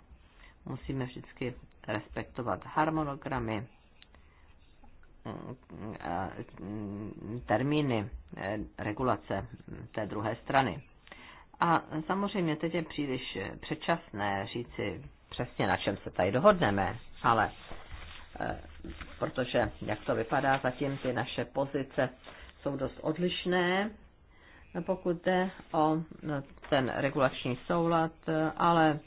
musíme vždycky respektovat harmonogramy, Eh, termíny eh, regulace té druhé strany. A samozřejmě teď je příliš předčasné říci přesně, na čem se tady dohodneme, ale eh, protože jak to vypadá, zatím ty naše pozice jsou dost odlišné, pokud jde o ten regulační soulad, ale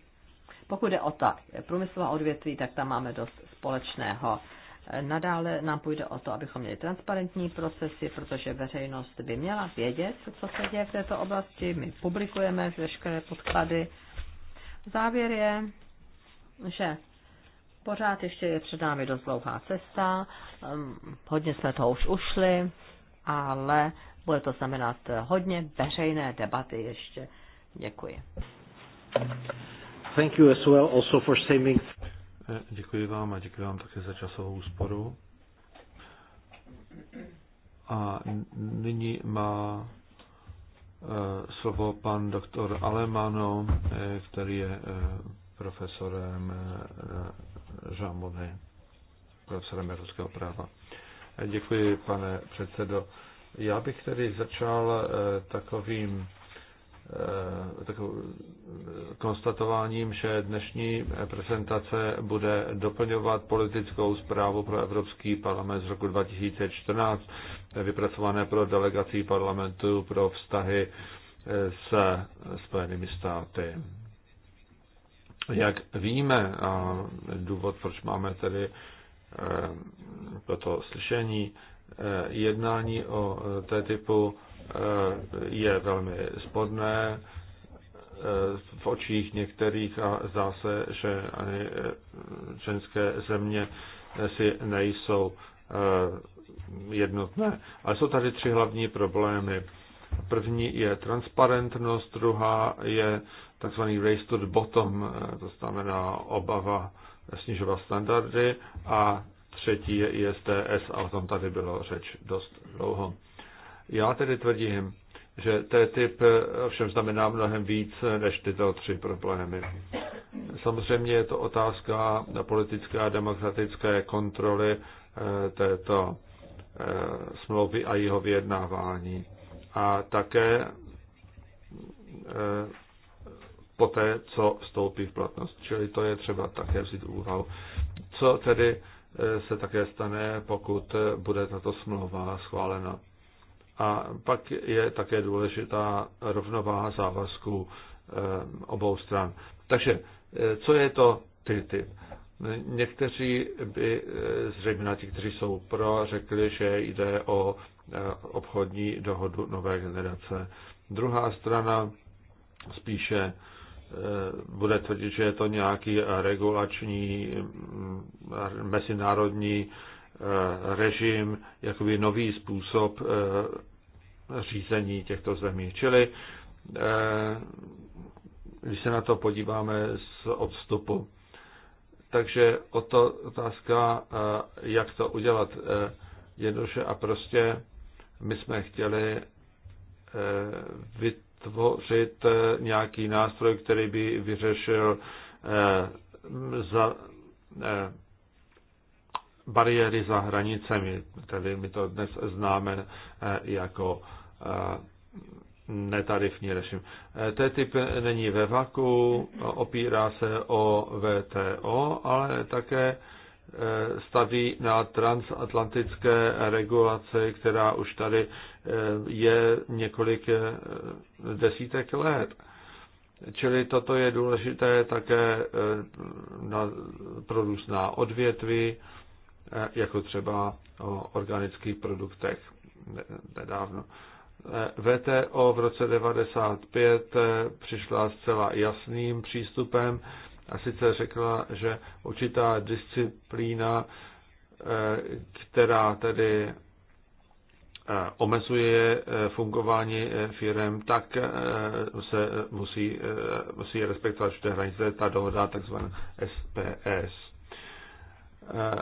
pokud jde o ta průmyslová odvětví, tak tam máme dost společného. Nadále nám půjde o to, abychom měli transparentní procesy, protože veřejnost by měla vědět, co se děje v této oblasti. My publikujeme veškeré podklady. Závěr je, že pořád ještě je před námi dost dlouhá cesta, ehm, hodně jsme toho už ušli, ale bude to znamenat hodně veřejné debaty ještě. Děkuji. Thank you as well also for saving E, děkuji vám a děkuji vám také za časovou úsporu. A nyní má e, slovo pan doktor Alemano, e, který je profesorem Žámony, profesorem evropského práva. Děkuji, pane předsedo. Já bych tedy začal takovým Eh, takovou eh, konstatováním, že dnešní prezentace bude doplňovat politickou zprávu pro Evropský parlament z roku 2014, vypracované pro delegací parlamentu pro vztahy eh, se Spojenými státy. Jak víme, a důvod, proč máme tedy toto slyšení, jednání o té typu je velmi spodné eh, v očích některých a zdá se, že ani eh, ženské země si nejsou eh, jednotné. Ale jsou tady tři hlavní problémy. První je transparentnost, druhá je takzvaný race to the bottom, to znamená obava snižovat standardy a třetí je ISTS a o tom tady bylo řeč dost dlouho. Já tedy tvrdím, že TTIP všem znamená mnohem víc než tyto tři problémy. Samozřejmě je to otázka politické a demokratické kontroly eh, této eh, smlouvy a jeho vyjednávání. A také eh, poté, co vstoupí v platnost. Čili to je třeba také vzít úvahu. Co tedy se také stane, pokud bude tato smlouva schválena? A pak je také důležitá rovnováha závazků eh, obou stran. Takže eh, co je to TTIP? Někteří by, eh, zřejmě ti, kteří jsou pro, řekli, že jde o obchodní dohodu nové generace. Druhá strana spíše bude tvrdit, že je to nějaký regulační mm, mezinárodní režim, jakoby nový způsob řízení těchto zemí. Čili eh, když se na to podíváme z odstupu. Takže o to otázka, eh, jak to udělat eh, jednoduše a prostě. My jsme chtěli vytvořit nějaký nástroj, který by vyřešil za bariéry za hranicemi, tedy my to dnes známe jako netarifní režim. TTIP není ve vaku, opírá se o VTO, ale také e, staví na transatlantické regulace, která už tady e, je několik e, desítek let. Čili toto je důležité také na, pro různá odvětví, jako třeba o organických produktech nedávno. VTO v roce 95 eh, přišla zcela jasným přístupem a sice řekla, že určitá disciplína, eh, která tedy eh, omezuje fungování firm, tak se musí, musí respektovat všechny hranice, ta dohoda takzvaná SPS.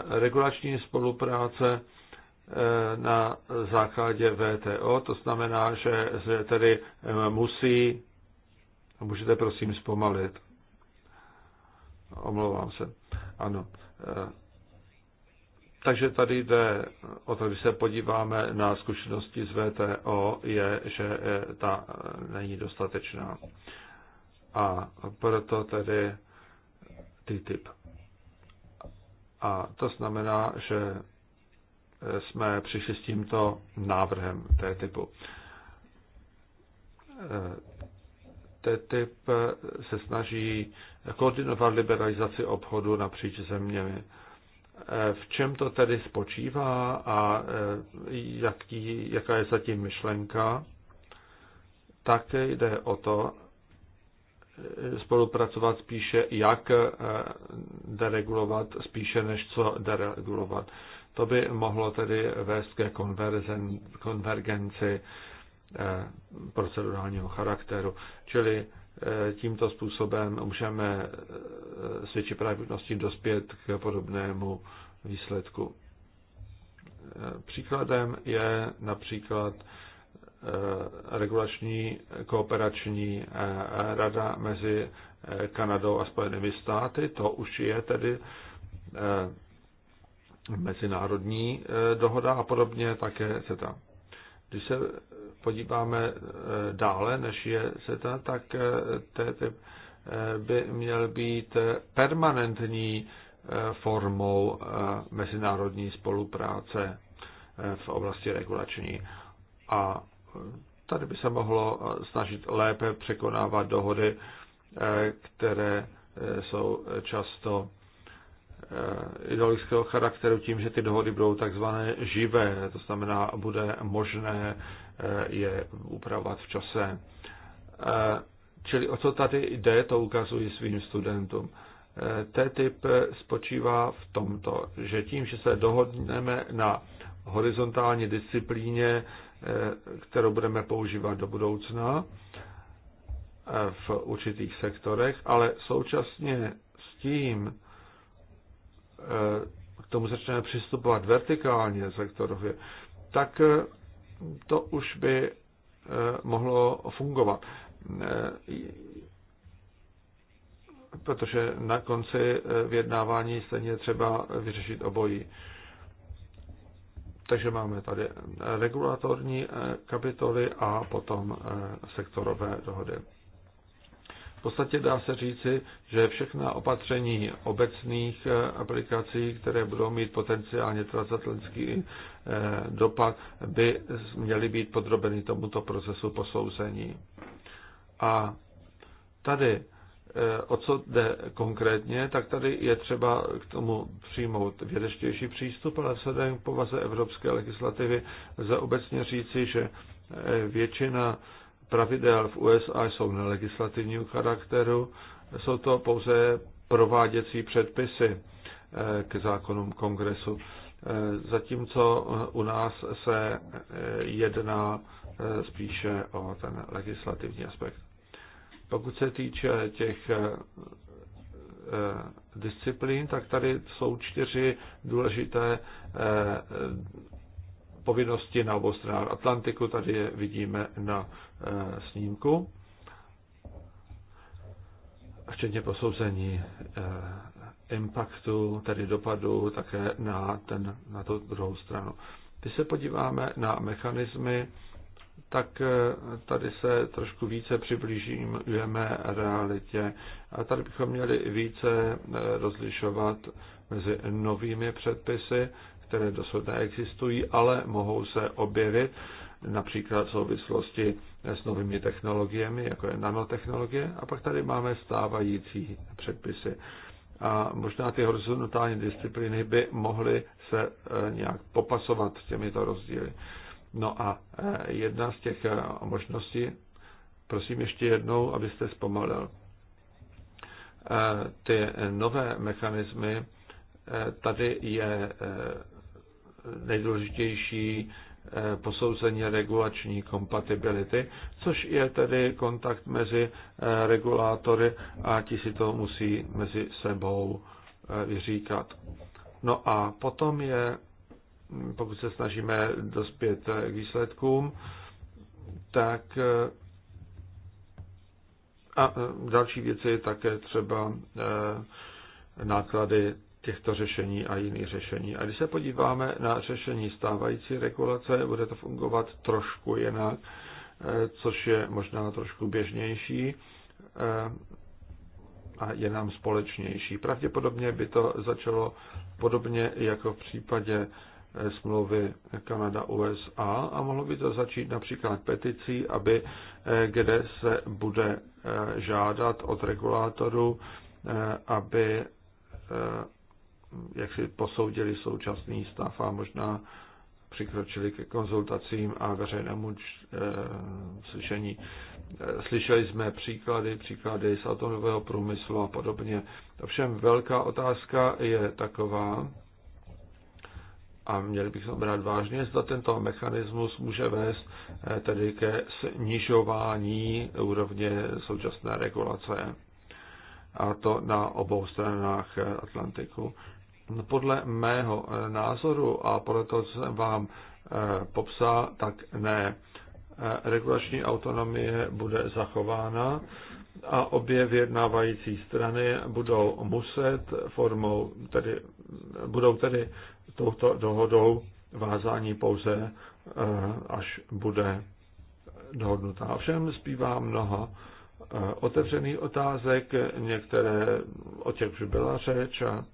Regulační spolupráce Eh, na základě VTO, to znamená, že tedy eh, musí, můžete prosím zpomalit, omlouvám se, ano. Eh, takže tady jde o to, když se podíváme na zkušenosti z VTO, je, že ta není dostatečná. A proto tedy TTIP. A to znamená, že jsme přišli s tímto návrhem té typu. TTIP se snaží koordinovat liberalizaci obchodu napříč zeměmi. V čem to tedy spočívá a jaký, jaká je zatím myšlenka? Také jde o to, spolupracovat spíše, jak deregulovat, spíše než co deregulovat. To by mohlo tedy vést ke konvergenci eh, procedurálního charakteru. Čili eh, tímto způsobem můžeme eh, s větší pravděpodobností dospět k podobnému výsledku. Příkladem je například regulační kooperační rada mezi Kanadou a Spojenými státy. To už je tedy mezinárodní eh, dohoda a podobně také CETA. Když se podíváme eh, dále, než je CETA, tak eh, TTIP by měl být permanentní formou mezinárodní spolupráce v oblasti regulační. A tady by se mohlo snažit lépe překonávat dohody, které jsou často Eh, ideologického charakteru tím, že ty dohody budou takzvané živé, to znamená, bude možné eh, je upravovat v čase. Eh, čili o co tady jde, to ukazují svým studentům. TTIP spočívá v tomto, že tím, že se dohodneme na horizontální disciplíně, kterou budeme používat do budoucna v určitých sektorech, ale současně s tím, Eh, k tomu začneme přistupovat vertikálně sektorově, tak eh, to už by eh, mohlo fungovat. Protože na konci vyjednávání stejně třeba vyřešit obojí. Takže máme tady regulatorní kapitoly a potom sektorové dohody. V podstatě dá se říci, že všechna opatření obecných eh, aplikací, které budou mít potenciálně transatlantský eh, dopad, by měly být podrobeny tomuto procesu posouzení. A tady, eh, o co jde konkrétně, tak tady je třeba k tomu přijmout vědeštější přístup, ale vzhledem k povaze evropské legislativy lze obecně říci, že většina pravidel v USA jsou nelegislativního charakteru, jsou to pouze prováděcí předpisy eh, k zákonům kongresu. Eh, zatímco u nás se eh, jedná spíše o ten legislativní aspekt. Pokud se týče těch disciplín, tak tady jsou čtyři důležité povinnosti na obou stranách Atlantiku. Tady je vidíme na eh, snímku, včetně posouzení eh, impaktu, tedy dopadu také na, ten, na tu druhou stranu. Když se podíváme na mechanismy, tak eh, tady se trošku více přiblížíme realitě. A tady bychom měli více rozlišovat mezi novými předpisy které dosud neexistují, ale mohou se objevit například v souvislosti s novými technologiemi, jako je nanotechnologie, a pak tady máme stávající předpisy. A možná ty horizontální disciplíny by mohly se eh, nějak popasovat s těmito rozdíly. No a eh, jedna z těch eh, možností, prosím ještě jednou, abyste zpomalil. Ty nové mechanismy, tady je nejdůležitější eh, posouzení regulační kompatibility, což je tedy kontakt mezi eh, regulátory a ti si to musí mezi sebou eh, vyříkat. No a potom je, hm, pokud se snažíme dospět k výsledkům, tak a další věci je také třeba náklady těchto řešení a jiných řešení. A když se podíváme na řešení stávající regulace, bude to fungovat trošku jinak, eh, což je možná trošku běžnější eh, a je nám společnější. Pravděpodobně by to začalo podobně jako v případě eh, smlouvy Kanada-USA a mohlo by to začít například peticí, aby kde se bude žádat od regulátoru, aby jak si posoudili současný stav a možná přikročili ke konzultacím a veřejnému eh, slyšení. Eh, slyšeli jsme příklady, příklady z atomového průmyslu a podobně. Ovšem velká otázka je taková, a měli bychom brát vážně, zda tento mechanismus může vést eh, tedy ke snižování úrovně současné regulace. A to na obou stranách Atlantiku podle mého eh, názoru a podle toho, co jsem vám eh, popsal, tak ne. Eh, regulační autonomie bude zachována a obě vyjednávající strany budou muset formou, tedy, budou tedy touto dohodou vázání pouze, až bude dohodnutá. Všem zbývá mnoho otevřených otázek, některé o těch už byla řeč a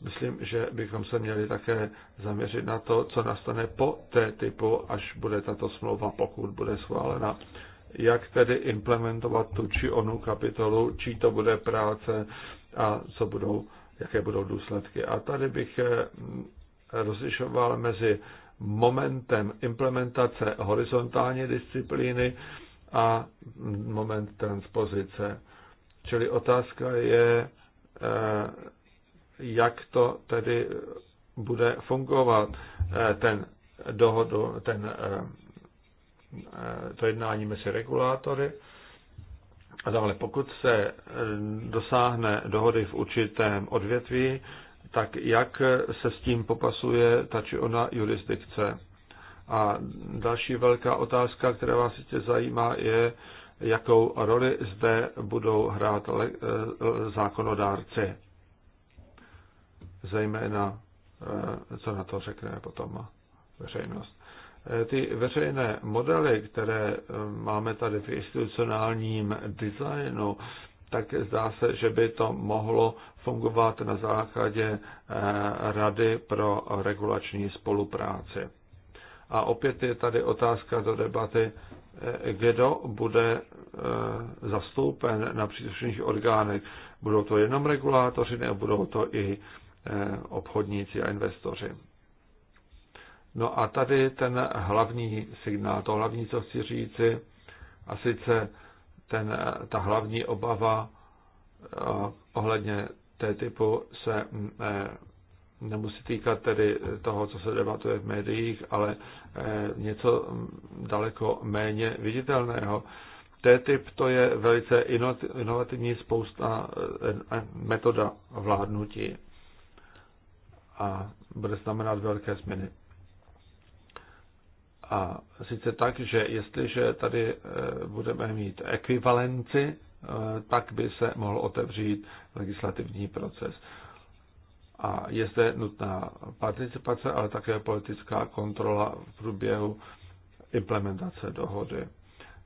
myslím, že bychom se měli také zaměřit na to, co nastane po té typu, až bude tato smlouva, pokud bude schválena. Jak tedy implementovat tu či onu kapitolu, čí to bude práce a co budou, jaké budou důsledky. A tady bych eh, rozlišoval mezi momentem implementace horizontální disciplíny a moment transpozice. Čili otázka je, eh, jak to tedy bude fungovat eh, ten dohodu, ten, eh, eh, to jednání mezi regulátory. A dále, pokud se dosáhne dohody v určitém odvětví, tak jak se s tím popasuje ta či ona jurisdikce. A další velká otázka, která vás jistě zajímá, je, jakou roli zde budou hrát zákonodárci zejména eh, co na to řekne potom veřejnost. Eh, ty veřejné modely, které eh, máme tady v institucionálním designu, tak zdá se, že by to mohlo fungovat na základě Rady pro regulační spolupráci. A opět je tady otázka do debaty, kdo bude zastoupen na příslušných orgánech. Budou to jenom regulátoři, nebo budou to i Eh, obchodníci a investoři. No a tady ten hlavní signál, to hlavní, co chci říci, a sice ten, ta hlavní obava eh, ohledně té typu se eh, nemusí týkat tedy toho, co se debatuje v médiích, ale něco daleko méně viditelného. TTIP to je velice inovativní spousta metoda vládnutí a bude znamenat velké změny. A sice tak, že jestliže tady eh, budeme mít ekvivalenci, eh, tak by se mohl otevřít legislativní proces. A je zde nutná participace, ale také politická kontrola v průběhu implementace dohody.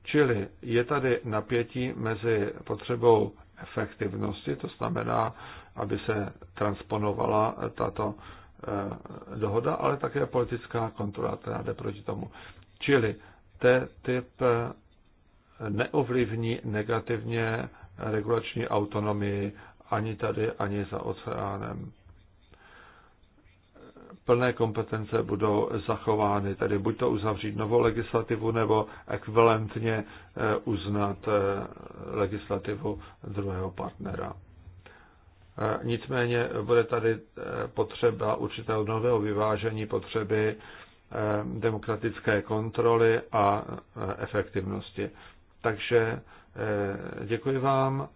Čili je tady napětí mezi potřebou efektivnosti, to znamená aby se transponovala tato eh, dohoda, ale také politická kontrola, která jde proti tomu. Čili ten typ eh, neovlivní negativně regulační autonomii ani tady, ani za oceánem. Plné kompetence budou zachovány, tedy buď to uzavřít novou legislativu, nebo ekvivalentně eh, uznat legislativu druhého partnera. Nicméně bude tady eh, potřeba určitého nového vyvážení potřeby eh, demokratické kontroly a eh, efektivnosti. Takže děkuji vám.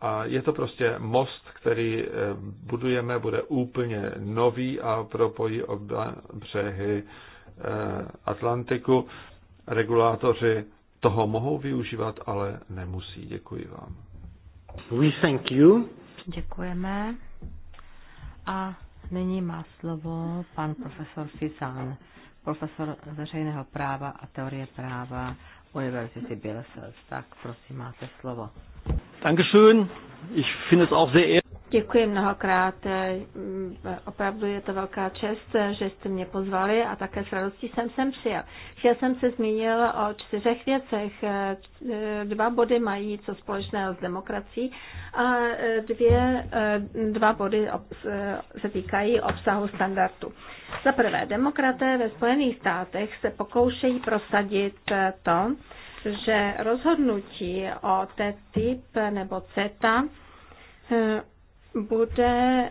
A je to prostě most, který budujeme, bude úplně nový a propojí oba břehy Atlantiku. Regulátoři toho mohou využívat, ale nemusí. Děkuji vám. We thank you. Děkujeme. A nyní má slovo pan profesor Fisán, profesor veřejného práva a teorie práva Univerzity Bielefeld. Tak prosím, máte slovo. Dankeschön. Ich finde es auch sehr Děkuji mnohokrát. Opravdu je to velká čest, že jste mě pozvali a také s radostí jsem sem přijel. Já jsem se zmínil o čtyřech věcech. Dva body mají co společného s demokracií a dvě, dva body se týkají obsahu standardu. Za prvé, demokraté ve Spojených státech se pokoušejí prosadit to, že rozhodnutí o TTIP nebo CETA bude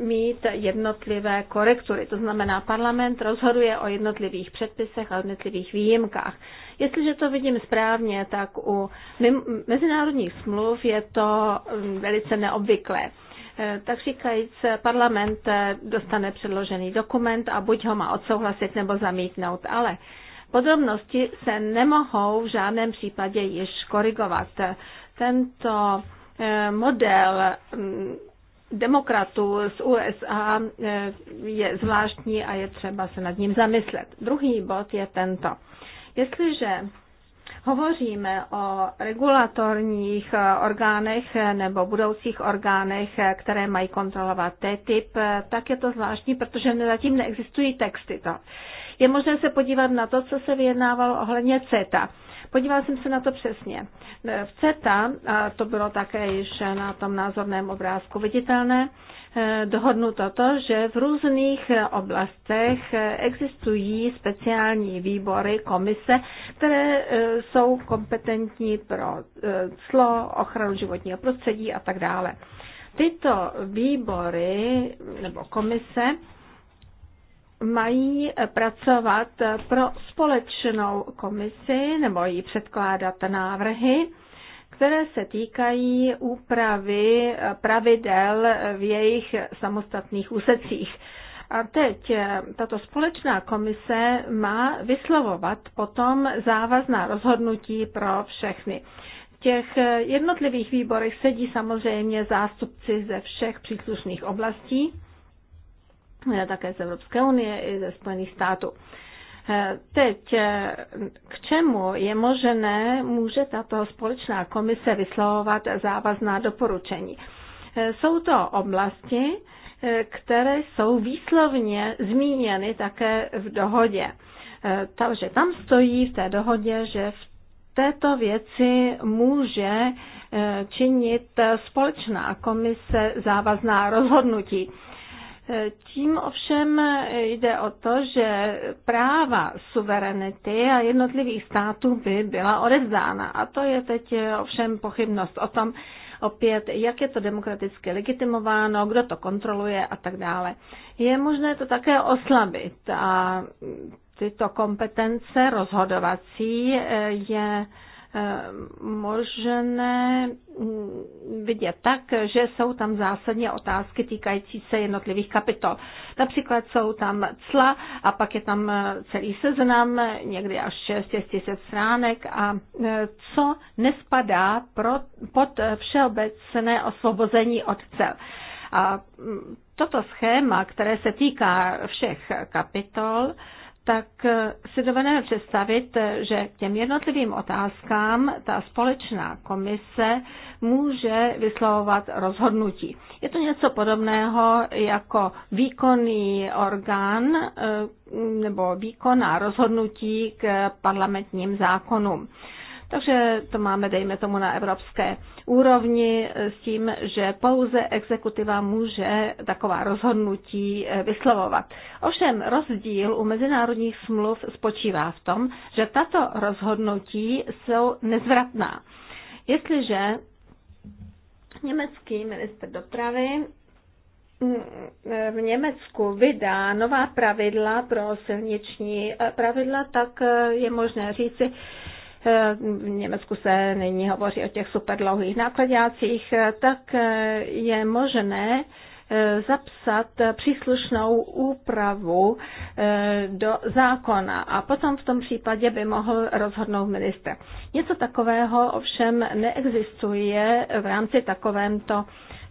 mít jednotlivé korektury. To znamená, parlament rozhoduje o jednotlivých předpisech a jednotlivých výjimkách. Jestliže to vidím správně, tak u mezinárodních smluv je to mm, velice neobvyklé. E, tak říkajíc, parlament dostane předložený dokument a buď ho má odsouhlasit nebo zamítnout, ale podrobnosti se nemohou v žádném případě již korigovat. Tento model mm, demokratů z USA eh, je zvláštní a je třeba se nad ním zamyslet. Druhý bod je tento. Jestliže hovoříme o regulatorních eh, orgánech nebo budoucích orgánech, eh, které mají kontrolovat TTIP, tak je to zvláštní, protože zatím neexistují texty. To. Je možné se podívat na to, co se vyjednávalo ohledně CETA. Podíval jsem se na to přesně. V CETA, a to bylo také již na tom názorném obrázku viditelné, eh, dohodnuto to, že v různých oblastech eh, existují speciální výbory, komise, které eh, jsou kompetentní pro clo, ochranu životního prostředí a tak dále. Tyto výbory nebo komise mají pracovat pro společnou komisi nebo jí předkládat návrhy, které se týkají úpravy pravidel v jejich samostatných úsecích. A teď eh, tato společná komise má vyslovovat potom závazná rozhodnutí pro všechny. V těch eh, jednotlivých výborech sedí samozřejmě zástupci ze všech příslušných oblastí Eh, také z Evropské unie i ze Spojených států. Eh, teď, eh, k čemu je možné, může tato společná komise vyslovovat závazná doporučení? Jsou to oblasti, které jsou výslovně zmíněny také v dohodě. Takže tam stojí v té dohodě, že v této věci může činit společná komise závazná rozhodnutí. E, tím ovšem e, jde o to, že práva suverenity a jednotlivých států by byla odevzdána. A to je teď e, ovšem pochybnost o tom, opět, jak je to demokraticky legitimováno, kdo to kontroluje a tak dále. Je možné to také oslabit a tyto kompetence rozhodovací je Eh, možné mm, vidět tak, že jsou tam zásadně otázky týkající se jednotlivých kapitol. Například jsou tam cla a pak je tam eh, celý seznam, někdy až 6 tisíc stránek a eh, co nespadá pro, pod všeobecné osvobození od cel. A mm, toto schéma, které se týká všech kapitol, tak eh, si dovedeme představit, eh, že k těm jednotlivým otázkám ta společná komise může vyslovovat rozhodnutí. Je to něco podobného jako výkonný orgán eh, nebo výkonná rozhodnutí k parlamentním zákonům. Takže to máme, dejme tomu, na evropské úrovni s tím, že pouze exekutiva může taková rozhodnutí eh, vyslovovat. Ovšem rozdíl u mezinárodních smluv spočívá v tom, že tato rozhodnutí jsou nezvratná. Jestliže německý minister dopravy mm, v Německu vydá nová pravidla pro silniční eh, pravidla, tak eh, je možné říci, Eh, v Německu se nyní hovoří o těch superdlouhých nákladňácích, eh, tak eh, je možné zapsat příslušnou úpravu do zákona a potom v tom případě by mohl rozhodnout minister. Něco takového ovšem neexistuje v rámci takovémto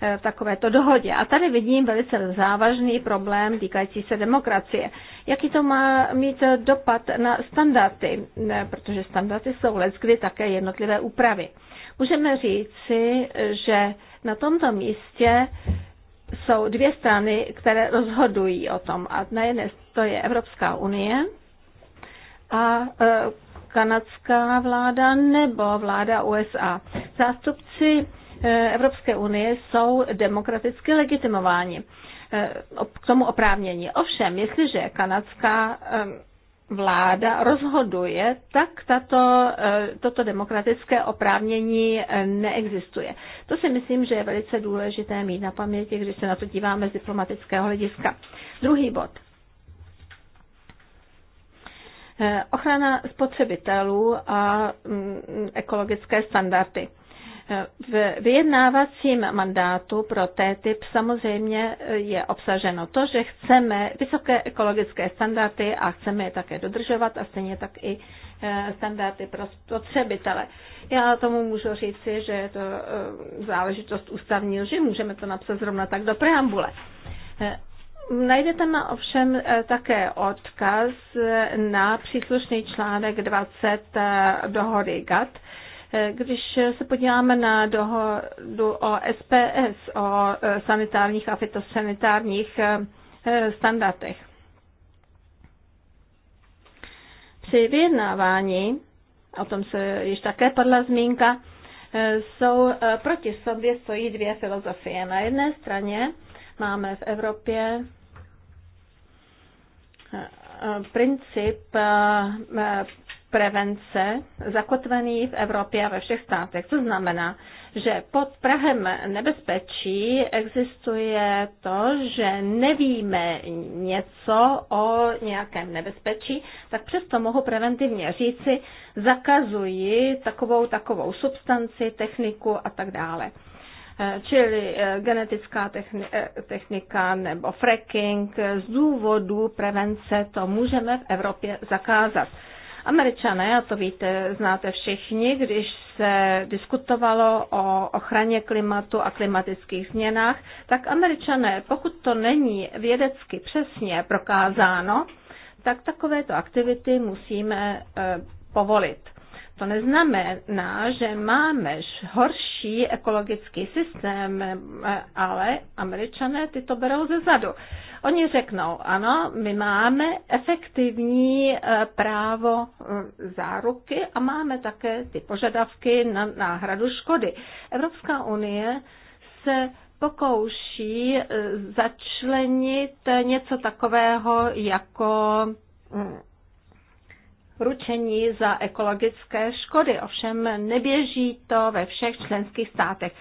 Eh, takovéto dohodě. A tady vidím velice závažný problém týkající se demokracie. Jaký to má mít dopad na standardy? Protože standardy jsou leckdy také jednotlivé úpravy. Můžeme říci, že na tomto místě jsou dvě strany, které rozhodují o tom. A na jedné to je Evropská unie a eh, kanadská vláda nebo vláda USA. Zástupci Evropské unie jsou demokraticky legitimováni, eh, k tomu oprávnění. Ovšem, jestliže kanadská eh, vláda rozhoduje, tak tato, eh, toto demokratické oprávnění neexistuje. To si myslím, že je velice důležité mít na paměti, když se na to díváme z diplomatického hlediska. Druhý bod. Ochrana spotřebitelů a mm, ekologické standardy. V vyjednávacím mandátu pro TTIP samozřejmě je obsaženo to, že chceme vysoké ekologické standardy a chceme je také dodržovat a stejně tak i eh, standardy pro spotřebitele. Já tomu můžu říci, že je to eh, záležitost ústavní lži, můžeme to napsat zrovna tak do preambule. Eh, Najdete tam ovšem také odkaz na příslušný článek 20 dohody GATT, když se podíváme na dohodu o SPS, o e, sanitárních a fitosanitárních e, standardech, při vyjednávání, o tom se již také padla zmínka, e, jsou proti sobě stojí dvě filozofie. Na jedné straně máme v Evropě princip prevence zakotvený v Evropě a ve všech státech. To znamená, že pod Prahem nebezpečí existuje to, že nevíme něco o nějakém nebezpečí, tak přesto mohu preventivně říci, zakazuji takovou takovou substanci, techniku a tak dále eh, čili eh, genetická eh, technika nebo fracking z důvodu prevence to můžeme v Evropě zakázat. Američané, a to víte, znáte všichni, když se diskutovalo o ochraně klimatu a klimatických změnách, tak Američané, pokud to není vědecky přesně prokázáno, tak takovéto aktivity musíme eh, povolit. To neznamená, že máme horší ekologický systém, ale američané ty to berou ze zadu. Oni řeknou, ano, my máme efektivní eh, právo eh, záruky a máme také ty požadavky na náhradu škody. Evropská unie se pokouší eh, začlenit něco takového jako mm, ručení za ekologické škody, ovšem neběží to ve všech členských státech.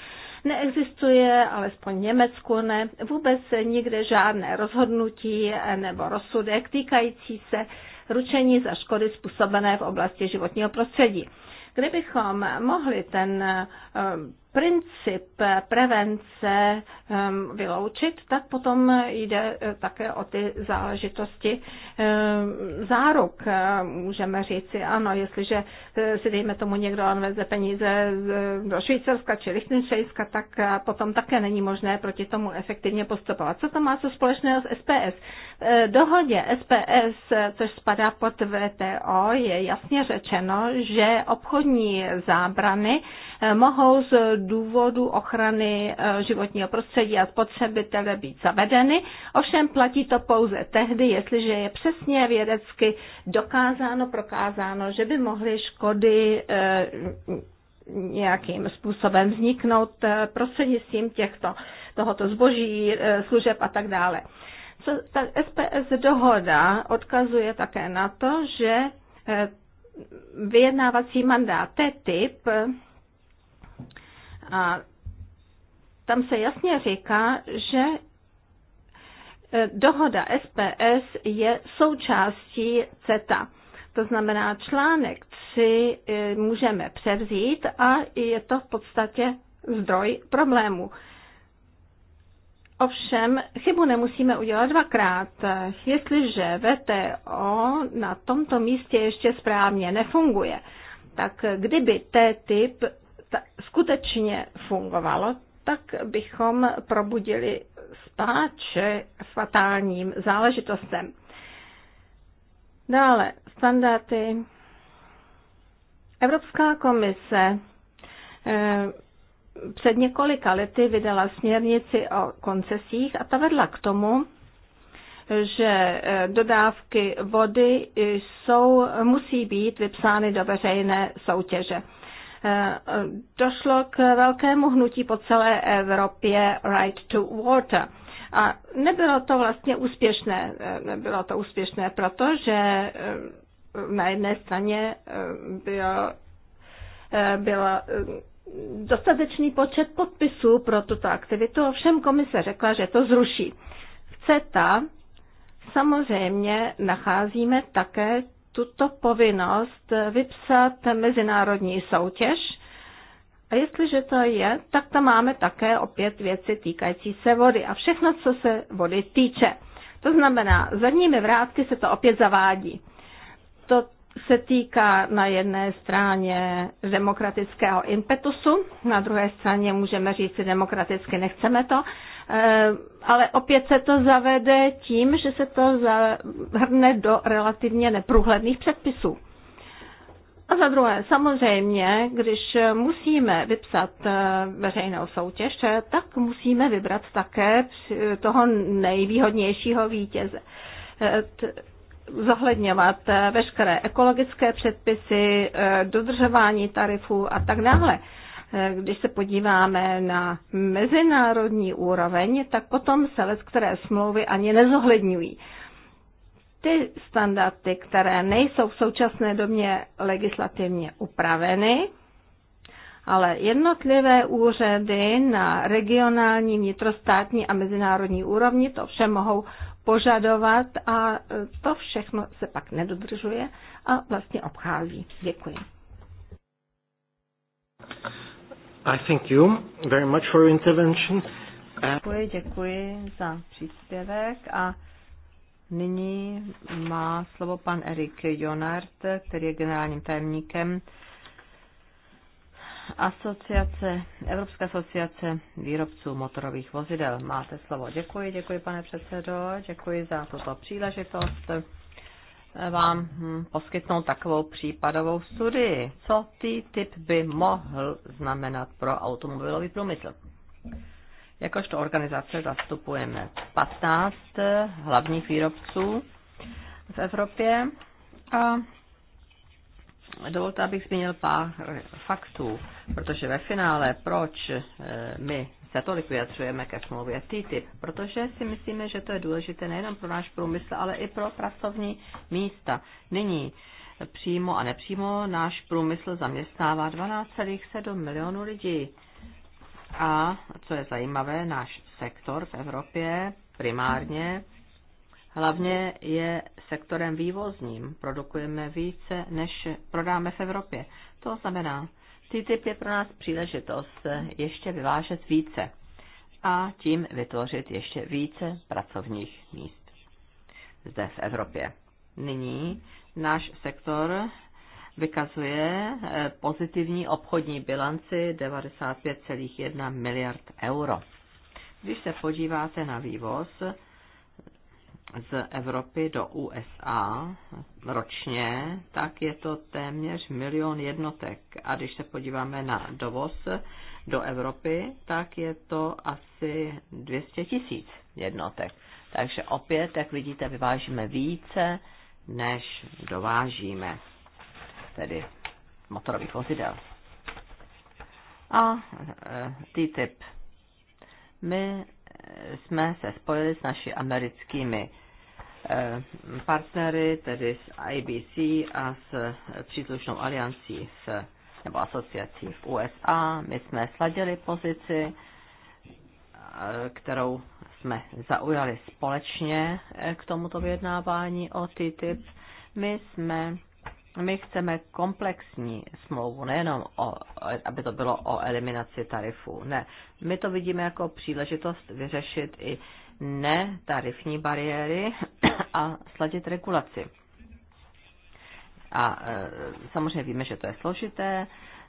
Neexistuje, alespoň v Německu ne, vůbec nikde žádné rozhodnutí nebo rozsudek týkající se ručení za škody způsobené v oblasti životního prostředí. Kdybychom mohli ten eh, princip prevence ehm, vyloučit, tak potom jde eh, také o ty záležitosti ehm, záruk. Eh, můžeme si, ano, jestliže eh, si dejme tomu někdo veze peníze do Švýcarska či Lichtenštejnska, tak potom také není možné proti tomu efektivně postupovat. Co to má co společného s SPS? V dohodě SPS, což spadá pod VTO, je jasně řečeno, že obchodní zábrany mohou z důvodu ochrany eh, životního prostředí a spotřebitele být zavedeny, ovšem platí to pouze tehdy, jestliže je přesně vědecky dokázáno, prokázáno, že by mohly škody eh, nějakým způsobem vzniknout eh, prostřednictvím těchto, tohoto zboží, služeb a tak dále. Co, ta SPS dohoda odkazuje také na to, že vyjednávací mandát TTIP a tam se jasně říká, že e, dohoda SPS je součástí CETA. To znamená, článek 3 e, můžeme převzít a je to v podstatě zdroj problému. Ovšem, chybu nemusíme udělat dvakrát. Jestliže VTO na tomto místě ještě správně nefunguje, tak kdyby T-typ skutečně fungovalo, tak bychom probudili spáče fatálním záležitostem. Dále standardy. Evropská komise eh, před několika lety vydala směrnici o koncesích a ta vedla k tomu, že eh, dodávky vody jsou, musí být vypsány do veřejné soutěže. Eh, došlo k velkému hnutí po celé Evropě Right to Water. A nebylo to vlastně úspěšné. Eh, nebylo to úspěšné, protože eh, na jedné straně byl, byl dostatečný počet podpisů pro tuto aktivitu, ovšem komise řekla, že to zruší. V CETA samozřejmě nacházíme také tuto povinnost vypsat mezinárodní soutěž. A jestliže to je, tak tam máme také opět věci týkající se vody a všechno, co se vody týče. To znamená, zadními vrátky se to opět zavádí. To se týká na jedné straně demokratického impetusu, na druhé straně můžeme říct si demokraticky nechceme to, Eh, ale opět se to zavede tím, že se to zahrne do relativně neprůhledných předpisů. A za druhé, samozřejmě, když musíme vypsat eh, veřejnou soutěž, tak musíme vybrat také toho nejvýhodnějšího vítěze. Eh, zohledňovat veškeré ekologické předpisy, dodržování tarifů a tak dále. Eh, když se podíváme na mezinárodní úroveň, tak potom se let, které smlouvy ani nezohledňují. Ty standardy, které nejsou v současné době legislativně upraveny, ale jednotlivé úřady na regionální, vnitrostátní a mezinárodní úrovni to vše mohou požadovat a eh, to všechno se pak nedodržuje a vlastně obchází. Děkuji. I thank you very much for your intervention. Děkuji, děkuji za příspěvek a nyní má slovo pan Erik Jonard, který je generálním tajemníkem asociace, Evropské asociace výrobců motorových vozidel. Máte slovo. Děkuji, děkuji pane předsedo, děkuji za tuto příležitost vám hm, poskytnout takovou případovou studii, co ty typ by mohl znamenat pro automobilový průmysl. Jakožto organizace zastupujeme 15 eh, hlavních výrobců v Evropě a Dovolte, abych zmínil pár eh, faktů, protože ve finále, proč eh, my se tolik vyjadřujeme ke smlouvě TTIP? Protože si myslíme, že to je důležité nejenom pro náš průmysl, ale i pro pracovní místa. Nyní přímo a nepřímo náš průmysl zaměstnává 12,7 milionů lidí. A co je zajímavé, náš sektor v Evropě primárně hlavně je sektorem vývozním. Produkujeme více, než prodáme v Evropě. To znamená, TTIP je pro nás příležitost ještě vyvážet více a tím vytvořit ještě více pracovních míst zde v Evropě. Nyní náš sektor vykazuje eh, pozitivní obchodní bilanci 95,1 miliard euro. Když se podíváte na vývoz, z Evropy do USA ročně, tak je to téměř milion jednotek. A když se podíváme na dovoz do Evropy, tak je to asi 200 tisíc jednotek. Takže opět, jak vidíte, vyvážíme více, než dovážíme, tedy motorových vozidel. A e, TTIP. My jsme se spojili s naši americkými eh, partnery, tedy s IBC a s příslušnou aliancí v, nebo asociací v USA. My jsme sladili pozici, eh, kterou jsme zaujali společně eh, k tomuto vyjednávání o TTIP. My jsme my chceme komplexní smlouvu, nejenom, o, aby to bylo o eliminaci tarifů. Ne, my to vidíme jako příležitost vyřešit i netarifní bariéry [coughs] a sladit regulaci. A e, samozřejmě víme, že to je složité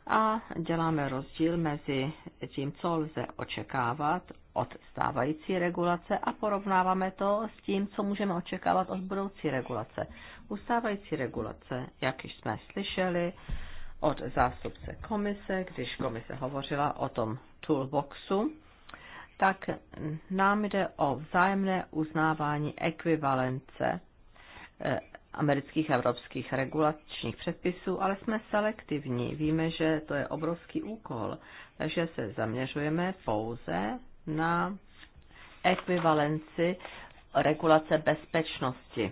a děláme rozdíl mezi tím, co lze očekávat od stávající regulace a porovnáváme to s tím, co můžeme očekávat od budoucí regulace. Ustávající regulace, jak již jsme slyšeli od zástupce komise, když komise hovořila o tom toolboxu, tak nám jde o vzájemné uznávání ekvivalence eh, amerických a evropských regulačních předpisů, ale jsme selektivní. Víme, že to je obrovský úkol, takže se zaměřujeme pouze na ekvivalenci regulace bezpečnosti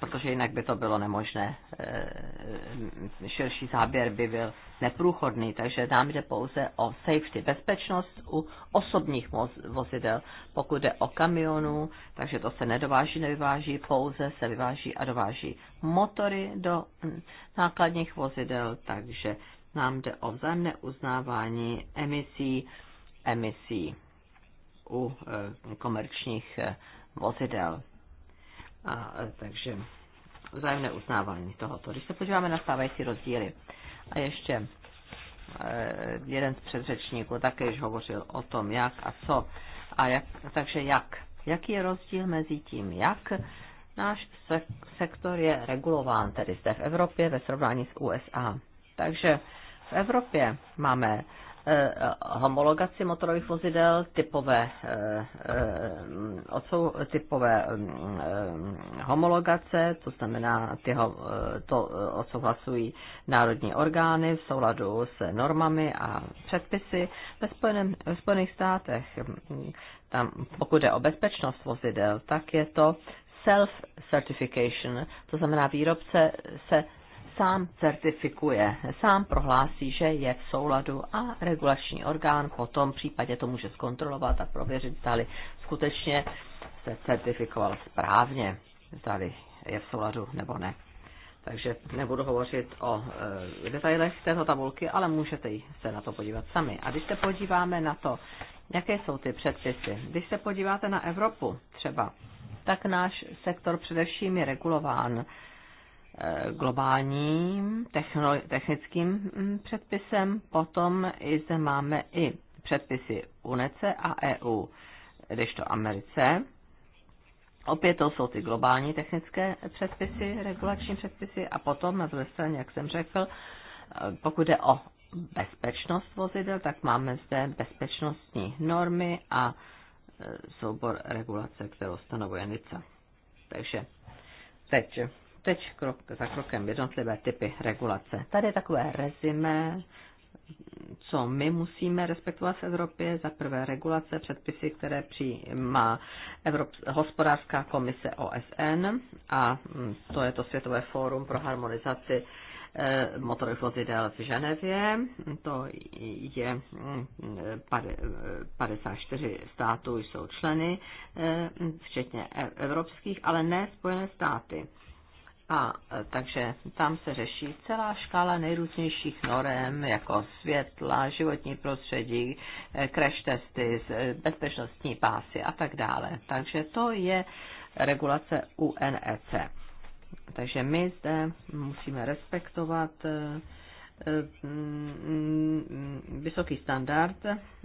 protože jinak by to bylo nemožné. Eh, širší záběr by byl neprůchodný, takže nám jde pouze o safety, bezpečnost u osobních vozidel. Pokud jde o kamionů, takže to se nedováží, nevyváží, pouze se vyváží a dováží motory do hm, nákladních vozidel, takže nám jde o vzájemné uznávání emisí, emisí u eh, komerčních eh, vozidel. A, e, takže vzájemné uznávání tohoto. Když se podíváme na stávající rozdíly a ještě e, jeden z předřečníků také již hovořil o tom, jak a co. A jak, takže jak? Jaký je rozdíl mezi tím, jak náš sektor je regulován, tedy zde v Evropě ve srovnání s USA? Takže v Evropě máme Eh, homologaci motorových vozidel, typové, eh, eh, odsou, typové mm, homologace, to znamená, ty ho, to odsouhlasují národní orgány v souladu s normami a předpisy ve, Spojeném, ve Spojených státech. Mm, tam, pokud je o bezpečnost vozidel, tak je to self-certification, to znamená, výrobce se sám certifikuje, sám prohlásí, že je v souladu a regulační orgán potom v případě to může zkontrolovat a prověřit, zda-li skutečně se certifikoval správně, zda-li je v souladu nebo ne. Takže nebudu hovořit o e, detailech této tabulky, ale můžete se na to podívat sami. A když se podíváme na to, jaké jsou ty předpisy, když se podíváte na Evropu třeba, tak náš sektor především je regulován Eh, globálním technickým mm, předpisem, potom i zde máme i předpisy UNECE a EU, když to Americe. Opět to jsou ty globální technické předpisy, regulační předpisy a potom na druhé straně, jak jsem řekl, eh, pokud jde o bezpečnost vozidel, tak máme zde bezpečnostní normy a eh, soubor regulace, kterou stanovuje NICA. Takže teď teď krok za krokem jednotlivé typy regulace. Tady je takové rezime, co my musíme respektovat v Evropě. Za prvé regulace, předpisy, které přijímá Evrop... hospodářská komise OSN a mm, to je to Světové fórum pro harmonizaci eh, motorových vozidel v Ženevě. To je 54 mm, eh, států jsou členy, eh, včetně e-, evropských, ale ne Spojené státy. A e, takže tam se řeší celá škála nejrůznějších norem, jako světla, životní prostředí, e, crash testy, e, bezpečnostní pásy a tak dále. Takže to je regulace UNEC. Takže my zde musíme respektovat mm, vysoký standard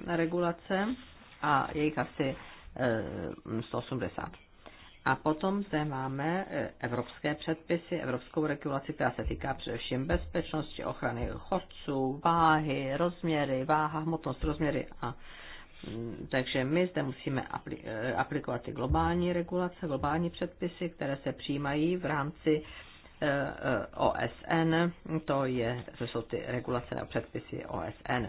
regulace a jejich asi 180 a potom zde máme e, evropské předpisy, evropskou regulaci, která se týká především bezpečnosti, ochrany chodců, váhy, rozměry, váha, hmotnost, rozměry a mm, takže my zde musíme e, aplikovat ty globální regulace, globální předpisy, které se přijímají v rámci e, OSN, to, je, to jsou ty regulace a předpisy OSN.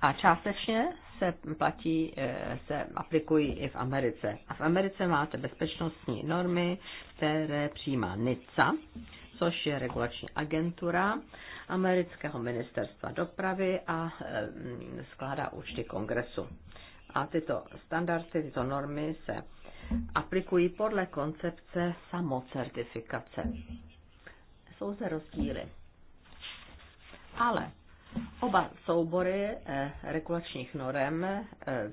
A částečně se platí, eh, se aplikují i v Americe. A v Americe máte bezpečnostní normy, které přijímá NICA, což je regulační agentura amerického ministerstva dopravy a eh, skládá účty kongresu. A tyto standardy, tyto normy se aplikují podle koncepce samocertifikace. Jsou zde rozdíly. Ale Oba soubory eh, regulačních norem eh,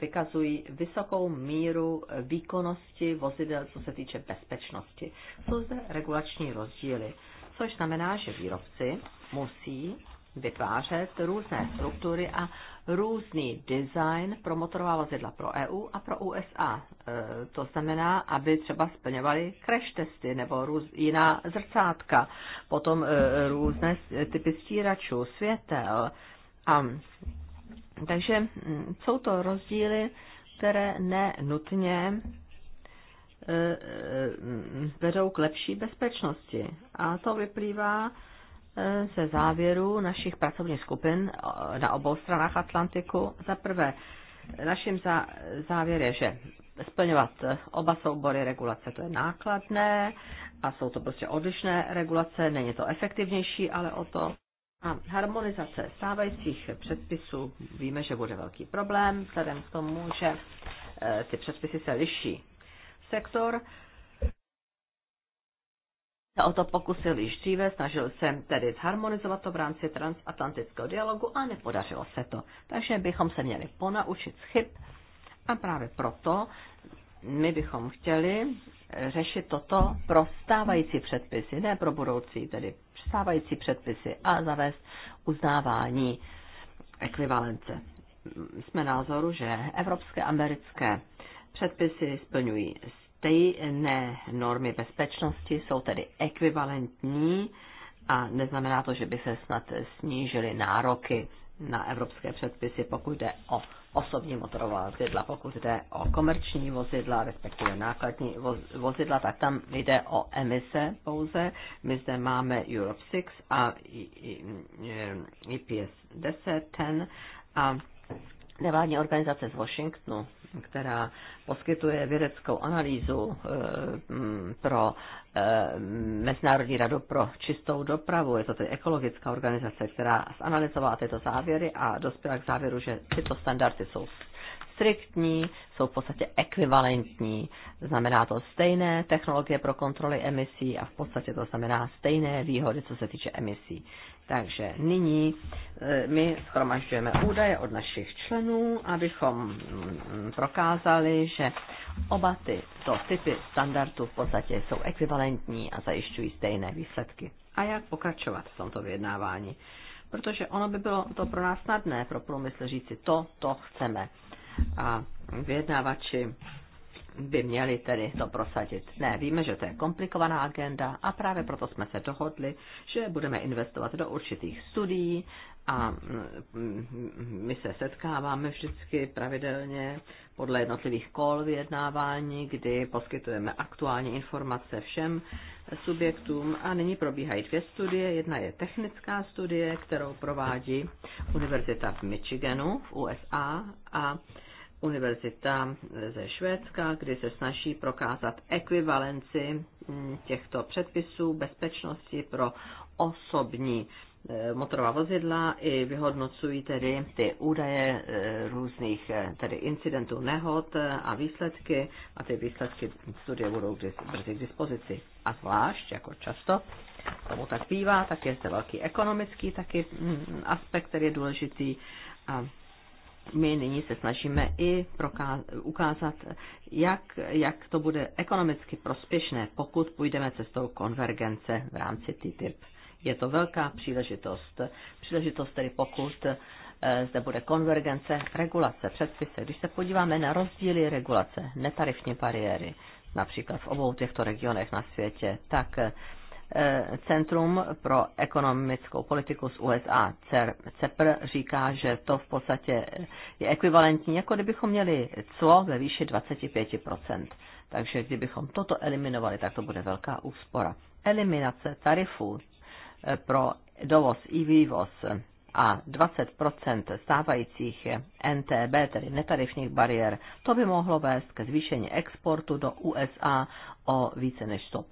vykazují vysokou míru výkonnosti vozidel, co se týče bezpečnosti. Jsou zde regulační rozdíly, což znamená, že výrobci musí vytvářet různé struktury a různý design pro motorová vozidla pro EU a pro USA. E, to znamená, aby třeba splňovali crash testy nebo růz, jiná zrcátka, potom e, různé typy stíračů, světel. A, takže jsou to rozdíly, které nenutně e, vedou k lepší bezpečnosti. A to vyplývá Eh, ze závěru našich pracovních skupin eh, na obou stranách Atlantiku. Za prvé, naším závěr je, že splňovat eh, oba soubory regulace, to je nákladné a jsou to prostě odlišné regulace, není to efektivnější, ale o to. A harmonizace stávajících předpisů víme, že bude velký problém, vzhledem k tomu, že ty předpisy se liší. Sektor já o to pokusil již dříve, snažil jsem tedy zharmonizovat to v rámci transatlantického dialogu a nepodařilo se to. Takže bychom se měli ponaučit z chyb a právě proto my bychom chtěli eh, řešit toto pro stávající předpisy, ne pro budoucí, tedy stávající předpisy a zavést uznávání ekvivalence. Jsme názoru, že evropské americké předpisy splňují stejné normy bezpečnosti jsou tedy ekvivalentní a neznamená to, že by se snad snížily nároky na evropské předpisy, pokud jde o osobní motorová vozidla, pokud jde o komerční vozidla, respektive nákladní vozidla, tak tam jde o emise pouze. My zde máme Europe 6 a EPS 10, 10 a nevládní organizace z Washingtonu, která poskytuje vědeckou analýzu eh, mm, pro eh, Mezinárodní radu pro čistou dopravu. Je to tedy ekologická organizace, která zanalizovala tyto závěry a dospěla k závěru, že tyto standardy jsou striktní, jsou v podstatě ekvivalentní. Znamená to stejné technologie pro kontroly emisí a v podstatě to znamená stejné výhody, co se týče emisí. Takže nyní e, my schromažďujeme údaje od našich členů, abychom mm, prokázali, že oba tyto typy standardů v podstatě jsou ekvivalentní a zajišťují stejné výsledky. A jak pokračovat v tomto vyjednávání? Protože ono by bylo to pro nás snadné, pro průmysl říci, to, to chceme. A vyjednávači by měli tedy to prosadit. Ne, víme, že to je komplikovaná agenda a právě proto jsme se dohodli, že budeme investovat do určitých studií a mm, mm, my se setkáváme vždycky pravidelně podle jednotlivých kol vyjednávání, kdy poskytujeme aktuální informace všem subjektům a nyní probíhají dvě studie. Jedna je technická studie, kterou provádí Univerzita v Michiganu v USA a univerzita eh, ze Švédska, kdy se snaží prokázat ekvivalenci mm, těchto předpisů bezpečnosti pro osobní eh, motorová vozidla i vyhodnocují tedy ty údaje eh, různých tedy incidentů nehod a výsledky a ty výsledky studie budou brzy k dispozici. A zvlášť, jako často tomu tak bývá, tak je zde velký ekonomický taky mm, aspekt, který je důležitý a my nyní se snažíme i ukázat, jak, jak to bude ekonomicky prospěšné, pokud půjdeme cestou konvergence v rámci TTIP. Je to velká příležitost. Příležitost tedy pokud eh, zde bude konvergence regulace, předpise. Když se podíváme na rozdíly regulace, netarifní bariéry, například v obou těchto regionech na světě, tak eh, Eh, Centrum pro ekonomickou politiku z USA, CEPR, říká, že to v podstatě je ekvivalentní, jako kdybychom měli clo ve výši 25%. Takže kdybychom toto eliminovali, tak to bude velká úspora. Eliminace tarifů eh, pro dovoz i vývoz a 20 stávajících NTB, tedy netarifních bariér, to by mohlo vést ke zvýšení exportu do USA o více než 100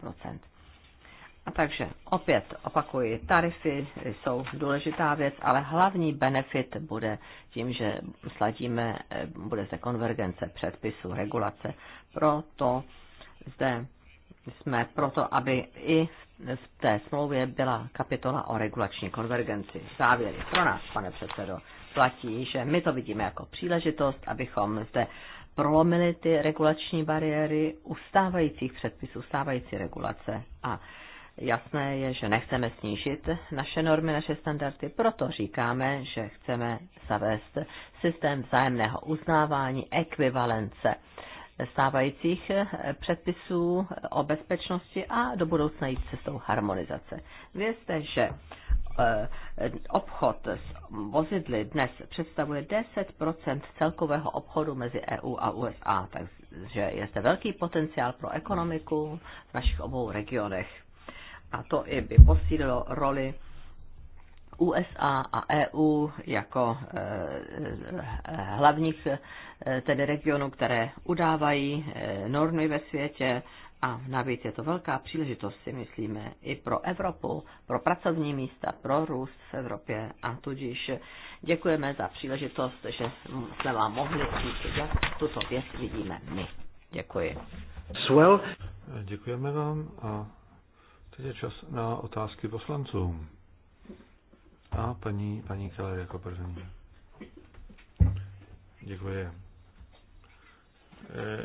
a Takže opět opakuji, tarify jsou důležitá věc, ale hlavní benefit bude tím, že sladíme, eh, bude se konvergence předpisů, regulace. Proto zde jsme proto, aby i v té smlouvě byla kapitola o regulační konvergenci. Závěry pro nás, pane předsedo, platí, že my to vidíme jako příležitost, abychom zde prolomili ty regulační bariéry ustávajících předpisů, ustávající regulace a Jasné je, že nechceme snížit naše normy, naše standardy, proto říkáme, že chceme zavést systém vzájemného uznávání ekvivalence stávajících předpisů o bezpečnosti a do budoucna jít cestou harmonizace. Vězte, že eh, obchod s vozidly dnes představuje 10 celkového obchodu mezi EU a USA, takže je zde velký potenciál pro ekonomiku v našich obou regionech a to i by posílilo roli USA a EU jako eh, eh, hlavních eh, tedy regionů, které udávají normy ve světě a navíc je to velká příležitost, si myslíme, i pro Evropu, pro pracovní místa, pro růst v Evropě a tudíž děkujeme za příležitost, že jsme vám mohli říct, jak tuto věc vidíme my. Děkuji. Swell. Děkujeme vám a Teď je čas na otázky poslancům. A paní, paní Keller jako první. Děkuji. Eh,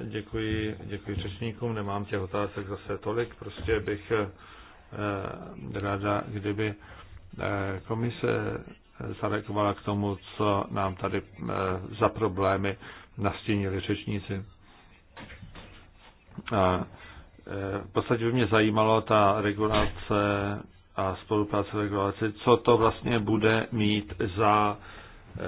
děkuji, děkuji řečníkům, nemám těch otázek zase tolik, prostě bych eh, ráda, kdyby eh, komise zareagovala k tomu, co nám tady za problémy nastínili řečníci. A v podstatě by mě zajímalo ta regulace a spolupráce regulace, co to vlastně bude mít za eh,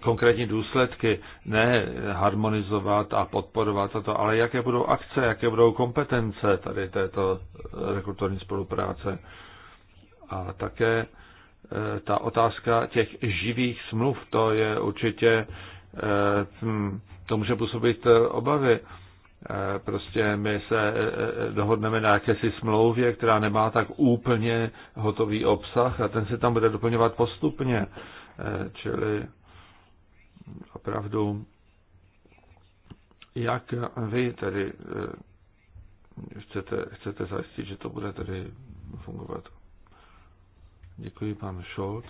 konkrétní důsledky, ne harmonizovat a podporovat toto, ale jaké budou akce, jaké budou kompetence tady této eh, rekrutorní spolupráce. A také eh, ta otázka těch živých smluv, to je určitě, hm, to může působit obavy Eh, prostě my se eh, eh, dohodneme na jakési smlouvě, která nemá tak úplně hotový obsah a ten se tam bude doplňovat postupně. Čili opravdu, jak vy tedy chcete, chcete zajistit, že to bude tedy fungovat. Děkuji, pan Scholz.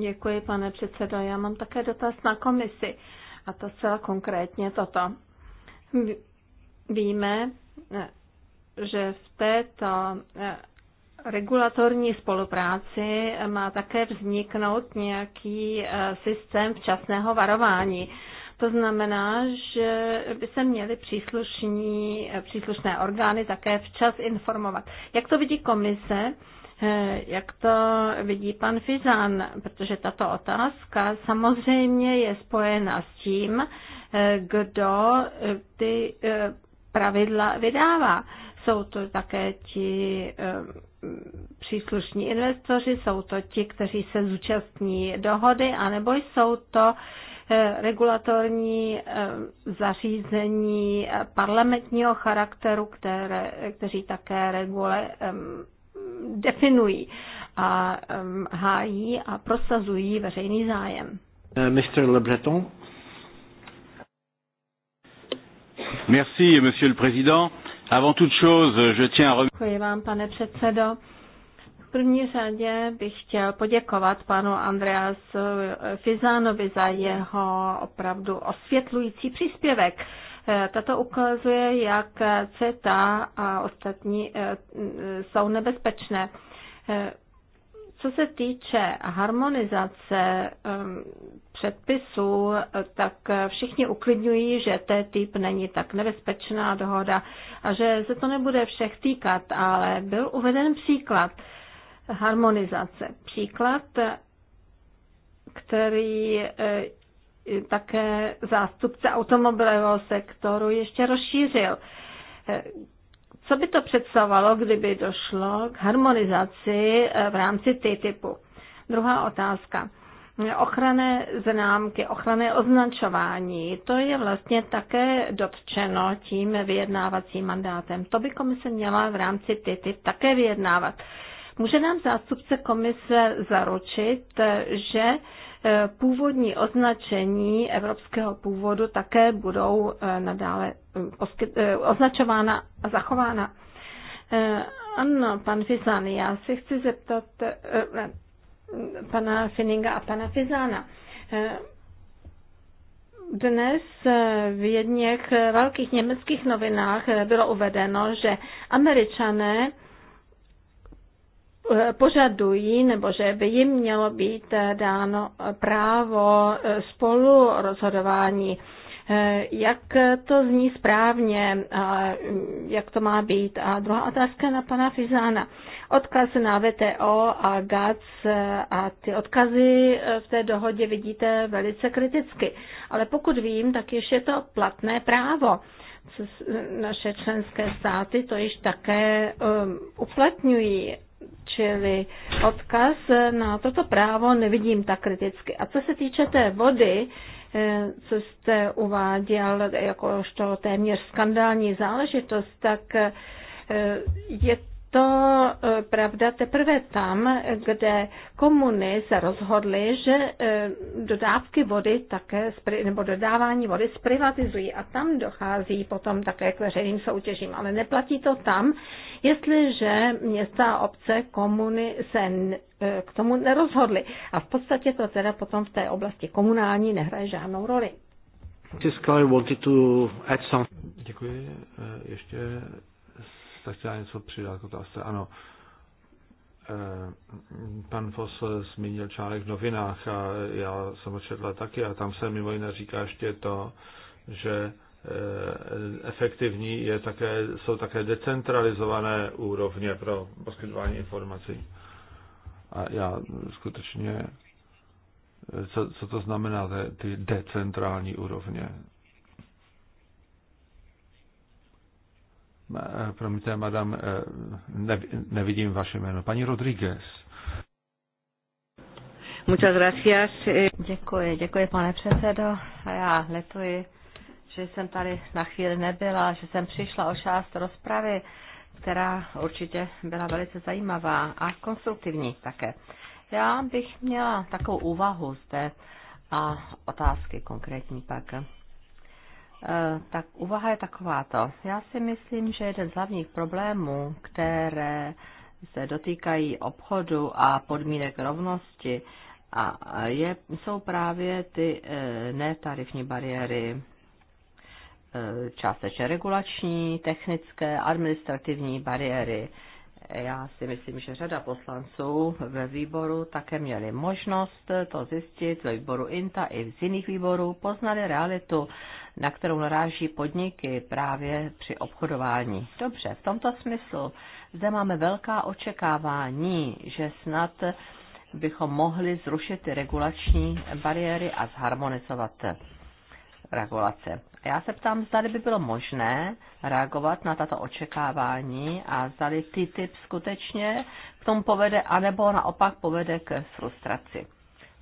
Děkuji, pane předsedo. Já mám také dotaz na komisi. A to zcela konkrétně toto. Víme, eh, že v této eh, regulatorní spolupráci má také vzniknout nějaký eh, systém včasného varování. To znamená, že by se měly příslušní, příslušné orgány také včas informovat. Jak to vidí komise? Eh, jak to vidí pan Fizan, protože tato otázka samozřejmě je spojena s tím, eh, kdo eh, ty pravidla vydává. Jsou to také ti příslušní investoři, jsou to ti, kteří se zúčastní dohody, anebo jsou to regulatorní zařízení parlamentního charakteru, které, kteří také regule, definují a hájí a prosazují veřejný zájem. Eh, Mr. Le Breton. Merci, Monsieur le Président. Avant toute chose, je tiens à remercier. vám, pane předsedo. V první řadě bych chtěl poděkovat panu Andreas eh, Fizánovi za jeho opravdu osvětlující příspěvek. Tato ukazuje, jak CETA a ostatní eh, eh, jsou nebezpečné. Eh, co se týče harmonizace ehm, předpisů, tak všichni uklidňují, že TTIP není tak nebezpečná dohoda a že se to nebude všech týkat, ale byl uveden příklad harmonizace. Příklad, který také zástupce automobilového sektoru ještě rozšířil. Eh, co by to představovalo, kdyby došlo k harmonizaci eh, v rámci TTIPu? Druhá otázka. Ochranné známky, ochranné označování, to je vlastně také dotčeno tím vyjednávacím mandátem. To by komise měla v rámci TTIP také vyjednávat. Může nám zástupce komise zaručit, eh, že Eh, původní označení evropského původu také budou eh, nadále hm, eh, označována a zachována. Ano, pan Fizán, já se chci zeptat pana Fininga a pana Fizána. Dnes v jedněch velkých německých novinách bylo uvedeno, že američané požadují nebo že by jim mělo být dáno právo spolu rozhodování. Jak to zní správně, jak to má být? A druhá otázka na pana Fizána. Odkaz na VTO a GATS a ty odkazy v té dohodě vidíte velice kriticky. Ale pokud vím, tak ještě je to platné právo naše členské státy to již také um, uplatňují Čili odkaz na toto právo nevidím tak kriticky. A co se týče té vody, eh, co jste uváděl jakožto téměř skandální záležitost, tak eh, je to e, pravda teprve tam, kde komuny se rozhodly, že e, dodávky vody také, nebo dodávání vody zprivatizují a tam dochází potom také k veřejným soutěžím. Ale neplatí to tam, jestliže města a obce, komuny se e, k tomu nerozhodly. A v podstatě to teda potom v té oblasti komunální nehraje žádnou roli. Děkuji. Ještě jste chtěla něco přidat k otázce? Ano. Eh, pan Fos zmínil článek v novinách a já jsem ho taky a tam se mimo jiné říká ještě to, že eh, efektivní je také, jsou také decentralizované úrovně pro poskytování informací. A já skutečně, eh, co, co to znamená ty decentrální úrovně? Eh, promiňte, madam, eh, nevidím vaše jméno. Paní Rodriguez. Muchas gracias. Eh. Děkuji, děkuji pane předsedo. A já letuji, že jsem tady na chvíli nebyla, že jsem přišla o část rozpravy, která určitě byla velice zajímavá a konstruktivní také. Já bych měla takovou úvahu zde a otázky konkrétní pak. Eh, tak úvaha je takováto. Já si myslím, že jeden z hlavních problémů, které se dotýkají obchodu a podmínek rovnosti, a je, jsou právě ty e, netarifní bariéry, e, částečně regulační, technické, administrativní bariéry. Já si myslím, že řada poslanců ve výboru také měli možnost to zjistit ve výboru INTA i z jiných výborů, poznali realitu na kterou naráží podniky právě při obchodování. Dobře, v tomto smyslu zde máme velká očekávání, že snad bychom mohli zrušit ty regulační bariéry a zharmonizovat regulace. Já se ptám, zda by bylo možné reagovat na tato očekávání a zda ty typ skutečně k tomu povede, anebo naopak povede k frustraci.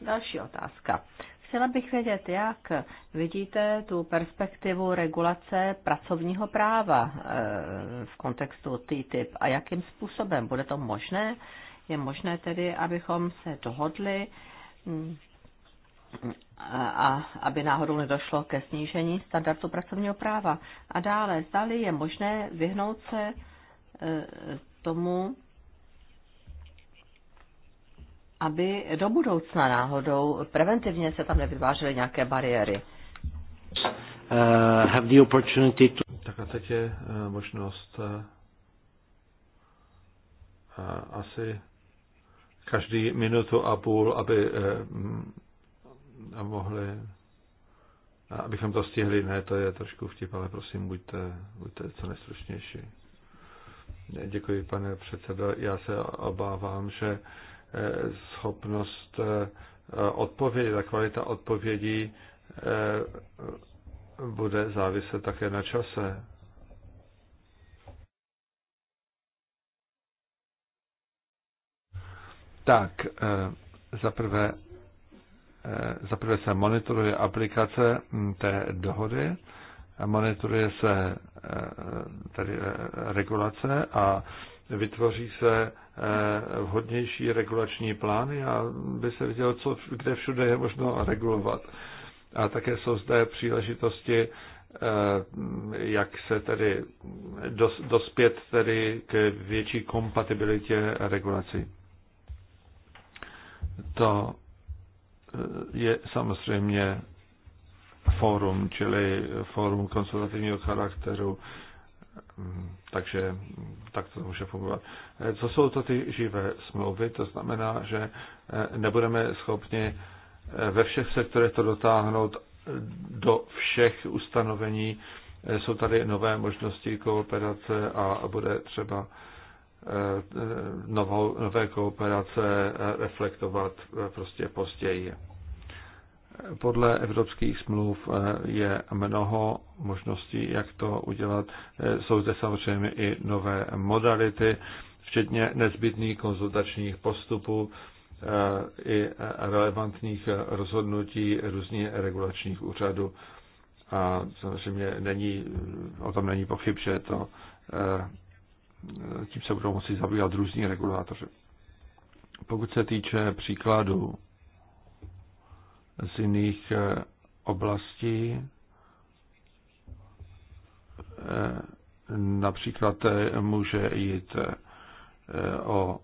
Další otázka. Chtěla bych vědět, jak vidíte tu perspektivu regulace pracovního práva eh, v kontextu TTIP a jakým způsobem bude to možné. Je možné tedy, abychom se dohodli mm, a aby náhodou nedošlo ke snížení standardu pracovního práva. A dále, zdali je možné vyhnout se eh, tomu, aby do budoucna náhodou preventivně se tam nevytvářely nějaké bariéry. Uh, have the opportunity to... Tak a teď je uh, možnost uh, asi každý minutu a půl, aby uh, mohli abychom to stihli, ne, to je trošku vtip, ale prosím, buďte, buďte co nejstručnější. Děkuji, pane předsedo. Já se obávám, že schopnost eh, odpovědi, ta kvalita odpovědí eh, bude záviset také na čase. Tak, eh, zaprvé zaprvé se monitoruje aplikace hm, té dohody, monitoruje se tedy regulace a vytvoří se eh, vhodnější regulační plány a by se vidělo, co, kde všude je možno regulovat. A také jsou zde příležitosti, eh, jak se tedy dos, dospět tedy k větší kompatibilitě regulací. To eh, je samozřejmě fórum, čili fórum konzultativního charakteru, Mhm, takže tak to může fungovat. Eh, co jsou to ty živé smlouvy? To znamená, že eh, nebudeme schopni eh, ve všech sektorech to dotáhnout do všech ustanovení. Jsou tady nové možnosti kooperace a bude třeba novou, nové kooperace reflektovat prostě později podle evropských smluv eh, je mnoho možností, jak to udělat. Eh, jsou zde samozřejmě i nové modality, včetně nezbytných konzultačních postupů eh, i relevantních rozhodnutí různých regulačních úřadů. A samozřejmě není, o tom není pochyb, že to, tím se budou moci zabývat různí regulátoři. Pokud se týče příkladů, z jiných eh, oblastí. Eh, například eh, může jít o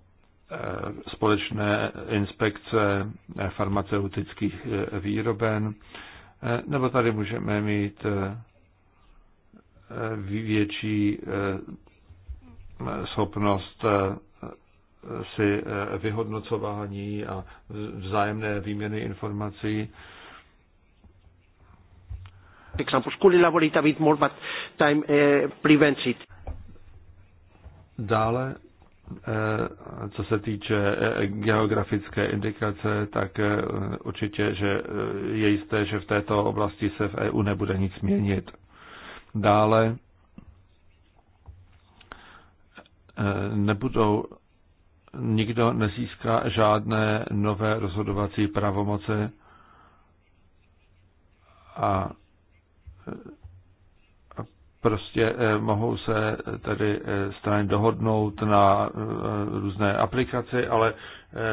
společné inspekce farmaceutických výroben, nebo tady můžeme mít větší schopnost si eh, vyhodnocování a vzájemné výměny informací. a bit more, but time eh, prevents it. Dále, eh, co se týče geografické indikace, tak určitě, že je jisté, že v této oblasti se v EU nebude nic měnit. Dále nebudou nikdo nezíská žádné nové rozhodovací pravomoce a prostě eh, mohou se tedy eh, strany dohodnout na eh, různé aplikaci, ale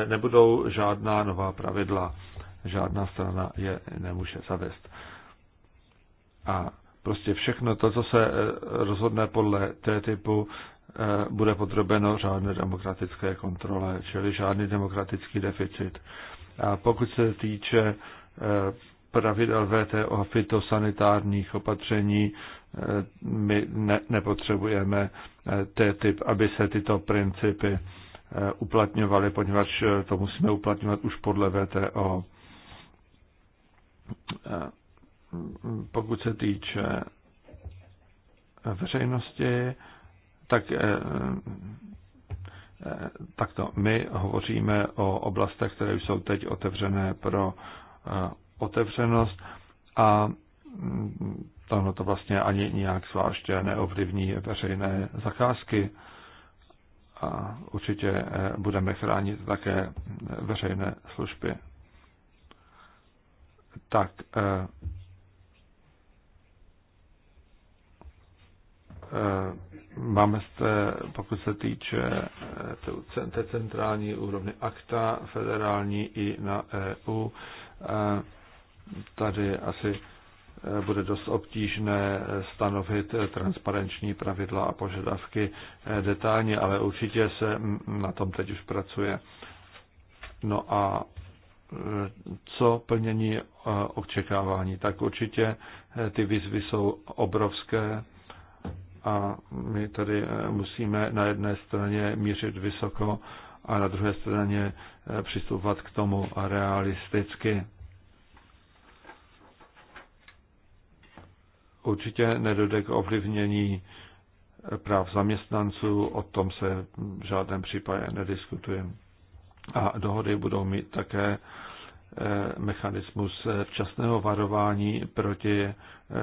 nebudou žádná nová pravidla. Žádná strana je nemůže zavést. A prostě všechno to, co se rozhodne podle té typu, Eh, bude podrobeno žádné demokratické kontrole, čili žádný demokratický deficit. A pokud se týče eh, pravidel VTO a fitosanitárních opatření, eh, my ne, nepotřebujeme typ, aby se tyto principy uplatňovaly, poněvadž to musíme uplatňovat už podle VTO. Pokud se týče veřejnosti, tak eh, eh, takto. My hovoříme o oblastech, které jsou teď otevřené pro eh, otevřenost a mm, tohle to vlastně ani nějak zvláště neovlivní veřejné zakázky. A určitě budeme chránit také veřejné služby. Tak eh, eh, Máme zde, pokud se týče eh, té centrální úrovny akta, federální i na EU, eh, tady asi eh, bude dost obtížné stanovit transparenční pravidla a požadavky detailně, ale určitě se na tom teď už pracuje. No a co plnění očekávání, tak určitě ty výzvy jsou obrovské a my tady eh, musíme na jedné straně mířit vysoko a na druhé straně eh, přistupovat k tomu realisticky. Určitě nedojde k ovlivnění eh, práv zaměstnanců, o tom se v žádném případě nediskutuje. A dohody budou mít také mechanismus včasného varování proti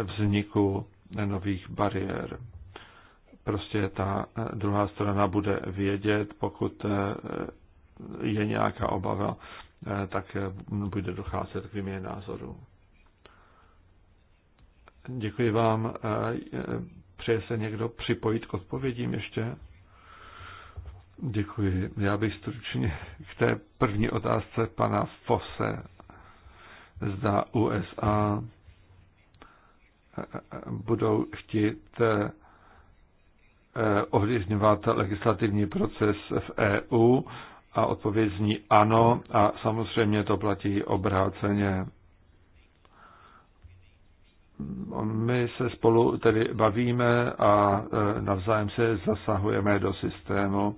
vzniku nových bariér prostě ta eh, druhá strana bude vědět, pokud eh, je nějaká obava, eh, tak bude docházet k výměně názorů. Děkuji vám. Přeje se někdo připojit k odpovědím ještě? Děkuji. Já bych stručně k té první otázce pana Fosse. Zda USA budou chtít Eh, ovlivňovat legislativní proces v EU a odpověď zní ano a samozřejmě to platí obráceně. My se spolu tedy bavíme a eh, navzájem se zasahujeme do systému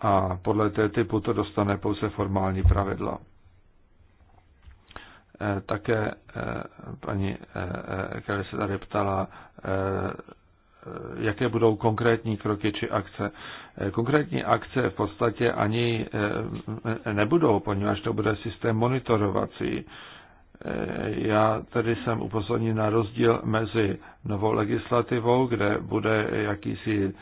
a podle té typu to dostane pouze formální pravidla. Eh, také paní Kelly se tady ptala, Eh, jaké budou konkrétní kroky či akce. Eh, konkrétní akce v podstatě ani eh, nebudou, poněvadž to bude systém monitorovací. Já tedy jsem upozornil na rozdíl mezi novou legislativou, kde bude jakýsi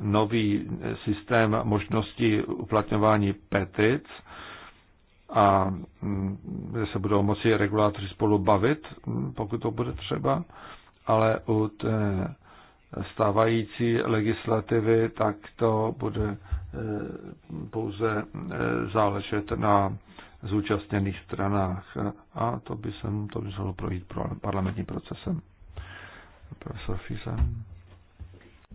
nový systém možností uplatňování petic a mm, kde se budou moci regulátoři spolu bavit, mm, pokud to bude třeba, ale u té stávající legislativy, tak to bude eh, pouze eh, záležet na zúčastněných stranách a to by, se to muselo projít parlamentním procesem. Profesor Fisa.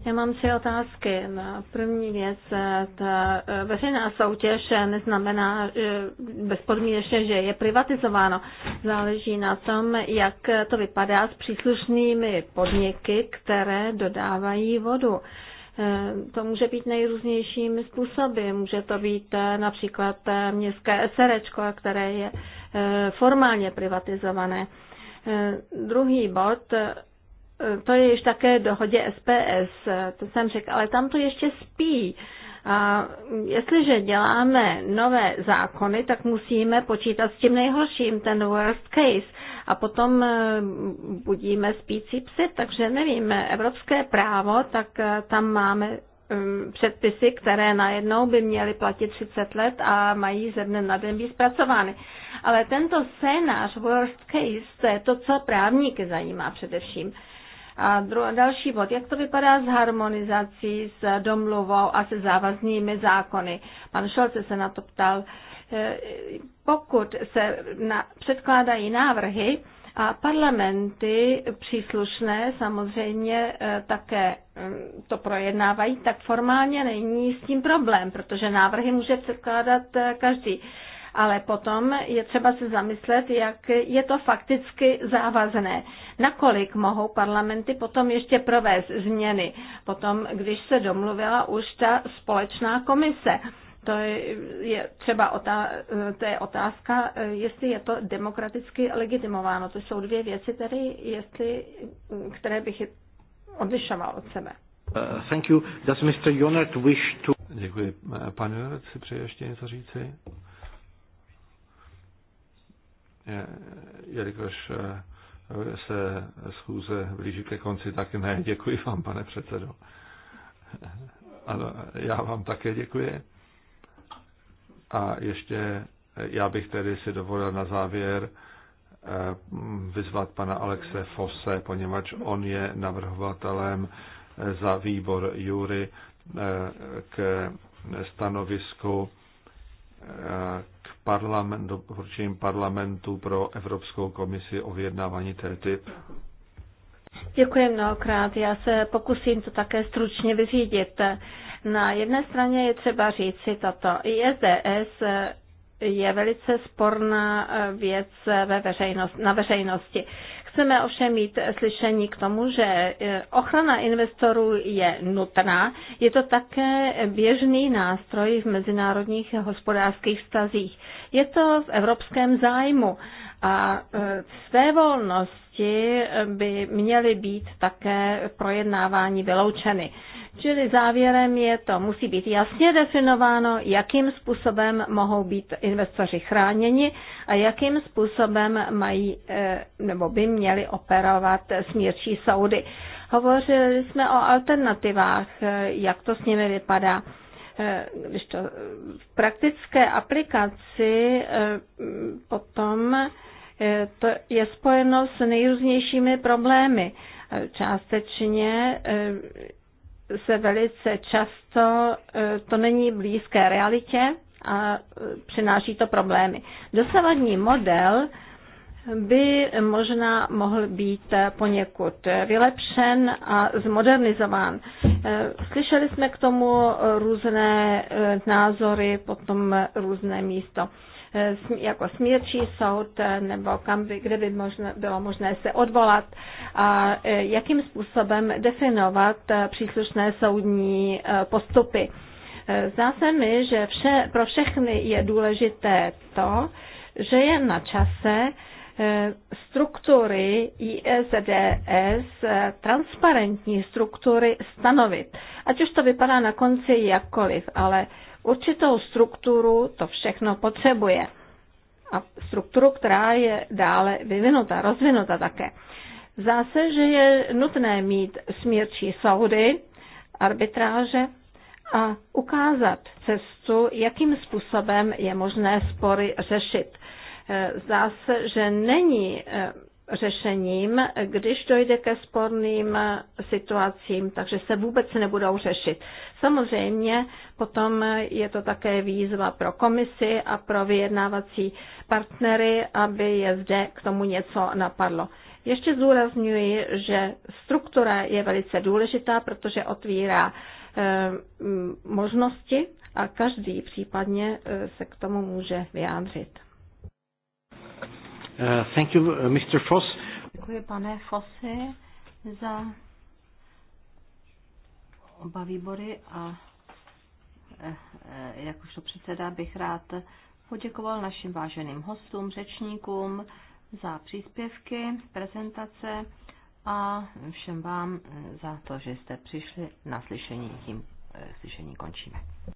Já mám tři otázky. Na první věc, eh, ta eh, veřejná soutěž eh, neznamená bezpodmínečně, že je privatizováno. Záleží na tom, jak to vypadá s příslušnými podniky, které dodávají vodu. To může být nejrůznějšími způsoby. Může to být například městské SRčko, které je formálně privatizované. Druhý bod, to je již také dohodě SPS, to jsem řekl, ale tam to ještě spí. A jestliže děláme nové zákony, tak musíme počítat s tím nejhorším, ten worst case. A potom e, budíme spící psy, takže nevíme, evropské právo, tak e, tam máme e, předpisy, které najednou by měly platit 30 let a mají ze dne na den být zpracovány. Ale tento scénář, worst case, to je to, co právníky zajímá především. A dru- další bod, jak to vypadá s harmonizací, s domluvou a se závaznými zákony? Pan Šolce se na to ptal. E, pokud se na- předkládají návrhy, a parlamenty příslušné samozřejmě e, také mm, to projednávají, tak formálně není s tím problém, protože návrhy může předkládat e, každý ale potom je třeba se zamyslet, jak je to fakticky závazné. Nakolik mohou parlamenty potom ještě provést změny, potom, když se domluvila už ta společná komise. To je třeba otá, to je otázka, jestli je to demokraticky legitimováno. To jsou dvě věci, tedy jestli, které bych odlišoval od sebe. Uh, thank you. Does Mr. Jonert wish to... Děkuji. pane Jonert si přeje ještě něco říci? Eh, jelikož eh, se schůze blíží ke konci, tak ne, děkuji vám, pane předsedo. [laughs] Ano, já vám také děkuji. A ještě eh, já bych tedy si dovolil na závěr vyzvat pana Alexe Fosse, poněvadž on je navrhovatelem za výbor Jury k stanovisku k parlament, doporučením parlamentu pro Evropskou komisi o vyjednávání TTIP. Děkuji mnohokrát. Já se pokusím to také stručně vyřídit. Na jedné straně je třeba říci toto. ISDS je velice sporná věc ve veřejnost, na veřejnosti. Chceme ovšem mít slyšení k tomu, že e, ochrana investorů je nutná. Je to také běžný nástroj v mezinárodních hospodářských vztazích. Je to v evropském zájmu a e, své volnosti by měly být také projednávání vyloučeny. Čili závěrem je to, musí být jasně definováno, jakým způsobem mohou být investoři chráněni a jakým způsobem mají eh, nebo by měli operovat smírčí soudy. Hovořili jsme o alternativách, eh, jak to s nimi vypadá. Eh, když to v praktické aplikaci potom to je spojeno s nejrůznějšími problémy. Částečně se velice často e, to není blízké realitě a e, přináší to problémy. Dosavadní model by možná mohl být poněkud vylepšen a zmodernizován. E, slyšeli jsme k tomu různé názory, potom různé místo. Eh, jako smírčí soud, eh, nebo kam by, kde by možné, bylo možné se odvolat a eh, jakým způsobem definovat příslušné soudní postupy. Zdá se mi, že vše, pro všechny je důležité to, že je na čase struktury ISDS, transparentní struktury stanovit. Ať už to vypadá na konci jakkoliv, ale určitou strukturu to všechno potřebuje. A strukturu, která je dále vyvinuta, rozvinuta také. Zdá se, že je nutné mít smírčí soudy, arbitráže a ukázat cestu, jakým způsobem je možné spory řešit. Zdá se, že není eh, řešením, když dojde ke sporným situacím, takže se vůbec nebudou řešit. Samozřejmě potom je to také výzva pro komisi a pro vyjednávací partnery, aby je zde k tomu něco napadlo. Ještě zúraznuju, že struktura je velice důležitá, protože otvírá eh, možnosti a každý případně eh, se k tomu může vyjádřit. Uh, thank you, uh, Mr. Foss. Děkuji, pane Fosse, za oba výbory a eh, eh, jakožto předseda bych rád poděkoval našim váženým hostům, řečníkům za příspěvky, prezentace a všem vám eh, za to, že jste přišli na slyšení. Tím slyšení končíme.